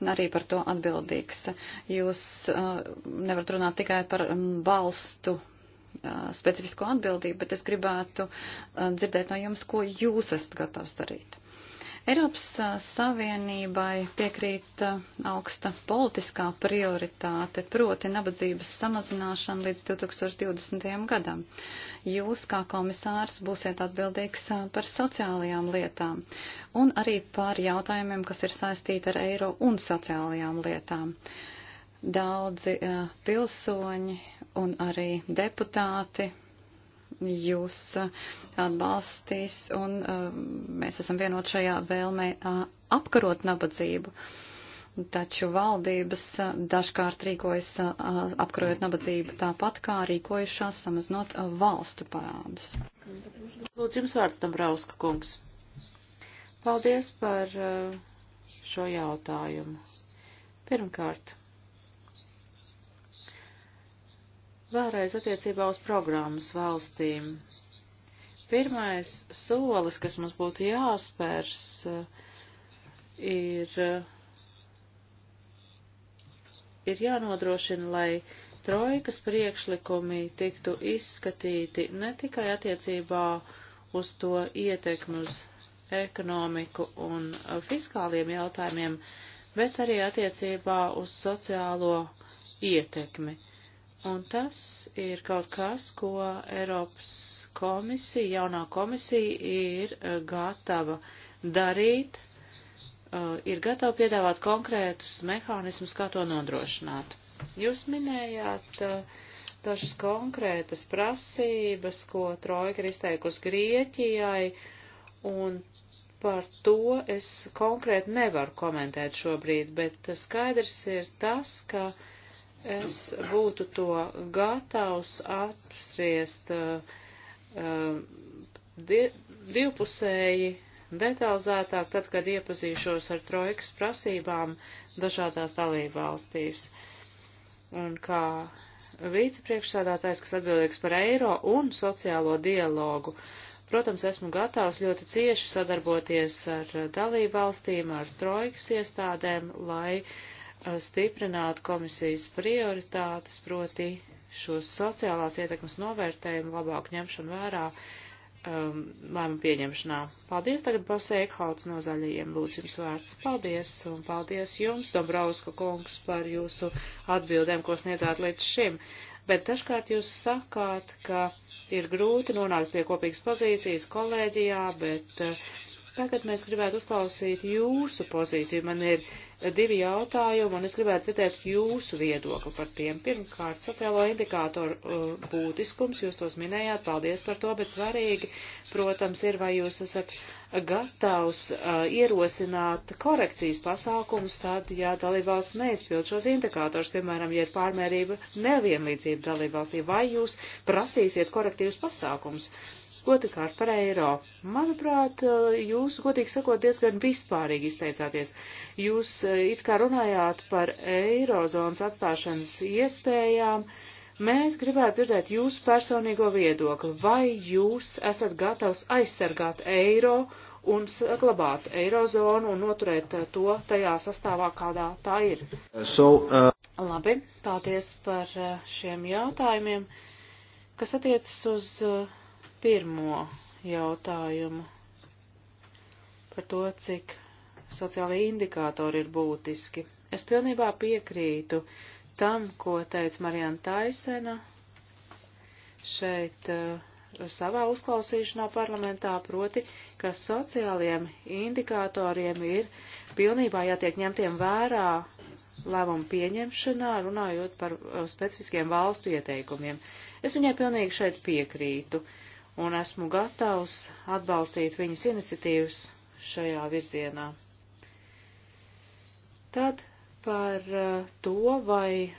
arī par to atbildīgs. Jūs uh, nevarat runāt tikai par um, valstu uh, specifisko atbildību, bet es gribētu uh, dzirdēt no jums, ko jūs esat gatavs darīt. Eiropas Savienībai piekrīt augsta politiskā prioritāte, proti nabadzības samazināšana līdz 2020. gadam. Jūs, kā komisārs, būsiet atbildīgs par sociālajām lietām un arī par jautājumiem, kas ir saistīti ar eiro un sociālajām lietām daudzi uh, pilsoņi un arī deputāti jūs uh, atbalstīs, un um, mēs esam vienot šajā vēlmē uh, apkarot nabadzību. Taču valdības uh, dažkārt rīkojas apkarojot nabadzību tāpat, kā rīkojušās samaznot valstu parādus. Lūdzu, jums vārds Dombrauska kungs. Paldies par šo jautājumu. Pirmkārt, Vēlreiz attiecībā uz programmas valstīm. Pirmais solis, kas mums būtu jāspērs, eh, ir, eh, ir jānodrošina, lai trojkas priekšlikumi tiktu izskatīti ne tikai attiecībā uz to ietekmi uz ekonomiku un eh, fiskāliem jautājumiem, bet arī attiecībā uz sociālo ietekmi. Un tas ir kaut kas, ko Eiropas komisija, jaunā komisija ir e, gatava darīt, e, ir gatava piedāvāt konkrētus mehānismus, kā to nodrošināt. Jūs minējāt e, dažas konkrētas prasības, ko Trojka ir izteikusi Grieķijai, un par to es konkrēti nevaru komentēt šobrīd, bet skaidrs ir tas, ka. Uh, es būtu to gatavs apspriest di uh, uh, divpusēji detalizētāk, tad, kad iepazīšos ar trojkas prasībām dažādās dalībvalstīs. Un kā vicepriekšsādātājs, kas atbildīgs par eiro un sociālo dialogu, protams, esmu gatavs ļoti cieši sadarboties ar dalībvalstīm, ar trojkas iestādēm, lai uh, Eh, stiprināt komisijas prioritātes, proti šos sociālās ietekmes novērtējumu labāk ņemšanu vērā um, lēmumu pieņemšanā. Paldies tagad Baseikhalts no zaļajiem. Lūdzu jums vārds. Paldies un paldies jums, Dombrovska kungs, par jūsu atbildēm, ko sniedzāt līdz šim. Bet dažkārt jūs sakāt, ka ir grūti nonākt pie kopīgas pozīcijas kolēģijā, bet uh, Tagad mēs gribētu uzklausīt jūsu pozīciju. Man ir divi jautājumi, un es gribētu dzirdēt jūsu viedokli par tiem. Pirmkārt, sociālo indikātoru uh, būtiskums, jūs tos minējāt, paldies par to, bet svarīgi, protams, ir, vai jūs esat gatavs uh, ierosināt korekcijas pasākumus, tad, ja dalībvalsts neizpild šos indikātors, piemēram, ja ir pārmērība nevienlīdzība dalībvalstī, vai jūs prasīsiet korektīvus pasākumus? Otrakārt par eiro. Manuprāt, eh, jūs, godīgi sakot, diezgan vispārīgi izteicāties. Jūs eh, it kā runājāt par eirozonas atstāšanas iespējām. Mēs gribētu dzirdēt jūsu personīgo viedokli. Vai jūs esat gatavs aizsargāt eiro un saglabāt eirozonu un noturēt eh, to tajā sastāvā, kādā tā ir? So, uh... Labi, paldies par šiem jautājumiem, kas attiecas uz. Uh, pirmo jautājumu par to, cik sociālai indikātori ir būtiski. Es pilnībā piekrītu tam, ko teica Marijana Taisena šeit uh, savā uzklausīšanā parlamentā, proti, ka sociālajiem indikātoriem ir pilnībā jātiek ņemtiem vērā lēmumu pieņemšanā, runājot par uh, specifiskiem valstu ieteikumiem. Es viņai pilnīgi šeit piekrītu. Uh, un esmu gatavs atbalstīt viņas iniciatīvas šajā virzienā. Tad par eh, to, vai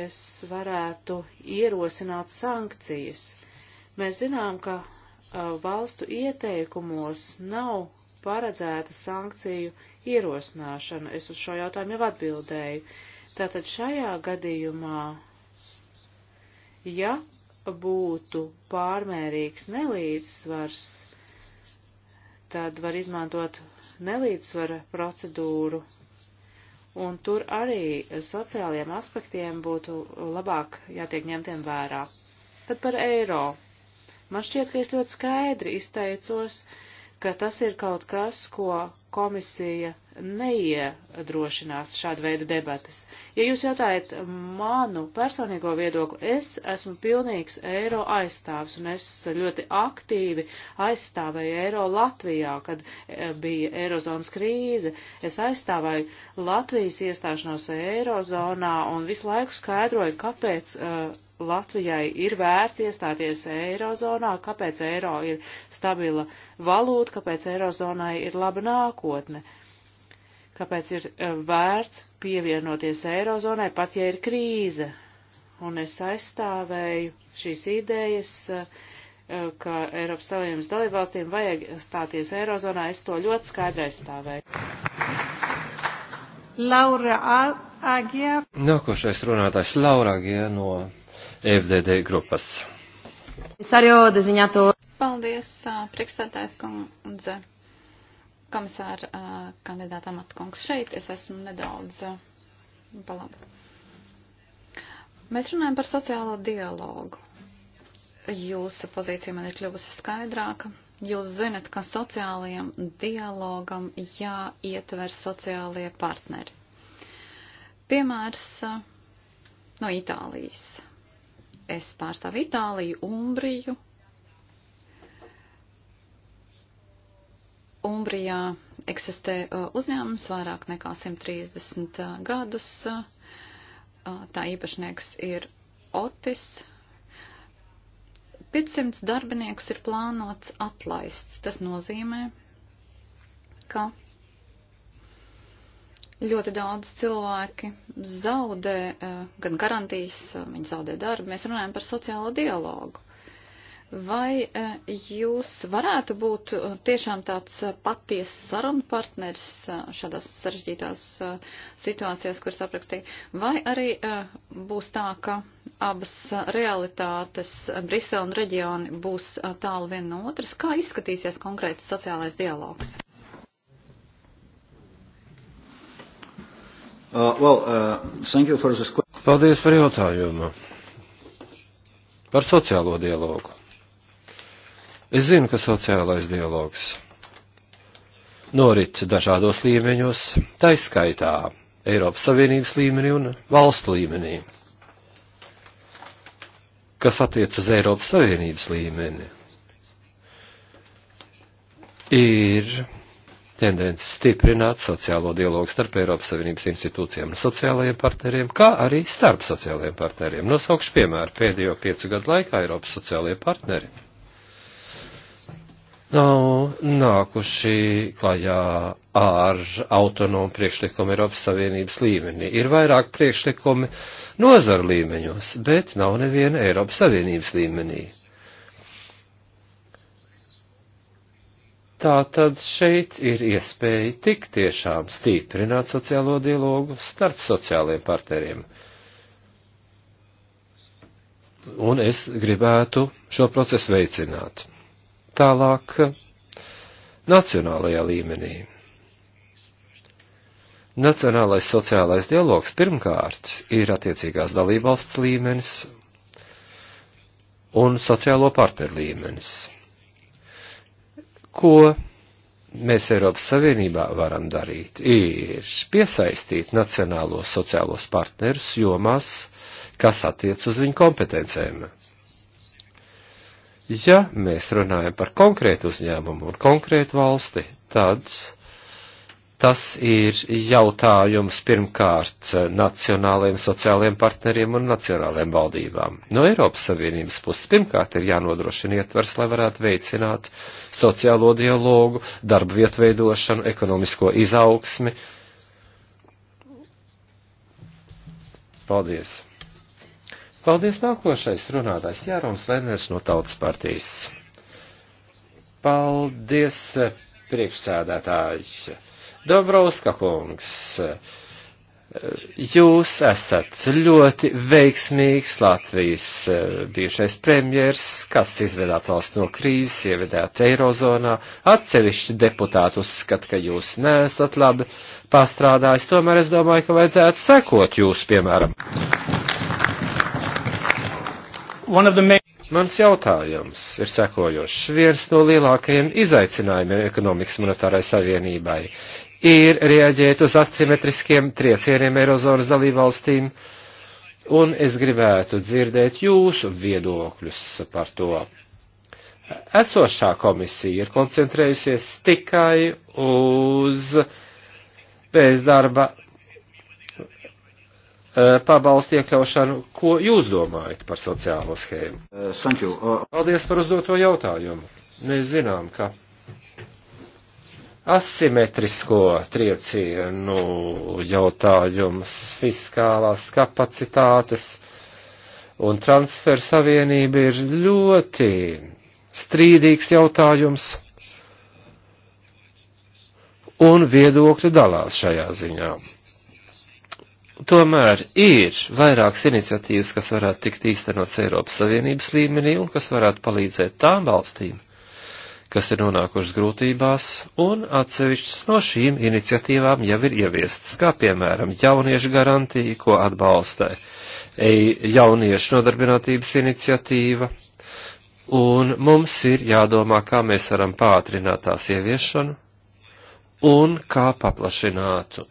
es varētu ierosināt sankcijas. Mēs zinām, ka eh, valstu ieteikumos nav paredzēta sankciju ierosināšana. Es uz šo jautājumu jau atbildēju. Tātad šajā gadījumā Ja būtu pārmērīgs nelīdzsvars, tad var izmantot nelīdzsvara procedūru, un tur arī sociālajiem aspektiem būtu labāk jātiek ņemtiem vērā. Tad par eiro. Man šķiet, ka es ļoti skaidri izteicos, ka tas ir kaut kas, ko komisija neiedrošinās šādu veidu debatas. Ja jūs jautājat manu personīgo viedokli, es esmu pilnīgs eiro aizstāvs un es ļoti aktīvi aizstāvēju eiro Latvijā, kad eh, bija eirozonas krīze. Es aizstāvēju Latvijas iestāšanos eirozonā un visu laiku skaidroju, kāpēc uh, Latvijai ir vērts iestāties eirozonā, kāpēc eiro ir stabila valūta, kāpēc eirozonai ir laba nākotne, kāpēc ir e, vērts pievienoties eirozonai, pat ja ir krīze. Un es aizstāvēju šīs idejas, e, e, ka Eiropas Savienības dalībvalstīm vajag stāties eirozonā, es to ļoti skaidri aizstāvēju. Laura Agija. Nākošais runātājs Laura Agija no FDD grupas. Paldies, priekšstādājs kundze, komisāra kandidāta Matkungs. Šeit es esmu nedaudz palabu. Mēs runājam par sociālo dialogu. Jūsu pozīcija man ir kļuvusi skaidrāka. Jūs zinat, ka sociālajam dialogam jāietver sociālie partneri. Piemērs no Itālijas Es pārstāvu Itāliju, Umbriju. Umbrijā eksistē uh, uzņēmums vairāk nekā 130 uh, gadus. Uh, tā īpašnieks ir Otis. 500 darbiniekus ir plānots atlaists. Tas nozīmē, ka Ļoti daudz cilvēki zaudē eh, gan garantijas, eh, viņi zaudē darbu. Mēs runājam par sociālo dialogu. Vai eh, jūs varētu būt tiešām tāds patiesa saruna partners šādās sarežģītās situācijās, kuras aprakstīja, vai arī būs tā, ka abas realitātes, Brisele un reģioni, būs tālu viena no otras? Kā izskatīsies konkrēts sociālais dialogs? Uh, well, uh, for this... Paldies par jautājumu. Par sociālo dialogu. Es zinu, ka sociālais dialogs norit dažādos līmeņos, taiskaitā Eiropas Savienības līmenī un valstu līmenī, kas attiec uz Eiropas Savienības līmeni. Ir tendence stiprināt sociālo dialogu starp Eiropas Savienības institūcijām un sociālajiem partneriem, kā arī starp sociālajiem partneriem. Nosaukšu piemēru pēdējo piecu gadu laikā Eiropas sociālajie partneri nav nākuši klajā ar autonomu priekšlikumu Eiropas Savienības līmenī. Ir vairāk priekšlikumi nozaru līmeņos, bet nav neviena Eiropas Savienības līmenī. Tā tad šeit ir iespēja tik tiešām stiprināt sociālo dialogu starp sociālajiem partneriem. Un es gribētu šo procesu veicināt. Tālāk, nacionālajā līmenī. Nacionālais sociālais dialogs pirmkārt ir attiecīgās dalībvalsts līmenis un sociālo partneru līmenis ko mēs Eiropas Savienībā varam darīt, ir piesaistīt nacionālos sociālos partnerus jomās, kas attiec uz viņu kompetencēm. Ja mēs runājam par konkrētu uzņēmumu un konkrētu valsti, tad Tas ir jautājums pirmkārt nacionālajiem sociālajiem partneriem un nacionālajiem valdībām. No Eiropas Savienības puses pirmkārt ir jānodrošina ietvers, lai varētu veicināt sociālo dialogu, darba vietu veidošanu, ekonomisko izaugsmi. Paldies! Paldies nākošais runātājs Jārons Leners no Tautas partijas. Paldies priekšsēdētāji. Dobrovska kungs, jūs esat ļoti veiksmīgs Latvijas eh, bijušais premjers, kas izvedāt valsts no krīzes, ievedāt eirozonā. Atsevišķi deputāti uzskat, ka jūs nesat labi pastrādājis, tomēr es domāju, ka vajadzētu sekot jūs, piemēram. Mans jautājums ir sekojošs. Viens no lielākajiem izaicinājumiem ekonomikas monetārai savienībai ir reaģēt uz asimetriskiem triecieniem Eirozonas dalībvalstīm, un es gribētu dzirdēt jūsu viedokļus par to. Esošā komisija ir koncentrējusies tikai uz bezdarba eh, pabalstu iekļaušanu. Ko jūs domājat par sociālo schēmu? Uh, uh, Paldies par uzdoto jautājumu. Mēs zinām, ka asimetrisko triecienu jautājums, fiskālās kapacitātes un transfer savienība ir ļoti strīdīgs jautājums un viedokļi dalās šajā ziņā. Tomēr ir vairākas iniciatīvas, kas varētu tikt īstenots Eiropas Savienības līmenī un kas varētu palīdzēt tām valstīm, kas ir nonākušas grūtībās, un atsevišķas no šīm iniciatīvām jau ir ieviestas, kā piemēram jauniešu garantija, ko atbalsta jauniešu nodarbinātības iniciatīva, un mums ir jādomā, kā mēs varam pātrināt tās ieviešanu un kā paplašinātu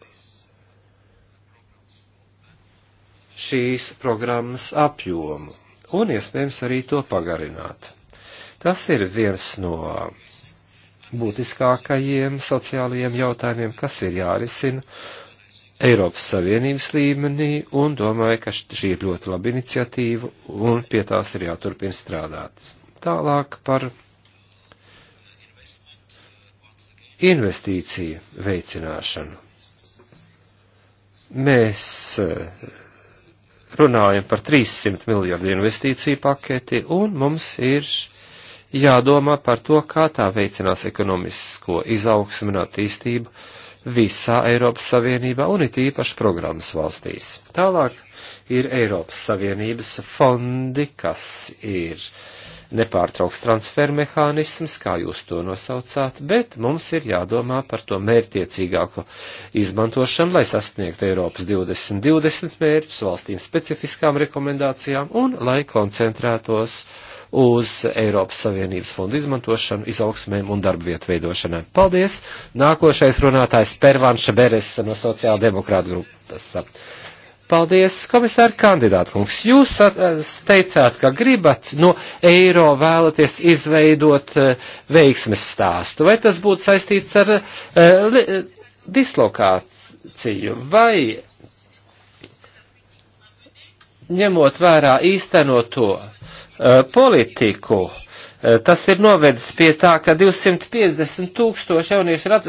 šīs programmas apjomu un iespējams arī to pagarināt. Tas ir viens no būtiskākajiem sociālajiem jautājumiem, kas ir jārisina Eiropas Savienības līmenī, un domāju, ka šī ir ļoti laba iniciatīva, un pie tās ir jāturpina strādāt. Tālāk par investīciju veicināšanu. Mēs eh, runājam par 300 miljardu investīciju paketi, un mums ir jādomā par to, kā tā veicinās ekonomisko izaugsmu un attīstību visā Eiropas Savienībā un it īpaši programmas valstīs. Tālāk ir Eiropas Savienības fondi, kas ir nepārtrauks transfermehānisms, kā jūs to nosaucāt, bet mums ir jādomā par to mērtiecīgāko izmantošanu, lai sasniegtu Eiropas 2020 mērķus valstīm specifiskām rekomendācijām un lai koncentrētos uh, uz Eiropas Savienības fondu izmantošanu, izaugsmēm un darba vietu veidošanai. Paldies! Nākošais runātājs Pervanša Beresa no sociāldemokrāta grupas. Paldies, komisāra kandidāta kungs. Jūs teicāt, ka gribat no eiro vēlaties izveidot eh, veiksmes stāstu. Vai tas būtu saistīts ar uh, dislokāciju vai ņemot vērā īstenoto Uh, politiku Eh, tas ir novedis pie tā, ka 250 tūkstoši jaunieši ir eh,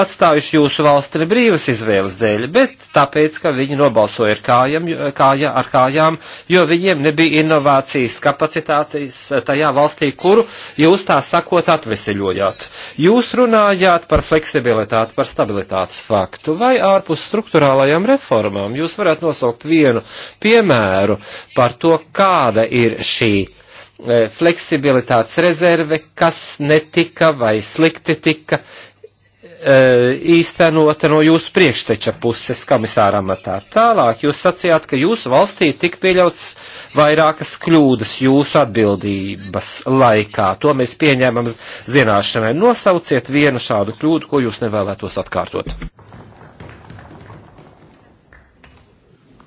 atstājuši jūsu valsti ne brīvas izvēles dēļ, bet tāpēc, ka viņi nobalsoja ar kājām, kājā, ar kājām, jo viņiem nebija inovācijas kapacitātes tajā valstī, kuru jūs tā sakot atveseļojāt. Jūs runājāt par fleksibilitāti, par stabilitātes faktu vai ārpus struktūrālajām reformām. Jūs varētu nosaukt vienu piemēru par to, kāda ir šī Eh, fleksibilitātes rezerve, kas netika vai slikti tika eh, īstenota no jūsu priekšteča puses komisāra amatā. Tālāk jūs sacījāt, ka jūsu valstī tik pieļauts vairākas kļūdas jūsu atbildības laikā. To mēs pieņēmam zināšanai. Nosauciet vienu šādu kļūdu, ko jūs nevēlētos atkārtot.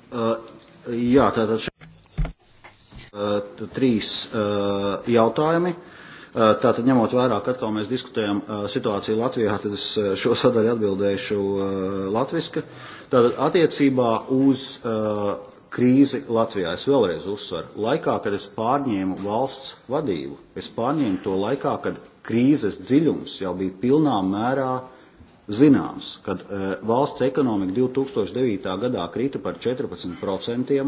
Uh, jā, tātad. Eh, trīs eh, jautājumi. Eh, tātad, ņemot vērā, ka atkal mēs diskutējam situāciju Latvijā, tad es šo sadaļu atbildēšu latviski. Tātad, attiecībā uz krīzi Latvijā, es vēlreiz uzsveru, laikā, kad es pārņēmu valsts vadību, es pārņēmu to laikā, kad krīzes dziļums jau bija pilnā mērā zināms, kad e, valsts ekonomika 2009. gadā krita par 14%,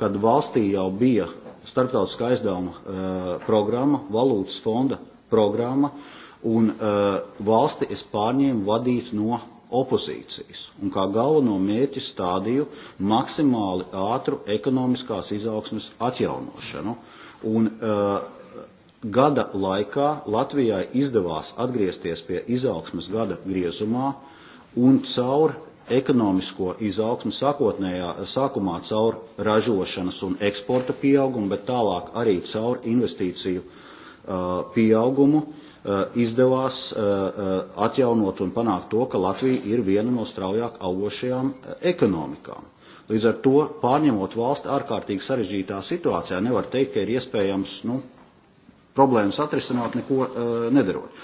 kad valstī jau bija starptautiskā aizdevuma uh, programma, valūtas fonda programma, un uh, valsti es pārņēmu vadīt no opozīcijas, un kā galveno mērķi stādīju maksimāli ātru ekonomiskās izaugsmes atjaunošanu. Un, uh, Gada laikā Latvijai izdevās atgriezties pie izaugsmas gada griezumā, un caur ekonomisko izaugsmu sākotnējā sākumā caur ražošanas un eksporta pieaugumu, bet tālāk arī caur investīciju pieaugumu izdevās atjaunot un panākt to, ka Latvija ir viena no straujāk augošajām ekonomikām. Līdz ar to pārņemot valsti ārkārtīgi sarežģītā situācijā, nevar teikt, ka ir iespējams nu, problēmas atrisināt neko nedarot.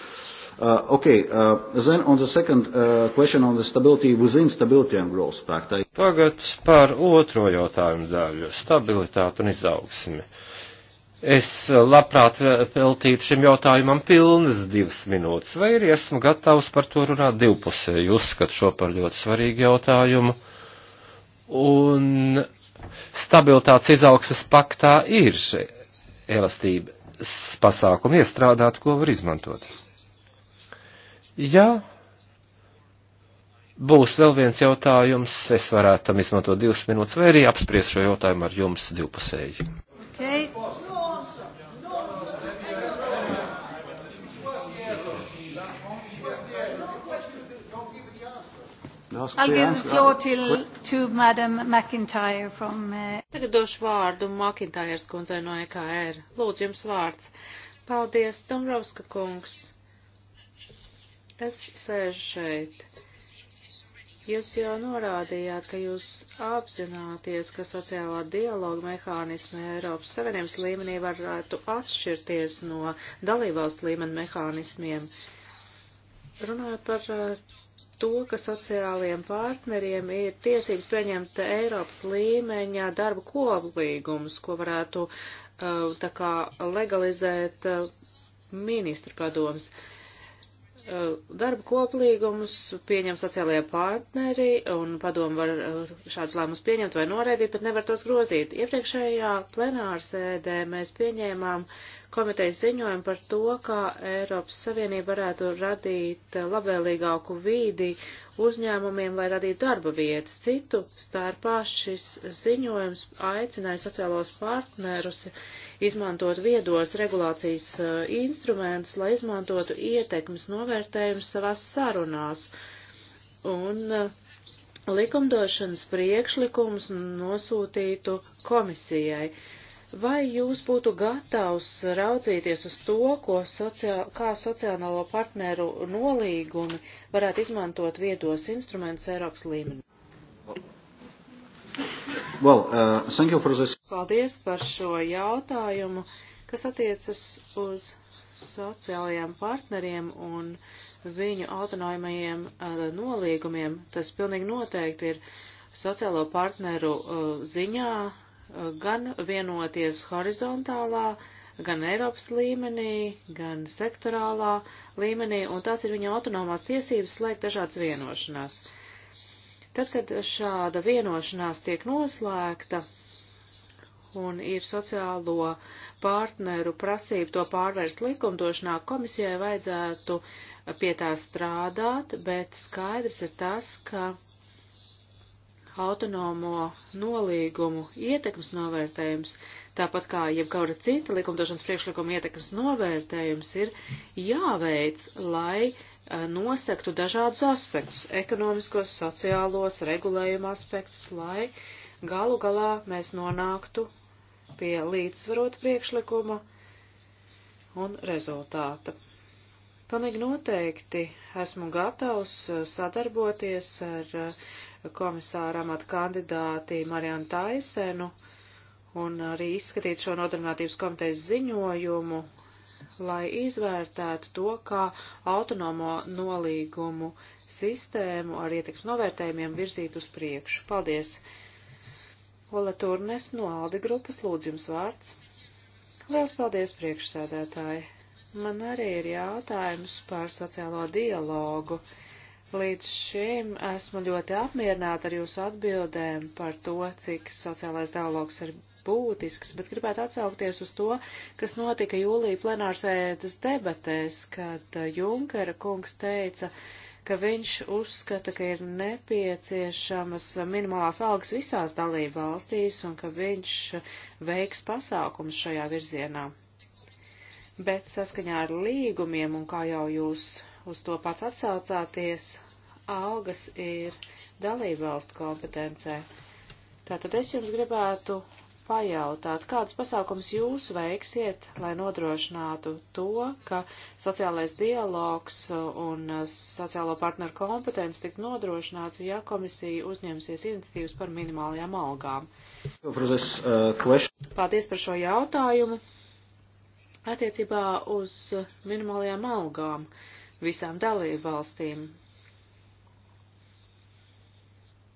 Uh, okay, uh, then on the second uh, question on the stability within stability and growth pact. I... Tagad par otro jautājumu daļu - stabilitāti un izaugsmi. Es uh, labprāt veltītu uh, šim jautājumam pilnas divas minūtes, vai arī esmu gatavs par to runāt divpusēji, uzskatu šo par ļoti svarīgu jautājumu. Un stabilitātes izaugsmes paktā ir elastība pasākumi iestrādāt, ko var izmantot. Ja būs vēl viens jautājums, es varētu tam izmantot divas minūtes, vai arī apspriest šo jautājumu ar jums divpusēji. Okay. I'll give the floor till, to Madam McIntyre from... Uh... Tagad došu vārdu McIntyre skundzei no EKR. Lūdzu, jums vārds. Paldies, Domrovska kungs kas sēž šeit. Jūs jau norādījāt, ka jūs apzināties, ka sociālā dialoga mehānismi Eiropas Savienības līmenī varētu atšķirties no dalībvalstu līmeni mehānismiem. Runājot par eh, to, ka sociālajiem partneriem ir tiesības pieņemt Eiropas līmeņa darba koplīgumus, ko varētu eh, tā kā legalizēt eh, ministru padoms. Uh, Eh, darba koplīgumus pieņem sociālajie partneri un padomu var eh, šādus lēmumus pieņemt vai noraidīt, bet nevar tos grozīt. Iepriekšējā plenārsēdē mēs pieņēmām komitejas ziņojumu par to, kā Eiropas Savienība varētu radīt labvēlīgāku vīdi uzņēmumiem, lai radītu darba vietas. Citu starpā šis ziņojums aicināja sociālos partnerus izmantot viedos regulācijas uh, instrumentus, lai izmantotu ietekmes novērtējumus savās sarunās. Un uh, likumdošanas priekšlikumus nosūtītu komisijai. Vai jūs būtu gatavs raudzīties uz to, ko sociāl, kā sociālo partneru nolīgumi varētu izmantot viedos instrumentus Eiropas līmenī? Well, uh, Paldies par šo jautājumu, kas attiecas uz sociālajiem partneriem un viņu autonomajiem uh, nolīgumiem. Tas pilnīgi noteikti ir sociālo partneru uh, ziņā uh, gan vienoties horizontālā, gan Eiropas līmenī, gan sektorālā līmenī, un tās ir viņa autonomās tiesības slēgt dažādas vienošanās. Uh, Tad, kad šāda vienošanās tiek noslēgta un ir sociālo partneru prasība to pārvērst likumdošanā, komisijai vajadzētu pie tā strādāt, bet skaidrs ir tas, ka autonomo nolīgumu ietekmes novērtējums, tāpat kā jebkura cita likumdošanas priekšlikuma ietekmes novērtējums, ir jāveic, lai Eh, nosektu dažādus aspektus - ekonomiskos, sociālos, regulējuma aspektus, lai galu galā mēs nonāktu pie līdzsvarota priekšlikuma un rezultāta. Panīgi noteikti esmu gatavs eh, sadarboties ar eh, komisāra amata kandidāti Marianu Taisenu un arī izskatīt šo nodarbinātības komitejas ziņojumu lai izvērtētu to, kā autonomo nolīgumu sistēmu ar ietekmes novērtējumiem virzīt uz priekšu. Paldies! Ola Turnes no Alde grupas lūdzu jums vārds. Liels paldies, priekšsēdētāji! Man arī ir jautājums par sociālo dialogu. Līdz šim esmu ļoti apmierināta ar jūsu atbildēm par to, cik sociālais dialogs ir būtisks, bet gribētu atsaukties uz to, kas notika jūlija plenārsēdes debatēs, kad uh, Junkera kungs teica, ka viņš uzskata, ka ir nepieciešamas minimālās algas visās dalību valstīs un ka viņš uh, veiks pasākumus šajā virzienā. Bet saskaņā ar līgumiem un kā jau jūs uz to pats atsaucāties, algas ir dalībvalstu kompetencē. Tātad es jums gribētu pajautāt, kādus pasākums jūs veiksiet, lai nodrošinātu to, ka sociālais dialogs un sociālo partneru kompetence tik nodrošināts, ja komisija uzņemsies iniciatīvas par minimālajām algām? Paldies par šo jautājumu. Attiecībā uz minimālajām algām visām dalību valstīm.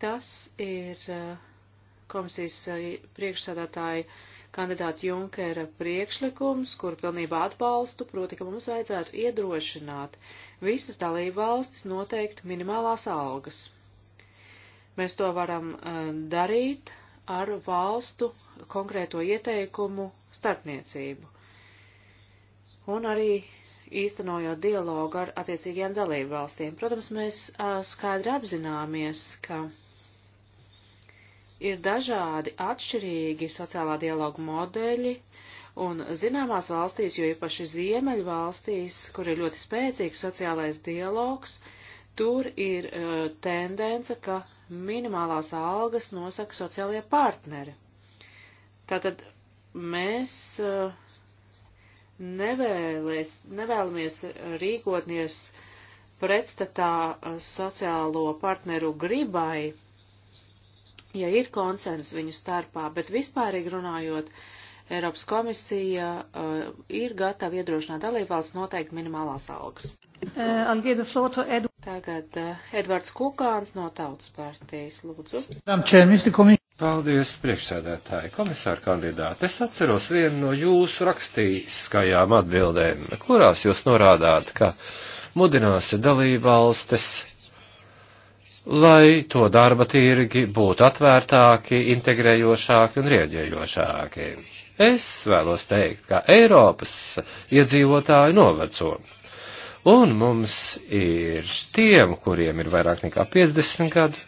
Tas ir uh, komisijas eh, priekšsādātāja kandidāta Junkera priekšlikums, kur pilnībā atbalstu, proti, ka mums vajadzētu iedrošināt visas dalību valstis noteikt minimālās algas. Mēs to varam eh, darīt ar valstu konkrēto ieteikumu starpniecību un arī īstenojot dialogu ar attiecīgajām dalību valstīm. Protams, mēs eh, skaidri apzināmies, ka ir dažādi atšķirīgi sociālā dialoga modeļi, un zināmās valstīs, jo īpaši ziemeļu valstīs, kur ir ļoti spēcīgs sociālais dialogs, tur ir uh, tendence, ka minimālās algas nosaka sociālajie partneri. Tātad mēs uh, e, nevēlies, nevēlamies rīkotnies pretstatā e, sociālo partneru gribai, ja ir konsens viņu starpā, bet vispārīgi runājot, Eiropas komisija uh, ir gatava iedrošināt dalībvalsts noteikti minimālās algas. Uh, Tagad uh, Edvards Kukāns no Tautas partijas, lūdzu. Paldies, priekšsēdētāji, komisāra kandidāti. Es atceros vienu no jūsu rakstīskajām atbildēm, kurās jūs norādāt, ka mudināsiet dalībvalstis lai to darba tirgi būtu atvērtāki, integrējošāki un rieģējošāki. Es vēlos teikt, ka Eiropas iedzīvotāji noveco. Un mums ir tiem, kuriem ir vairāk nekā 50 gadu,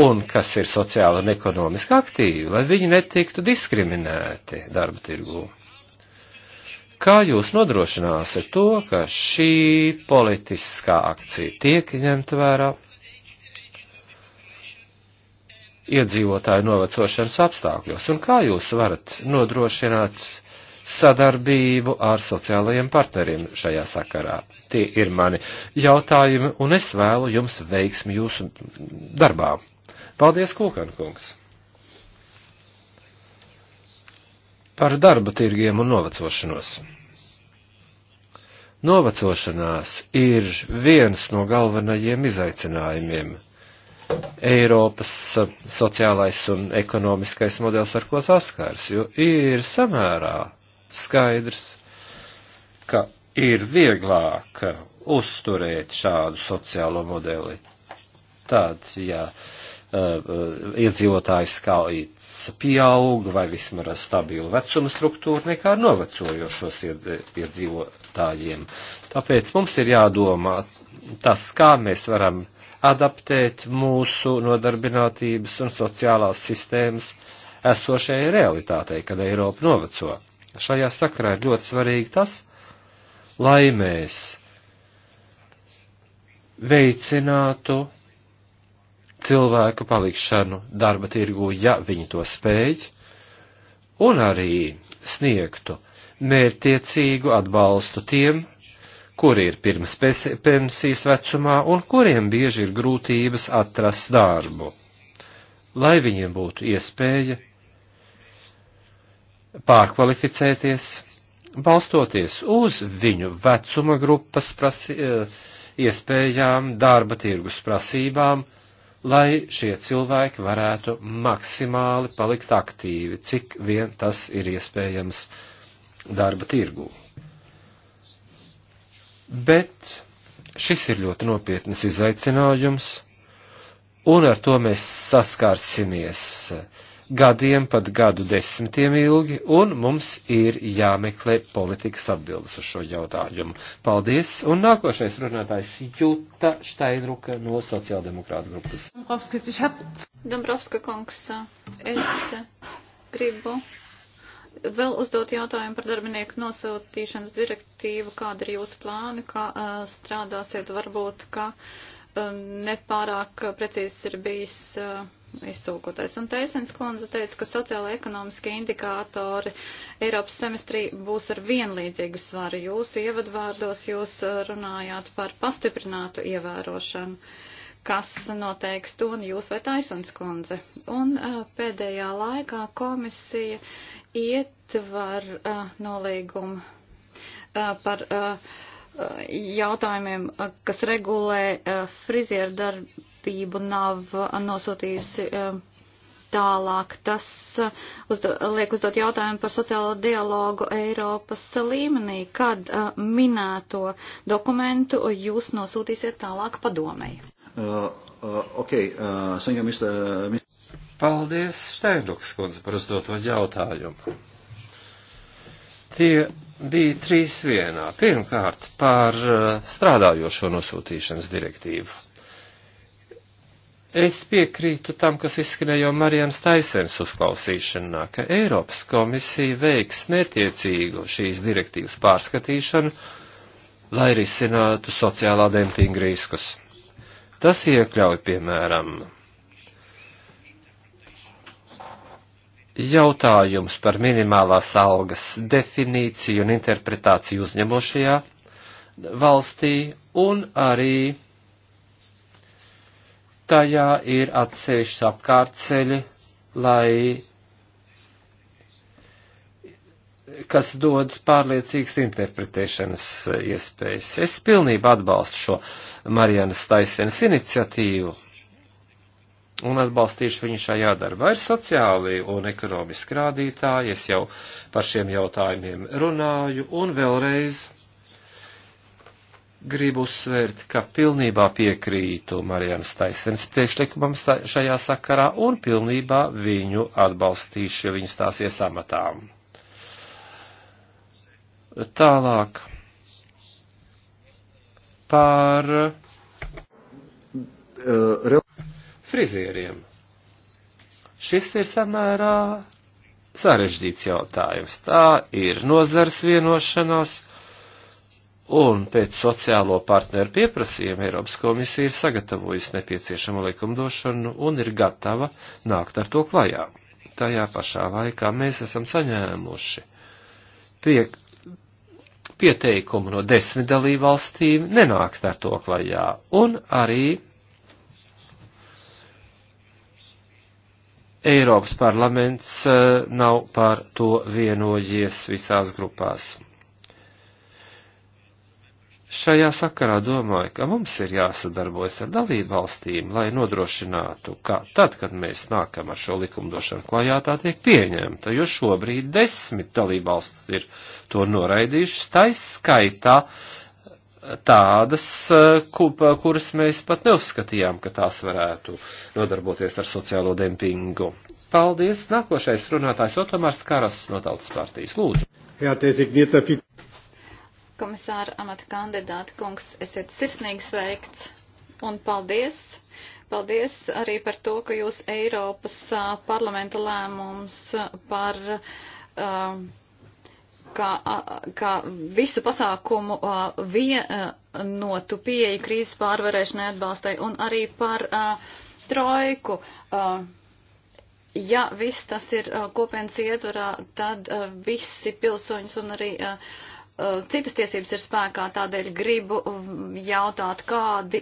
un kas ir sociāli un ekonomiski aktīvi, lai viņi netiktu diskriminēti darba tirgū. Kā jūs nodrošināsiet to, ka šī politiskā akcija tiek ņemta vērā iedzīvotāju novecošanas apstākļos? Un kā jūs varat nodrošināt sadarbību ar sociālajiem partneriem šajā sakarā? Tie ir mani jautājumi, un es vēlu jums veiksmi jūsu darbā. Paldies, Kulkankungs! par darba tirgiem un novecošanos. Novecošanās ir viens no galvenajiem izaicinājumiem. Eiropas sociālais un ekonomiskais modelis, ar ko saskars, jo ir samērā skaidrs, ka ir vieglāk uzturēt šādu sociālo modeli. Tāds, jā. Ja uh, eh, eh, iedzīvotāju skaits pieaug vai vismaz stabilu vecumu struktūru nekā novecojošos iedzīvotājiem. Tāpēc mums ir jādomā tas, kā mēs varam adaptēt mūsu nodarbinātības un sociālās sistēmas esošajai realitātei, kad Eiropa noveco. Šajā sakarā ir ļoti svarīgi tas, lai mēs veicinātu cilvēku palikšanu darba tirgu, ja viņi to spēj, un arī sniegtu mērtiecīgu atbalstu tiem, kuri ir pirms pensijas vecumā un kuriem bieži ir grūtības atrast darbu, lai viņiem būtu iespēja pārkvalificēties, balstoties uz viņu vecuma grupas prasi, eh, iespējām, darba tirgus prasībām, lai šie cilvēki varētu maksimāli palikt aktīvi, cik vien tas ir iespējams darba tirgū. Bet šis ir ļoti nopietnas izaicinājums, un ar to mēs saskārsimies gadiem, pat gadu desmitiem ilgi, un mums ir jāmeklē politikas atbildes uz šo jautājumu. Paldies, un nākošais runātājs Jūta Štainruka no sociāldemokrāta grupas. Dombrovska kungs, es gribu vēl uzdot jautājumu par darbinieku nosautīšanas direktīvu. Kāda ir jūsu plāna, kā uh, strādāsiet? Varbūt, ka uh, nepārāk precīzs ir bijis. Uh, iztūkoties. Un Teisens kundze teica, ka sociāla-ekonomiskie indikātori Eiropas semestrī būs ar vienlīdzīgu svaru. Jūsu ievadvārdos jūs uh, runājāt par pastiprinātu ievērošanu, kas noteiks to un jūs vai Taisens kundze. Un uh, pēdējā laikā komisija ietver uh, nolīgumu par jautājumiem, kas regulē frizierdarbu valdību nav nosūtījusi eh, tālāk. Tas eh, uzdo, liek uzdot jautājumu par sociālo dialogu Eiropas līmenī, kad eh, minēto dokumentu jūs nosūtīsiet tālāk padomēji. Uh, uh, okay, uh, senjum, Mr. Mr. Paldies, Steinruks kundze, par uzdoto jautājumu. Tie bija trīs vienā. Pirmkārt, par uh, strādājošo nosūtīšanas direktīvu. Es piekrītu tam, kas izskanēja jau Marijans Taisens uzklausīšanā, ka Eiropas komisija veiks mērķiecīgu šīs direktīvas pārskatīšanu, lai risinātu sociālā dempinga riskus. Tas iekļauj, piemēram, jautājums par minimālās algas definīciju un interpretāciju uzņemošajā valstī un arī tajā ir atsevišķi apkārtceļi, lai kas dod pārliecīgas interpretēšanas iespējas. Es pilnībā atbalstu šo Marijanas Taisenes iniciatīvu un atbalstīšu viņu šajā darbā. Ir sociāli un ekonomiski rādītāji, es jau par šiem jautājumiem runāju un vēlreiz gribu uzsvērt, ka pilnībā piekrītu Marijanas Taisens priekšlikumam šajā sakarā un pilnībā viņu atbalstīšu, ja viņa stāsies amatām. Tālāk par eh, frizieriem. Šis ir samērā sarežģīts jautājums. Tā ir nozars vienošanās Un pēc sociālo partneru pieprasījuma Eiropas komisija ir sagatavojusi nepieciešamo likumdošanu un ir gatava nākt ar to klajā. Tajā pašā laikā mēs esam saņēmuši pie, pieteikumu no desmit dalību valstīm nenākt ar to klajā. Un arī Eiropas parlaments eh, nav par to vienojies visās grupās. Šajā sakarā domāju, ka mums ir jāsadarbojas ar dalībvalstīm, lai nodrošinātu, ka tad, kad mēs nākam ar šo likumdošanu klajā, tā tiek pieņemta, jo šobrīd desmit dalībvalstis ir to noraidījušas, taiskaitā tādas, eh, kuras mēs pat neuzskatījām, ka tās varētu nodarboties ar sociālo dempingu. Paldies! Nākošais runātājs Otomārs Karas no Tautas partijas. Lūdzu! Jā, komisāra amata kandidāta kungs, esiet sirsnīgi sveikts un paldies. Paldies arī par to, ka jūs Eiropas parlamenta lēmums par kā, kā visu pasākumu vienotu pieeju krīzes pārvarēšanai atbalstai un arī par trojku. Ja viss tas ir kopienas ietvarā, tad visi pilsoņus un arī uh, Eh, citas tiesības ir spēkā, tādēļ gribu mm, jautāt, kādi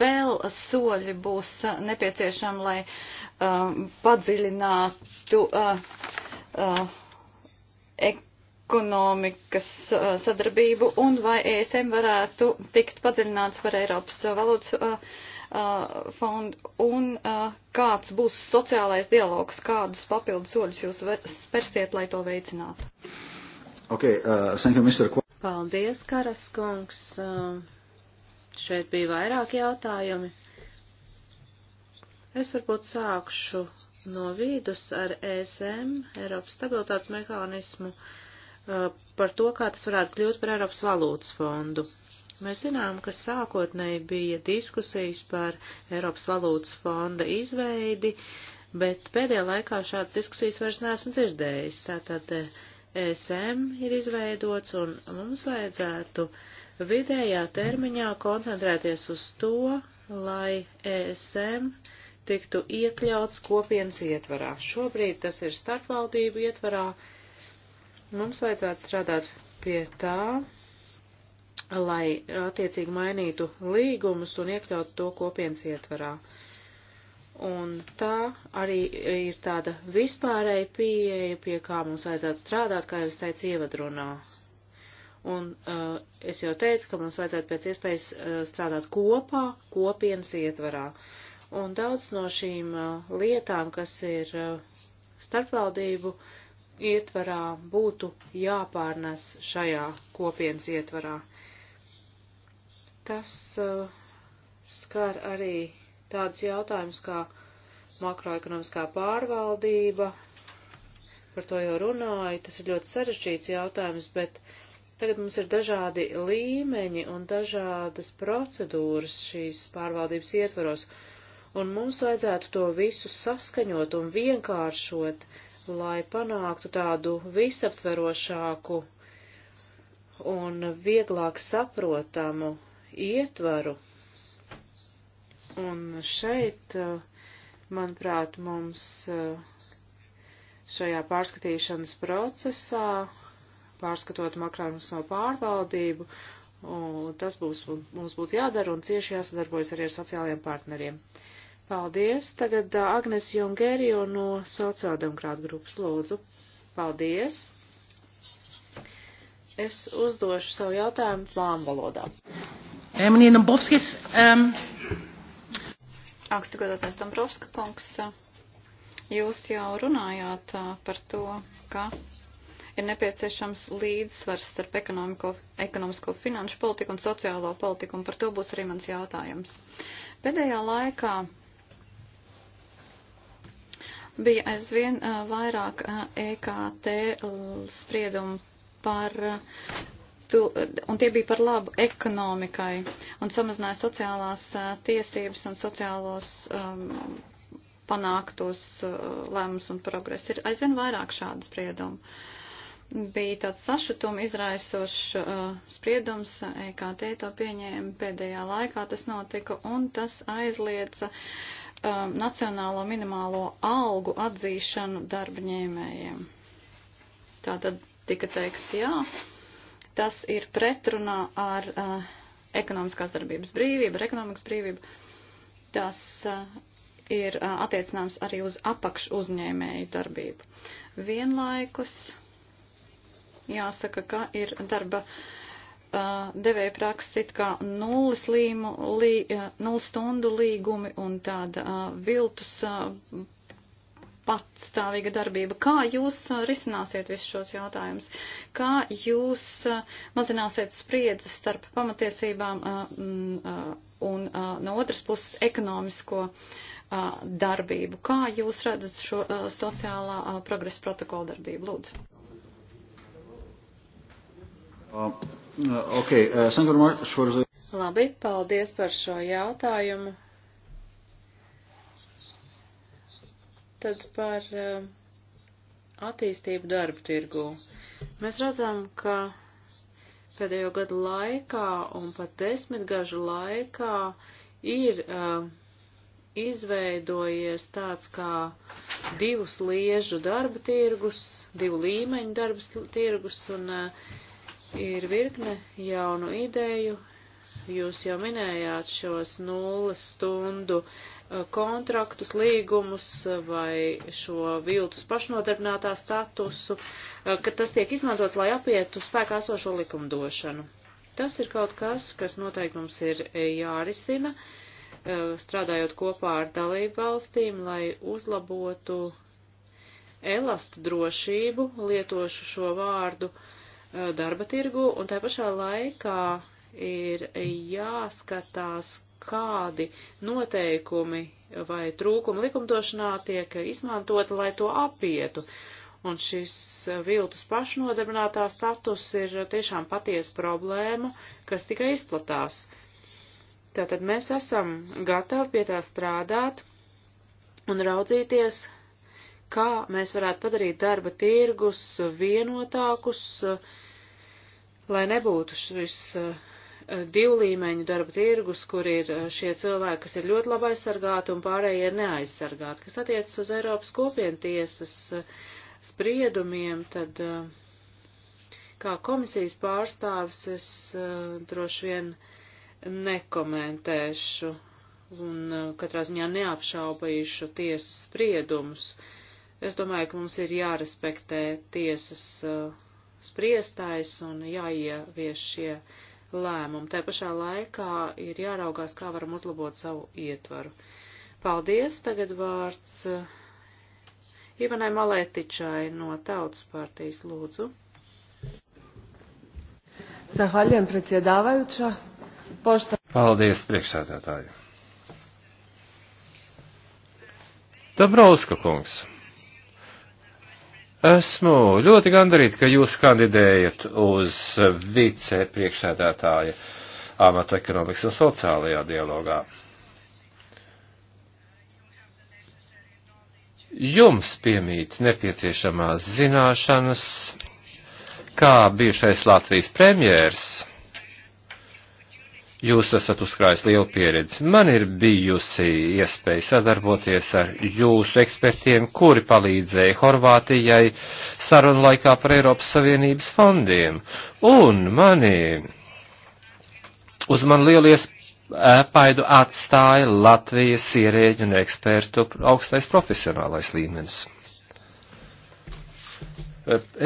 vēl soļi būs eh, nepieciešami, lai uh, padziļinātu uh, uh, ekonomikas uh, sadarbību un vai ESM varētu tikt padziļināts par Eiropas valodas uh, uh, fondu un uh, kāds būs sociālais dialogs, kādus papildus soļus jūs spērsiet, lai to veicinātu. Okay, uh, thank you, Mr. Qu Paldies, Karas kungs. Uh, šeit bija vairāki jautājumi. Es varbūt sākšu no vidus ar ESM, Eiropas stabilitātes mehānismu, uh, par to, kā tas varētu kļūt par Eiropas valūtas fondu. Mēs zinām, ka sākotnēji bija diskusijas par Eiropas valūtas fonda izveidi, bet pēdējā laikā šādas diskusijas vairs neesmu dzirdējis. Tātad, uh, ESM ir izveidots, un mums vajadzētu vidējā termiņā koncentrēties uz to, lai ESM tiktu iekļauts kopienas ietvarā. Šobrīd tas ir starpvaldību ietvarā. Mums vajadzētu strādāt pie tā, lai attiecīgi mainītu līgumus un iekļautu to kopienas ietvarā. Uh, Un tā arī ir tāda vispārēja pieeja, pie kā mums vajadzētu strādāt, kā jau es teicu ievadrunā. Un uh, es jau teicu, ka mums vajadzētu pēc iespējas uh, strādāt kopā, kopienas ietvarā. Un daudz no šīm uh, lietām, kas ir uh, starpvaldību ietvarā, būtu jāpārnes šajā kopienas ietvarā. Tas uh, skar arī tādus jautājumus kā makroekonomiskā pārvaldība, par to jau runāju, tas ir ļoti sarežģīts jautājums, bet tagad mums ir dažādi līmeņi un dažādas procedūras šīs pārvaldības ietvaros, un mums vajadzētu to visu saskaņot un vienkāršot, lai panāktu tādu visaptverošāku un vieglāk saprotamu ietvaru Un šeit, eh, manuprāt, mums eh, šajā pārskatīšanas procesā, pārskatot makrānus no pārvaldību, tas būs, mums būtu jādara un cieši jāsadarbojas arī ar sociālajiem partneriem. Paldies! Tagad eh, Agnes Jongerio no sociāldemokrāta grupas lūdzu. Paldies! Es uzdošu savu jautājumu plānu valodā. Meneer Dombrovskis, um, Augstagadātais Dombrovska kungs, jūs jau runājāt par to, ka ir nepieciešams līdzsvars starp ekonomiko, ekonomisko finanšu politiku un sociālo politiku, un par to būs arī mans jautājums. Pēdējā laikā bija aizvien vairāk EKT spriedumu par Tu, un tie bija par labu ekonomikai un samazināja sociālās uh, tiesības un sociālos um, panāktos uh, lēmumus un progresu. Ir aizvien vairāk šādu spriedumu. Bija tāds sašutuma izraisošs uh, spriedums, EKT to pieņēma pēdējā laikā, tas notika, un tas aizliedza uh, nacionālo minimālo algu atzīšanu darba ņēmējiem. Tā tad tika teikts jā Tas ir pretrunā ar uh, ekonomiskās darbības brīvību, ar ekonomikas brīvību. Tas uh, ir uh, attiecināms arī uz apakš uzņēmēju darbību. Vienlaikus jāsaka, ka ir darba uh, devēja praksa it kā nulles, līmu, lī, uh, nulles stundu līgumi un tāda uh, viltus uh, patstāvīga darbība. Kā jūs uh, risināsiet visus šos jautājumus? Kā jūs uh, mazināsiet spriedzes starp pamatiesībām uh, mm, un no otras puses ekonomisko darbību? Kā jūs redzat šo sociālā progresa protokola darbību? Lūdzu. Uh, okay. uh, Labi, paldies par šo jautājumu. Tad par uh, attīstību darba tirgū. Mēs redzam, ka pēdējo gadu laikā un pat desmitgažu laikā ir uh, izveidojies tāds kā divu sliežu darba tirgus, divu līmeņu darba tirgus un uh, ir virkne jaunu ideju. Jūs jau minējāt šos nulles stundu uh, Eh, kontraktus, līgumus eh, vai šo viltus pašnodarbinātā statusu, eh, ka tas tiek izmantots, lai apietu spēkā esošo likumdošanu. Tas ir kaut kas, kas noteikti mums ir jārisina, strādājot kopā ar dalību valstīm, lai uzlabotu elastu drošību, lietošu šo vārdu darba tirgu, un tā pašā laikā ir jāskatās, kādi noteikumi vai trūkumi likumdošanā tiek izmantoti, lai to apietu. Un šis viltus pašnodarbinātā status ir tiešām patiesa problēma, kas tikai izplatās. Tātad mēs esam gatavi pie tā strādāt un raudzīties, kā mēs varētu padarīt darba tirgus vienotākus, lai nebūtu šis uh, Eh, divlīmeņu darba tirgus, kur ir eh, šie cilvēki, kas ir ļoti labi aizsargāti un pārējie ir neaizsargāti. Kas attiecas uz Eiropas kopientiesas eh, spriedumiem, tad kā komisijas pārstāvis es droši vien nekomentēšu un katrā ziņā neapšaubīšu tiesas spriedumus. Es domāju, ka mums ir jārespektē tiesas spriestais un jāievieš šie. Ja lēmumu. Tā pašā laikā ir jāraugās, kā varam uzlabot savu ietvaru. Paldies! Tagad vārds eh, Ivanai Maletičai no Tautas partijas lūdzu. Zahvaljujem predsjedavajuća. Pošta... Paldies, priekšsēdētāji. Dabrauska kungs. Esmu ļoti gandarīti, ka jūs kandidējat uz vice priekšsēdētāja amatu ekonomikas un sociālajā dialogā. Jums piemīt nepieciešamās zināšanas, kā bijušais Latvijas premjērs Jūs esat uzkrājis lielu pieredzi. Man ir bijusi iespēja sadarboties ar jūsu ekspertiem, kuri palīdzēja Horvātijai sarunu laikā par Eiropas Savienības fondiem. Un mani, uz man lielu iespaidu atstāja Latvijas ierēģu un ekspertu augstais profesionālais līmenis.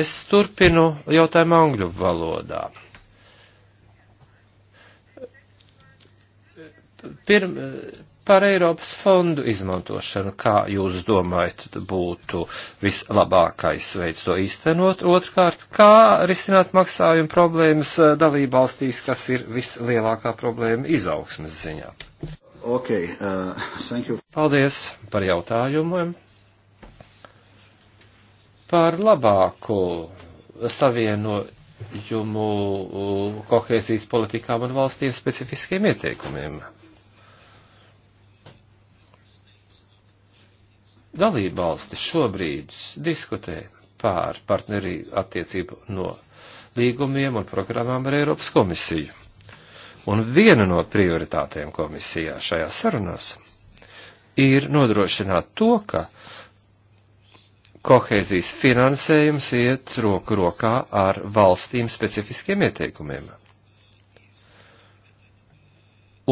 Es turpinu jautājumu angļu valodā. pirm, par Eiropas fondu izmantošanu, kā jūs domājat, būtu vislabākais veids to īstenot? Otrkārt, kā risināt maksājumu problēmas eh, dalībvalstīs, kas ir vislielākā problēma izaugsmes ziņā? Okay, uh, thank you. Paldies par jautājumiem. Par labāku savienojumu eh, kohēzijas politikām un valstīm specifiskiem ieteikumiem. Dalībvalstis šobrīd diskutē pār partneriju attiecību no līgumiem un programmām ar Eiropas komisiju. Un viena no prioritātēm komisijā šajā sarunās ir nodrošināt to, ka kohēzijas finansējums iet roku rokā ar valstīm specifiskiem ieteikumiem.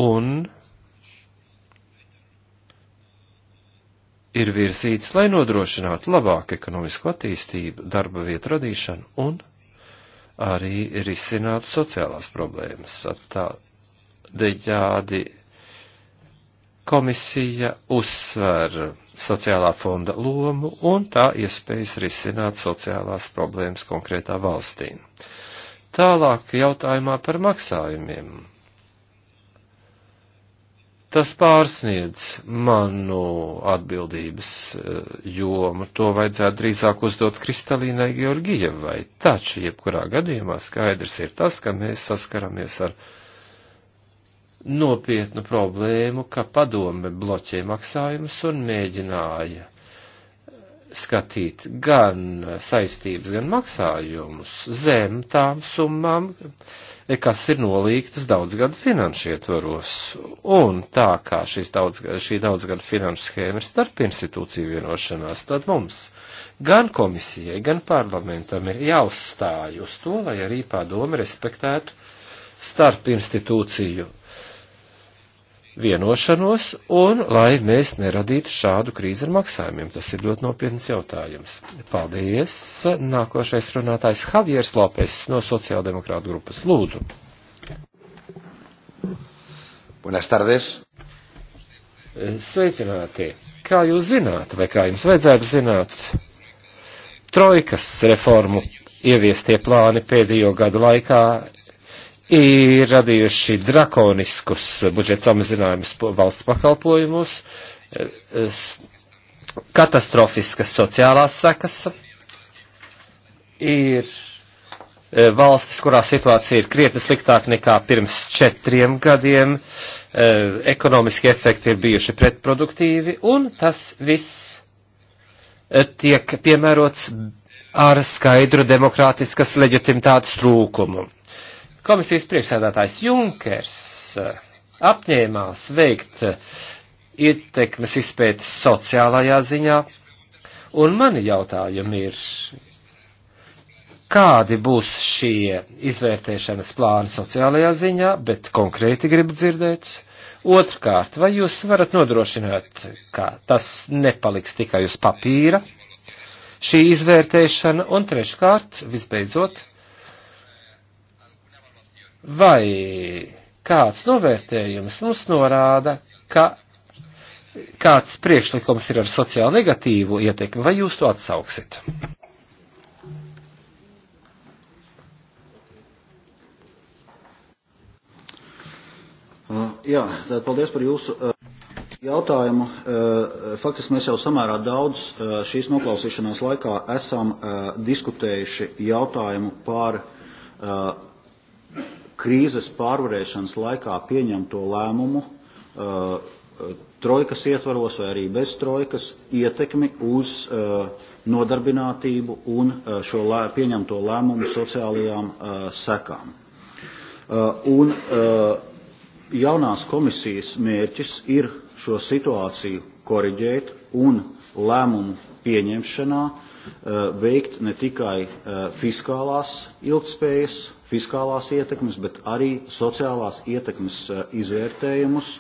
Un ir virzīts, lai nodrošinātu labāku ekonomisku attīstību, darba vietu radīšanu un arī risinātu sociālās problēmas. Tādējādi komisija uzsver sociālā fonda lomu un tā iespējas risināt sociālās problēmas konkrētā valstī. Tālāk jautājumā par maksājumiem Tas pārsniedz manu atbildības e, jomu. To vajadzētu drīzāk uzdot Kristalīnai Georgijevai. Taču, jebkurā gadījumā, skaidrs ir tas, ka mēs saskaramies ar nopietnu problēmu, ka padome bloķē maksājumus un mēģināja skatīt gan saistības, gan maksājumus zem tām summām, uh, kas ir nolīgtas daudzgadu finanšu ietvaros. Un tā kā daudzgad, šī daudzgadu finanšu schēma ir starp institūciju vienošanās, tad mums gan komisijai, gan parlamentam ir jāuzstāj uz to, lai arī padome respektētu starp institūciju vienošanos un lai mēs neradītu šādu krīzi ar maksājumiem. Tas ir ļoti nopietns jautājums. Paldies. Nākošais runātājs Javiers Lopes no sociāldemokrāta grupas. Lūdzu. Buenas tardes. Sveicināti. Kā jūs zināt, vai kā jums vajadzētu zināt, trojkas reformu ieviestie plāni pēdējo gadu laikā ir radījuši drakoniskus budžets samazinājumus valsts pakalpojumus, katastrofiskas sociālās sekas, ir e, valstis, kurā situācija ir krietni sliktāka nekā pirms četriem gadiem, e, ekonomiski efekti ir bijuši pretproduktīvi, un tas viss e, tiek piemērots ar skaidru demokrātiskas leģitimitātes trūkumu Komisijas priekšsēdētājs Junkers eh, apņēmās veikt eh, ietekmes izpētes sociālajā ziņā, un mani jautājumi ir, kādi būs šie izvērtēšanas plāni sociālajā ziņā, bet konkrēti gribu dzirdēt. Otrkārt, vai jūs varat nodrošināt, ka tas nepaliks tikai uz papīra, šī izvērtēšana, un treškārt, visbeidzot, vai kāds novērtējums mums norāda, ka kāds priekšlikums ir ar sociāli negatīvu ietekmi, vai jūs to atsauksiet? Uh, jā, tad paldies par jūsu uh, jautājumu. Uh, faktiski mēs jau samērā daudz šīs noklausīšanās laikā esam diskutējuši jautājumu par krīzes pārvarēšanas laikā pieņemto lēmumu uh, uh, trojkas ietvaros vai arī bez trojkas ietekmi uz uh, nodarbinātību un šo lē, pieņemto lēmumu sociālajām sekām. Un jaunās komisijas mērķis ir šo situāciju koriģēt un lēmumu pieņemšanā uh, Uh, veikt ne tikai uh, fiskālās ilgspējas, fiskālās ietekmes, bet arī sociālās ietekmes uh, izvērtējumus.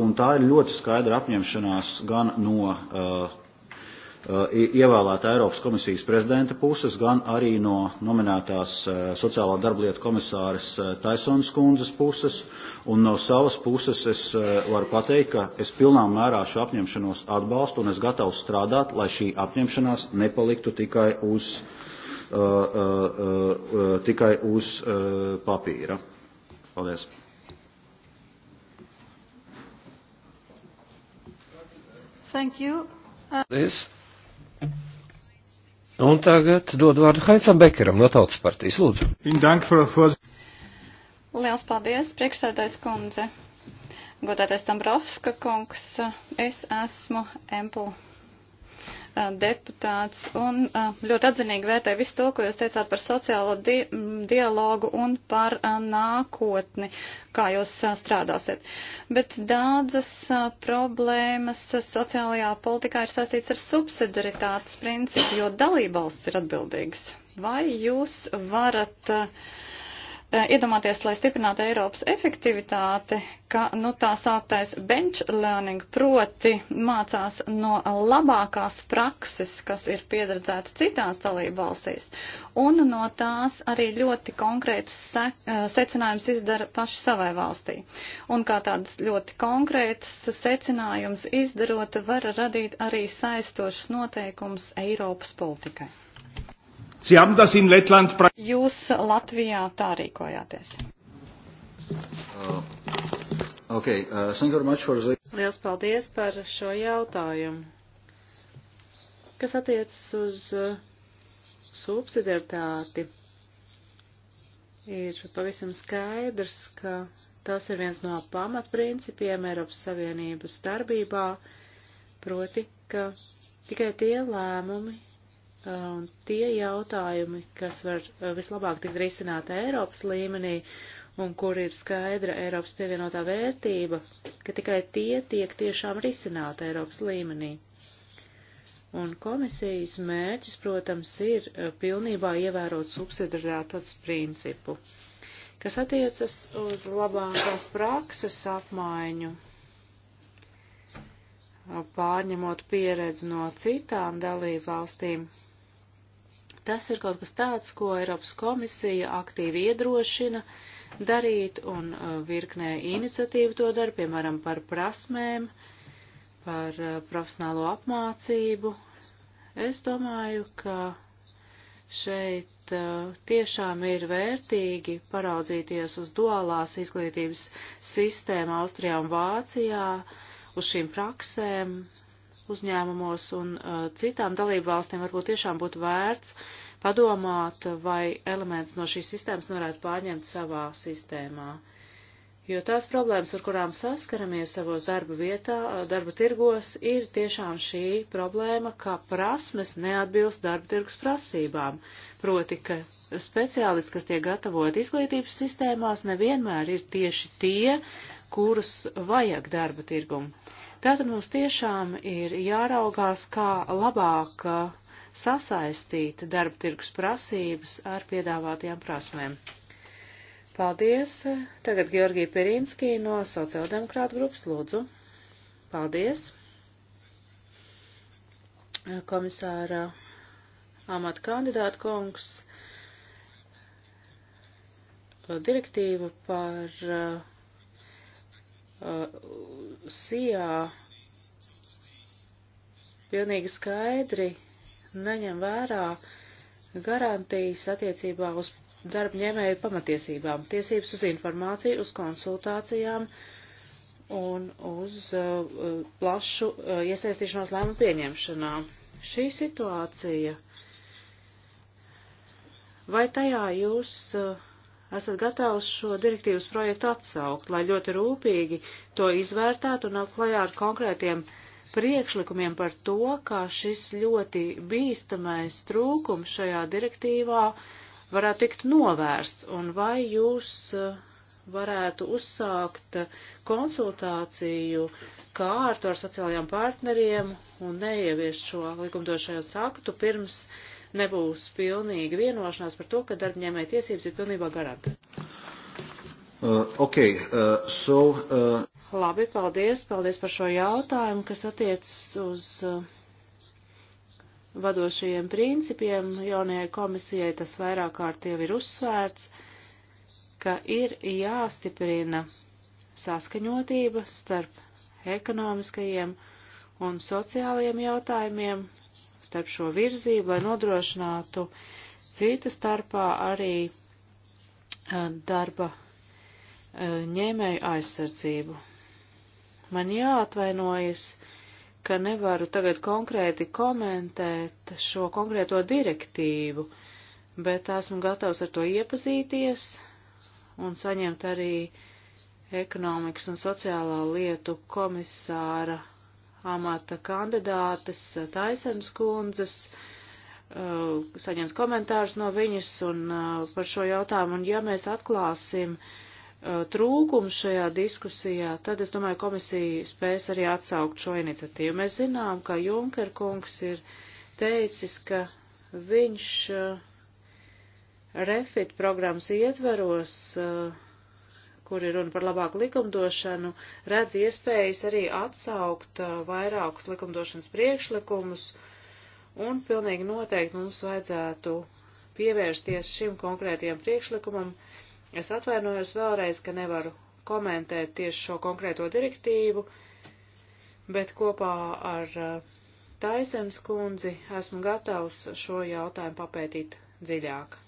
Un tā ir ļoti skaidra apņemšanās gan no Uh, ievēlēta Eiropas komisijas prezidenta puses, gan arī no nominētās uh, sociālā darblietu komisāras uh, Taisonas kundzes puses. Un no savas puses es varu pateikt, ka es pilnā mērā šo apņemšanos atbalstu un es gatavs strādāt, lai šī apņemšanās nepaliktu tikai uz, uh, uh, uh, tikai uz uh, papīra. Paldies! Thank you. Uh... This Un tagad dod vārdu Haicam Bekeram no Tautas partijas. Lūdzu. Liels paldies, priekšsēdājs kundze. Godātais Tambrovska kungs, es esmu Empula deputāts un ļoti atzinīgi vērtēju visu to, ko jūs teicāt par sociālo di dialogu un par nākotni, kā jūs strādāsiet. Bet daudzas problēmas sociālajā politikā ir saistīts ar subsidaritātes principu, jo dalībvalsts ir atbildīgs. Vai jūs varat uh, Eh, iedomāties, lai stiprinātu Eiropas efektivitāti, ka nu, tā sauktais bench learning proti mācās no labākās prakses, kas ir pieredzēta citās dalību valstīs, un no tās arī ļoti konkrētas se, eh, secinājums izdara paši savai valstī. Un kā tādas ļoti konkrētas secinājums izdarot, var radīt arī saistošas noteikums Eiropas politikai. Sie haben das in Lettland. Jūs Latvijā tā rīkojāties. Uh, okay, uh, the... Liels paldies par šo jautājumu. Kas attiecas uz uh, subsidiaritāti, ir pavisam skaidrs, ka tas ir viens no pamatprincipiem Eiropas Savienības darbībā, proti, ka tikai tie lēmumi, tie jautājumi, kas var eh, vislabāk tikt risināti Eiropas līmenī un kur ir skaidra Eiropas pievienotā vērtība, ka tikai tie tiek tiešām risināti Eiropas līmenī. Un komisijas mērķis, protams, ir eh, pilnībā ievērot subsidiarātas principu, kas attiecas uz labākās prakses apmaiņu pārņemot pieredzi no citām dalībvalstīm, Tas ir kaut kas tāds, ko Eiropas komisija aktīvi iedrošina darīt, un uh, virknē iniciatīvu to dara, piemēram, par prasmēm, par uh, profesionālo apmācību. Es domāju, ka šeit uh, tiešām ir vērtīgi paraudzīties uz duālās izglītības sistēmu Austrijā un Vācijā, uz šīm praksēm, uzņēmumos un uh, citām dalībvalstīm varbūt tiešām būtu vērts padomāt, vai elements no šīs sistēmas varētu pārņemt savā sistēmā. Jo tās problēmas, ar kurām saskaramies savos darba vietā, uh, darba tirgos, ir tiešām šī problēma, ka prasmes neatbilst darba tirgus prasībām. Proti, ka speciālisti, kas tiek gatavot izglītības sistēmās, nevienmēr ir tieši tie, kurus vajag darba tirgumu Tātad mums tiešām ir jāraugās, kā labāk uh, sasaistīt darba tirgus prasības ar piedāvātajām prasmēm. Paldies. Tagad Georgija Perīnskī no sociāldemokrāta grupas lūdzu. Paldies. Komisāra amata kandidāta kungs direktīva par uh, Uh, sijā pilnīgi skaidri neņem vērā garantijas attiecībā uz darbņēmēju pamatiesībām, tiesības uz informāciju, uz konsultācijām un uz uh, plašu uh, iesaistīšanos lēmumu pieņemšanā. Šī situācija, vai tajā jūs uh, esat gatavs šo direktīvas projektu atsaukt, lai ļoti rūpīgi to izvērtētu un atklājā ar konkrētiem priekšlikumiem par to, kā šis ļoti bīstamais trūkums šajā direktīvā varētu tikt novērsts, un vai jūs eh, varētu uzsākt konsultāciju kārtu ar sociālajiem partneriem un neieviest šo likumdošajos aktu pirms uh, nebūs pilnīga vienošanās par to, ka darbņēmēja tiesības ir pilnībā garantētas. Uh, okay, uh, so, uh... Labi, paldies, paldies par šo jautājumu, kas attiecas uz uh, vadošajiem principiem jaunajai komisijai. Tas vairāk kārt jau ir uzsvērts, ka ir jāstiprina saskaņotība starp ekonomiskajiem un sociālajiem jautājumiem, starp šo virzību, lai nodrošinātu cita starpā arī eh, darba eh, ņēmēju aizsardzību. Man jāatvainojas, ka nevaru tagad konkrēti komentēt šo konkrēto direktīvu, bet esmu gatavs ar to iepazīties un saņemt arī ekonomikas un sociālā lietu komisāra amata kandidātes Taisens kundzes, uh, saņemt komentārus no viņas un uh, par šo jautājumu. Un ja mēs atklāsim uh, trūkums šajā diskusijā, tad es domāju, komisija spēs arī atsaukt šo iniciatīvu. Mēs zinām, ka Junker kungs ir teicis, ka viņš refit programmas ietveros uh, kur ir runa par labāku likumdošanu, redz iespējas arī atsaukt uh, vairākus likumdošanas priekšlikumus, un pilnīgi noteikti mums vajadzētu pievērsties šim konkrētajam priekšlikumam. Es atvainojos vēlreiz, ka nevaru komentēt tieši šo konkrēto direktīvu, bet kopā ar uh, Taisens kundzi esmu gatavs šo jautājumu papētīt dziļāk.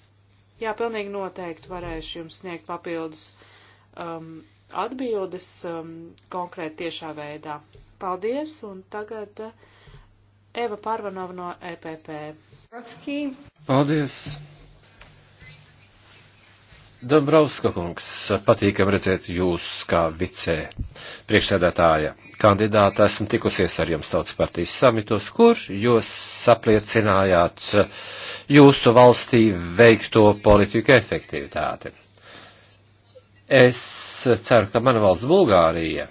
Jā, pilnīgi noteikti varēšu jums sniegt papildus uh, um, atbildes um, konkrēti tiešā veidā. Paldies, un tagad uh, Eva Parvanova no EPP. Paldies! Dombrovska kungs, patīkam redzēt jūs kā vicē priekšsēdētāja kandidāta. Esmu tikusies ar jums tautas partijas samitos, kur jūs sapliecinājāt jūsu valstī veikto politiku efektivitāti. Es ceru, ka mana valsts Bulgārija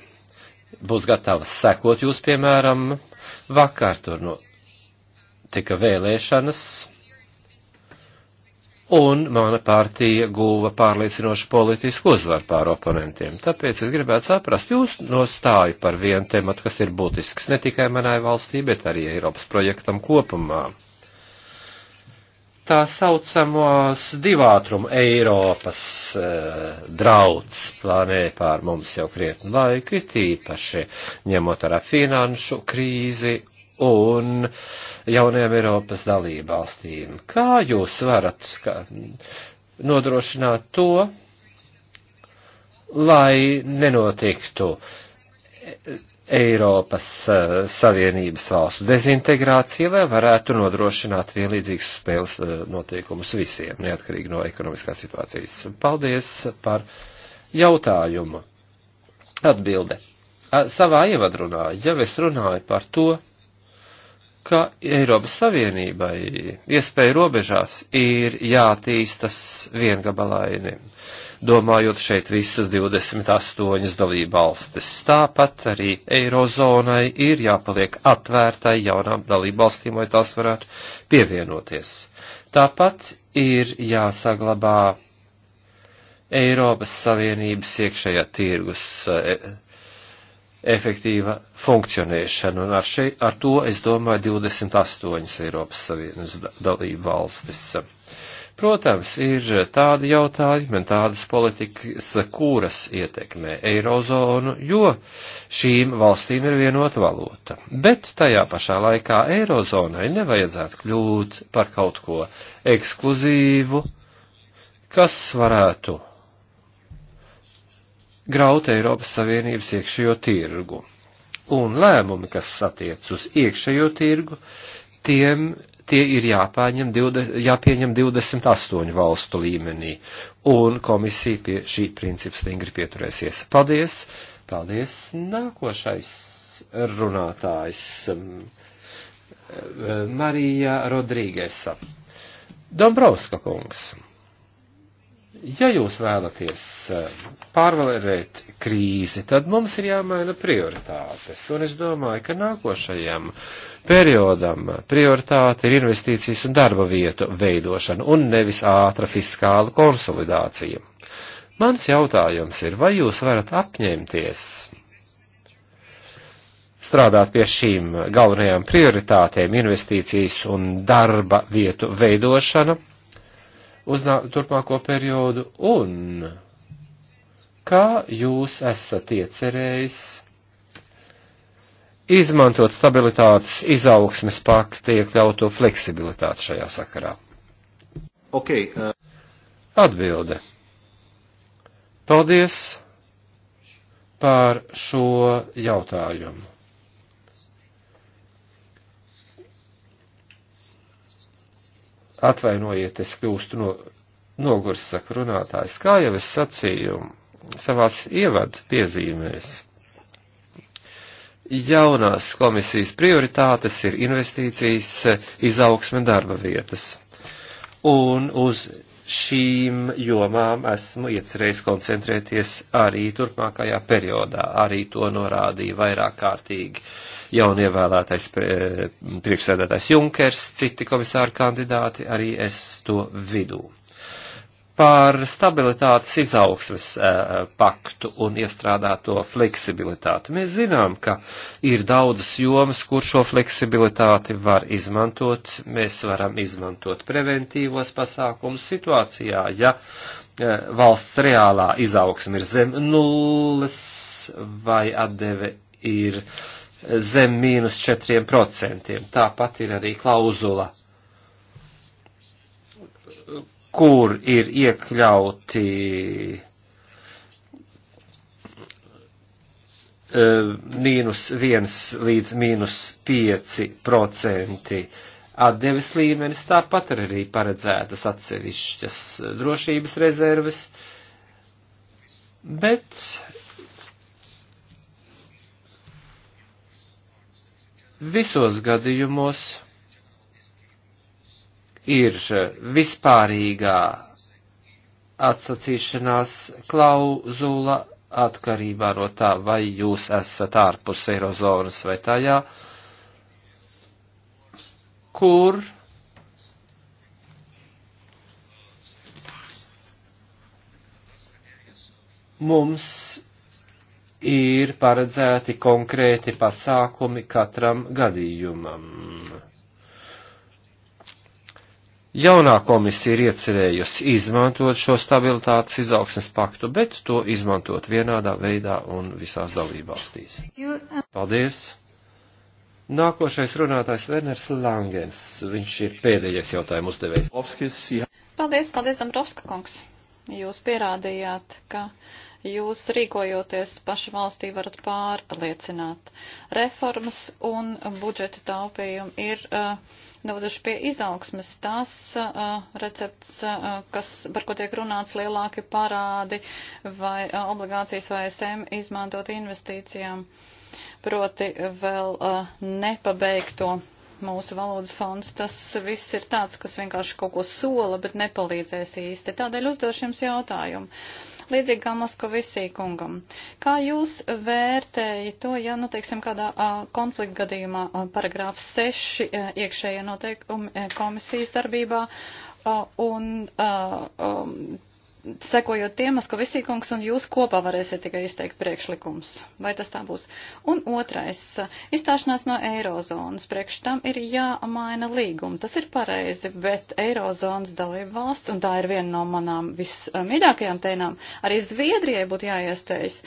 būs gatava sekot jūs, piemēram, vakar tur no tika vēlēšanas, un mana partija guva pārliecinošu politisku uzvaru pār oponentiem. Tāpēc es gribētu saprast jūs nostāju par vienu tematu, kas ir būtisks ne tikai manai valstī, bet arī Eiropas projektam kopumā tā saucamos divātrumu Eiropas uh, e, drauds plānē pār mums jau krietnu laiku, it īpaši ņemot arā finanšu krīzi un jaunajām Eiropas dalību valstīm. Kā jūs varat ka, nodrošināt to, lai nenotiktu Eiropas eh, Savienības valstu dezintegrācija, lai varētu nodrošināt vienlīdzīgas spēles eh, noteikumus visiem, neatkarīgi no ekonomiskās situācijas. Paldies par jautājumu. Atbilde. Savā ievadrunā jau es runāju par to, ka Eiropas Savienībai iespēja robežās ir jātīstas viengabalaini. Uh, domājot šeit visas 28 dalībvalstis. Tāpat arī Eirozonai ir jāpaliek atvērtai jaunām dalībvalstīm, lai tās varētu pievienoties. Tāpat ir jāsaglabā Eiropas Savienības iekšējā tirgus e, efektīva funkcionēšana, un ar, šeit, ar to, es domāju, 28 Eiropas Savienības dalību valstis. Protams, ir tādi jautājumi un tādas politikas, kuras ietekmē eirozonu, jo šīm valstīm ir vienota valūta. Bet tajā pašā laikā eirozonai nevajadzētu kļūt par kaut ko ekskluzīvu, kas varētu graut Eiropas Savienības iekšējo tirgu. Un lēmumi, kas attiec uz iekšējo tirgu, tiem tie ir jāpieņem 20, jāpieņem 28 valstu līmenī, un komisija pie šī principa stingri pieturēsies. Paldies! Paldies! Nākošais runātājs um, uh, Marija Rodrīgesa. Dombrovska kungs. Ja jūs vēlaties eh, pārvarēt krīzi, tad mums ir jāmaina prioritātes, un es domāju, ka nākošajam periodam prioritāte ir investīcijas un darba vietu veidošana, un nevis ātra fiskāla konsolidācija. Mans jautājums ir, vai jūs varat apņemties strādāt pie šīm galvenajām prioritātēm - investīcijas un darba vietu veidošana? uz turpmāko periodu un kā jūs esat iecerējis izmantot stabilitātes izaugsmes pakti iekļauto fleksibilitāti šajā sakarā? Okay, uh... Atbilde. Paldies par šo jautājumu. Atvainojiet, es kļūstu no, nogurs, saka runātājs. Kā jau es sacīju savās ievadu piezīmēs, jaunās komisijas prioritātes ir investīcijas, izaugsme darba vietas. Un uz šīm jomām esmu iecerējis koncentrēties arī turpmākajā periodā, arī to norādīja vairāk kārtīgi. Uh, jaunievēlētais eh, priekšsēdētājs Junkers, citi komisāri kandidāti, arī es to vidū. Par stabilitātes izaugsmes eh, paktu un iestrādāto fleksibilitāti. Mēs zinām, ka ir daudzas jomas, kur šo fleksibilitāti var izmantot. Mēs varam izmantot preventīvos pasākumus situācijā, ja eh, valsts reālā izaugsme ir zem nulles vai atdeve ir uh, zem mīnus 4%. Tāpat ir arī klauzula, kur ir iekļauti e, mīnus 1 līdz mīnus 5% atdevis līmenis, tāpat ir arī paredzētas atsevišķas drošības rezerves, bet Visos gadījumos ir vispārīgā atsacīšanās klauzula atkarībā no tā, vai jūs esat ārpus eirozonas vai tajā, kur mums ir paredzēti konkrēti pasākumi katram gadījumam. Jaunā komisija ir iecerējusi izmantot šo stabilitātes izaugsmes paktu, bet to izmantot vienādā veidā un visās dalībvalstīs. Paldies! Nākošais runātājs Werners Langens, viņš ir pēdējais jautājumu uzdevējs. Paldies, paldies, Dombrovska kungs! Jūs pierādījāt, ka. Uh, jūs rīkojoties paša valstī varat pārliecināt. Reformas un budžeta taupījumi ir uh, noveduši pie izaugsmes. Tas uh, recepts, uh, kas, par ko tiek runāts lielāki parādi vai uh, obligācijas vai SM izmantot investīcijām, proti vēl uh, nepabeigto mūsu valodas fonds, tas viss ir tāds, kas vienkārši kaut ko sola, bet nepalīdzēs īsti. Tādēļ uzdošu jums jautājumu. Līdzīgi kā Moskavisī kungam. Kā jūs vērtējat to, ja, nu, teiksim, kādā a, konflikta gadījumā a, paragrāfs 6 a, e, iekšējie noteikumi e, komisijas darbībā a, un a, a, sekojot tiem, Maskavisī kungs un jūs kopā varēsiet tikai izteikt priekšlikums. Vai tas tā būs? Un otrais, izstāšanās no eirozonas. Priekš tam ir jāmaina līguma. Tas ir pareizi, bet eirozonas dalība valsts, un tā ir viena no manām vismīļākajām tēnām, arī Zviedrijai būtu jāiestējas,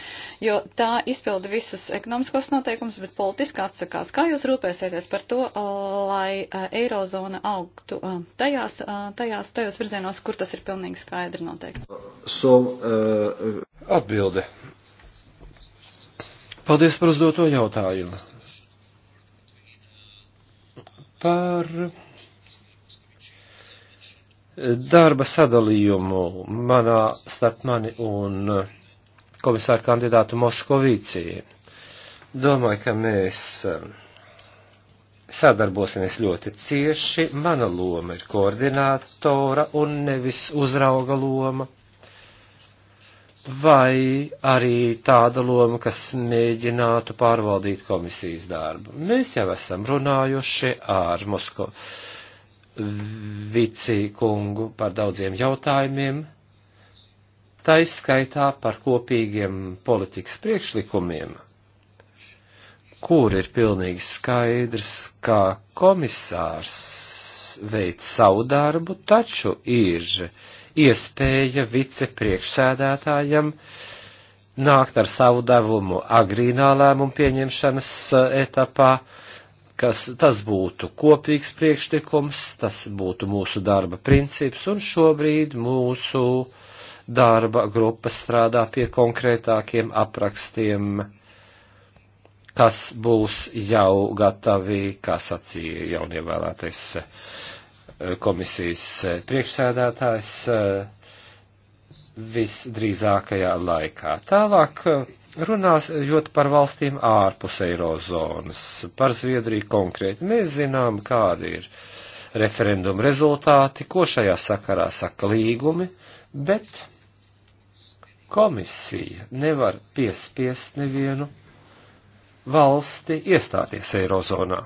jo tā izpilda visus ekonomiskos noteikumus, bet politiski atsakās. Kā jūs rūpēsieties par to, uh, lai uh, eirozona augtu uh, tajās, tajās, tajos virzienos, kur tas ir pilnīgi skaidri noteikts? So, uh, Atbilde. Paldies par uzdoto jautājumu. Par darba sadalījumu manā starp mani un komisāru kandidātu Moškovīcī. Domāju, ka mēs um, sadarbosimies ļoti cieši. Mana loma ir koordinātora un nevis uzrauga loma vai arī tāda loma, kas mēģinātu pārvaldīt komisijas darbu. Mēs jau esam runājuši ar Mosko Vici kungu par daudziem jautājumiem, tā izskaitā par kopīgiem politikas priekšlikumiem, kur ir pilnīgi skaidrs, ka komisārs veic savu darbu, taču ir uh, iespēja vicepriekšsēdētājam nākt ar savu devumu agrīnā lēmumu pieņemšanas eh, etapā, kas tas būtu kopīgs priekšlikums, tas būtu mūsu darba princips, un šobrīd mūsu darba grupa strādā pie konkrētākiem aprakstiem, kas būs jau gatavi, kā sacīja jaunievēlētais eh, komisijas eh, priekšsēdētājs eh, visdrīzākajā laikā. Tālāk eh, runās ļoti par valstīm ārpus eirozonas, par Zviedriju konkrēti. Mēs zinām, kādi ir referenduma rezultāti, ko šajā sakarā saka līgumi, bet komisija nevar piespiest nevienu valsti iestāties eirozonā.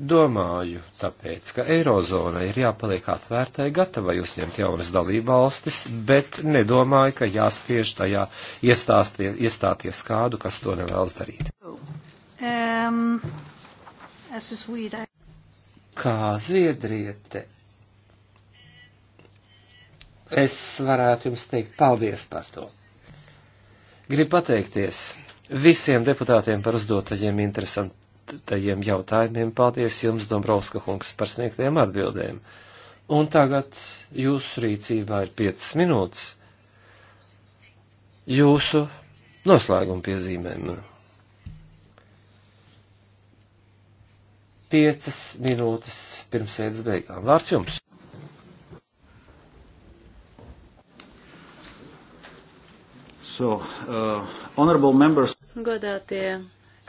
Domāju, tāpēc, ka Eirozonai ir jāpaliek atvērtai, gatavai uzņemt jaunas dalībvalstis, bet nedomāju, ka jāspiež tajā iestāties kādu, kas to nevēlas darīt. Um, Kā Zviedriete, es varētu jums teikt paldies par to. Gribu pateikties visiem deputātiem par uzdotajiem interesantiem uzdotajiem jautājumiem. Paldies jums, Dombrovska kungs, par sniegtajiem atbildēm. Un tagad jūsu rīcībā ir 5 minūtes jūsu noslēguma piezīmēm. 5 minūtes pirms sēdes beigām. Vārds jums! So, uh, honorable members. Godātie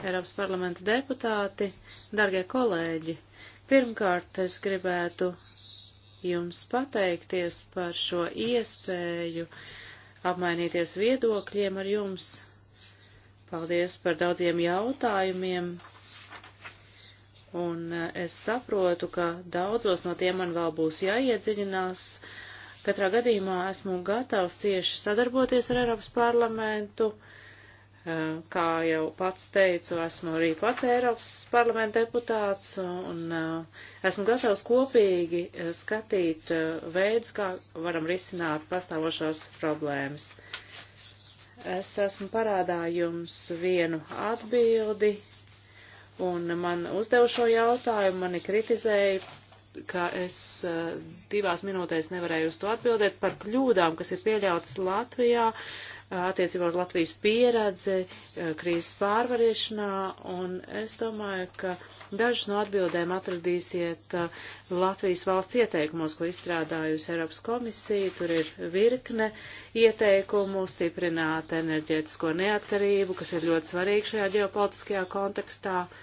Eiropas parlamenta deputāti, dargie kolēģi! Pirmkārt, es gribētu jums pateikties par šo iespēju apmainīties viedokļiem ar jums. Paldies par daudziem jautājumiem, un eh, es saprotu, ka daudzos no tiem man vēl būs jāiedziļinās. Katrā gadījumā esmu gatavs cieši sadarboties ar Eiropas parlamentu Eh, kā jau pats teicu, esmu arī pats Eiropas parlamenta deputāts un eh, esmu gatavs kopīgi eh, skatīt veidus, kā varam risināt pastāvošās problēmas. Es esmu parādā jums vienu atbildi un man uzdev šo jautājumu, mani kritizēja ka es divās minūtēs nevarēju uz to atbildēt par kļūdām, kas ir pieļautas Latvijā attiecībā uz Latvijas pieredzi eh, krīzes pārvariešanā, un es domāju, ka dažas no atbildēm atradīsiet eh, Latvijas valsts ieteikumos, ko izstrādājusi Eiropas komisija. Tur ir virkne ieteikumu stiprināt enerģētisko neatkarību, kas ir ļoti svarīgi šajā ģeopolitiskajā kontekstā. Uh,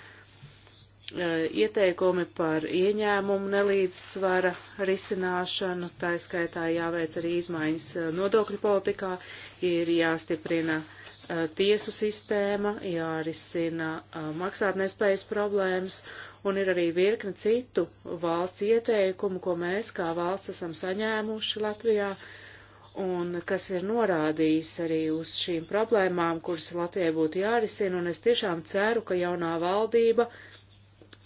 Eh, ieteikumi par ieņēmumu nelīdzsvara risināšanu, tā skaitā jāveic arī izmaiņas eh, nodokļu politikā, ir jāstiprina eh, tiesu sistēma, jārisina maksātnespējas problēmas, un ir arī virkni citu valsts ieteikumu, ko mēs kā valsts esam saņēmuši Latvijā, un kas ir norādījis arī uz šīm problēmām, kuras Latvijai būtu jārisina, un es tiešām ceru, ka jaunā valdība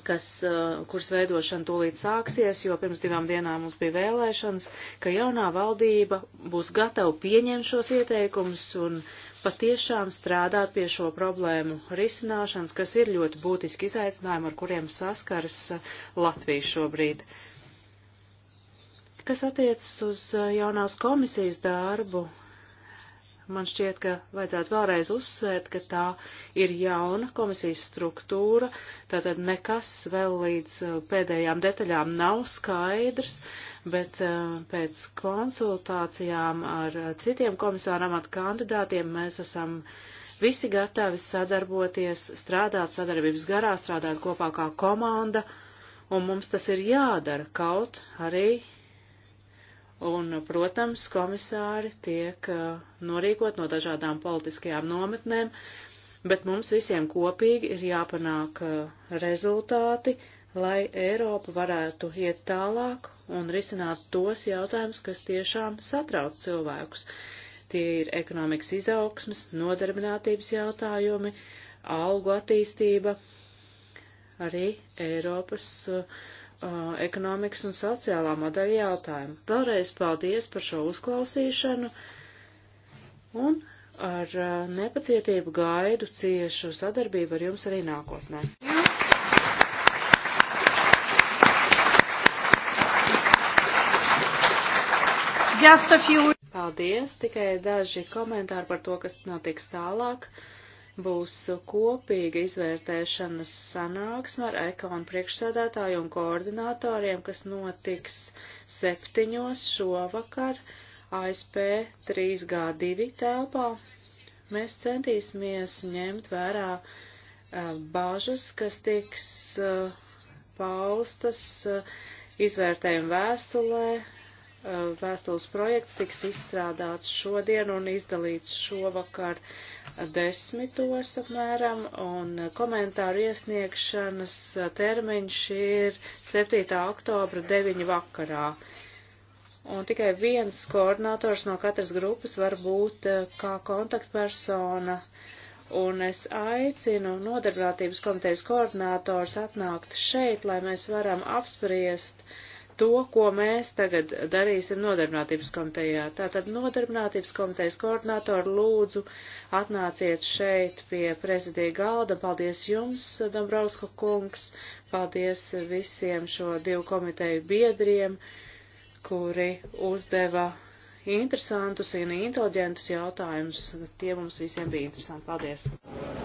kas, eh, kuras veidošana tūlīt sāksies, jo pirms divām dienām mums bija vēlēšanas, ka jaunā valdība būs gatava pieņemt šos ieteikumus un patiešām strādāt pie šo problēmu risināšanas, kas ir ļoti būtiski izaicinājumi, ar kuriem saskars eh, Latvija šobrīd. Kas attiecas uz eh, jaunās komisijas darbu, Man šķiet, ka vajadzētu vēlreiz uzsvērt, ka tā ir jauna komisijas struktūra, tātad nekas vēl līdz uh, pēdējām detaļām nav skaidrs, bet uh, pēc konsultācijām ar uh, citiem komisāra amata kandidātiem mēs esam visi gatavi sadarboties, strādāt sadarbības garā, strādāt kopā kā komanda, un mums tas ir jādara kaut arī Un, protams, komisāri tiek uh, norīkot no dažādām politiskajām nometnēm, bet mums visiem kopīgi ir jāpanāk uh, rezultāti, lai Eiropa varētu iet tālāk un risināt tos jautājumus, kas tiešām satrauc cilvēkus. Tie ir ekonomikas izaugsmas, nodarbinātības jautājumi, algu attīstība, arī Eiropas uh, uh, ekonomikas un sociālā modeļa jautājumu. Vēlreiz paldies par šo uzklausīšanu un ar uh, nepacietību gaidu ciešu sadarbību ar jums arī nākotnē. Just a few. Paldies, tikai daži komentāri par to, kas notiks tālāk. Uh, būs kopīga izvērtēšanas sanāksme ar ekonu priekšsēdētāju un koordinatoriem, kas notiks septiņos šovakar ASP 3G2 telpā. Mēs centīsimies ņemt vērā uh, bāžas, kas tiks uh, paustas uh, izvērtējuma vēstulē Vēstules projekts tiks izstrādāts šodien un izdalīts šovakar desmitos apmēram, un komentāru iesniegšanas termiņš ir 7. oktobra 9. vakarā un tikai viens koordinators no katras grupas var būt eh, kā kontaktpersona. Un es aicinu nodarbinātības komitejas koordinators atnākt šeit, lai mēs varam apspriest uh, to, ko mēs tagad darīsim nodarbinātības komitejā. Tātad nodarbinātības komitejas koordinātori lūdzu atnāciet šeit pie prezidija galda. Paldies jums, Dombrovska kungs, paldies visiem šo divu komiteju biedriem, kuri uzdeva interesantus un inteliģentus jautājumus. Tie mums visiem bija interesanti. Paldies!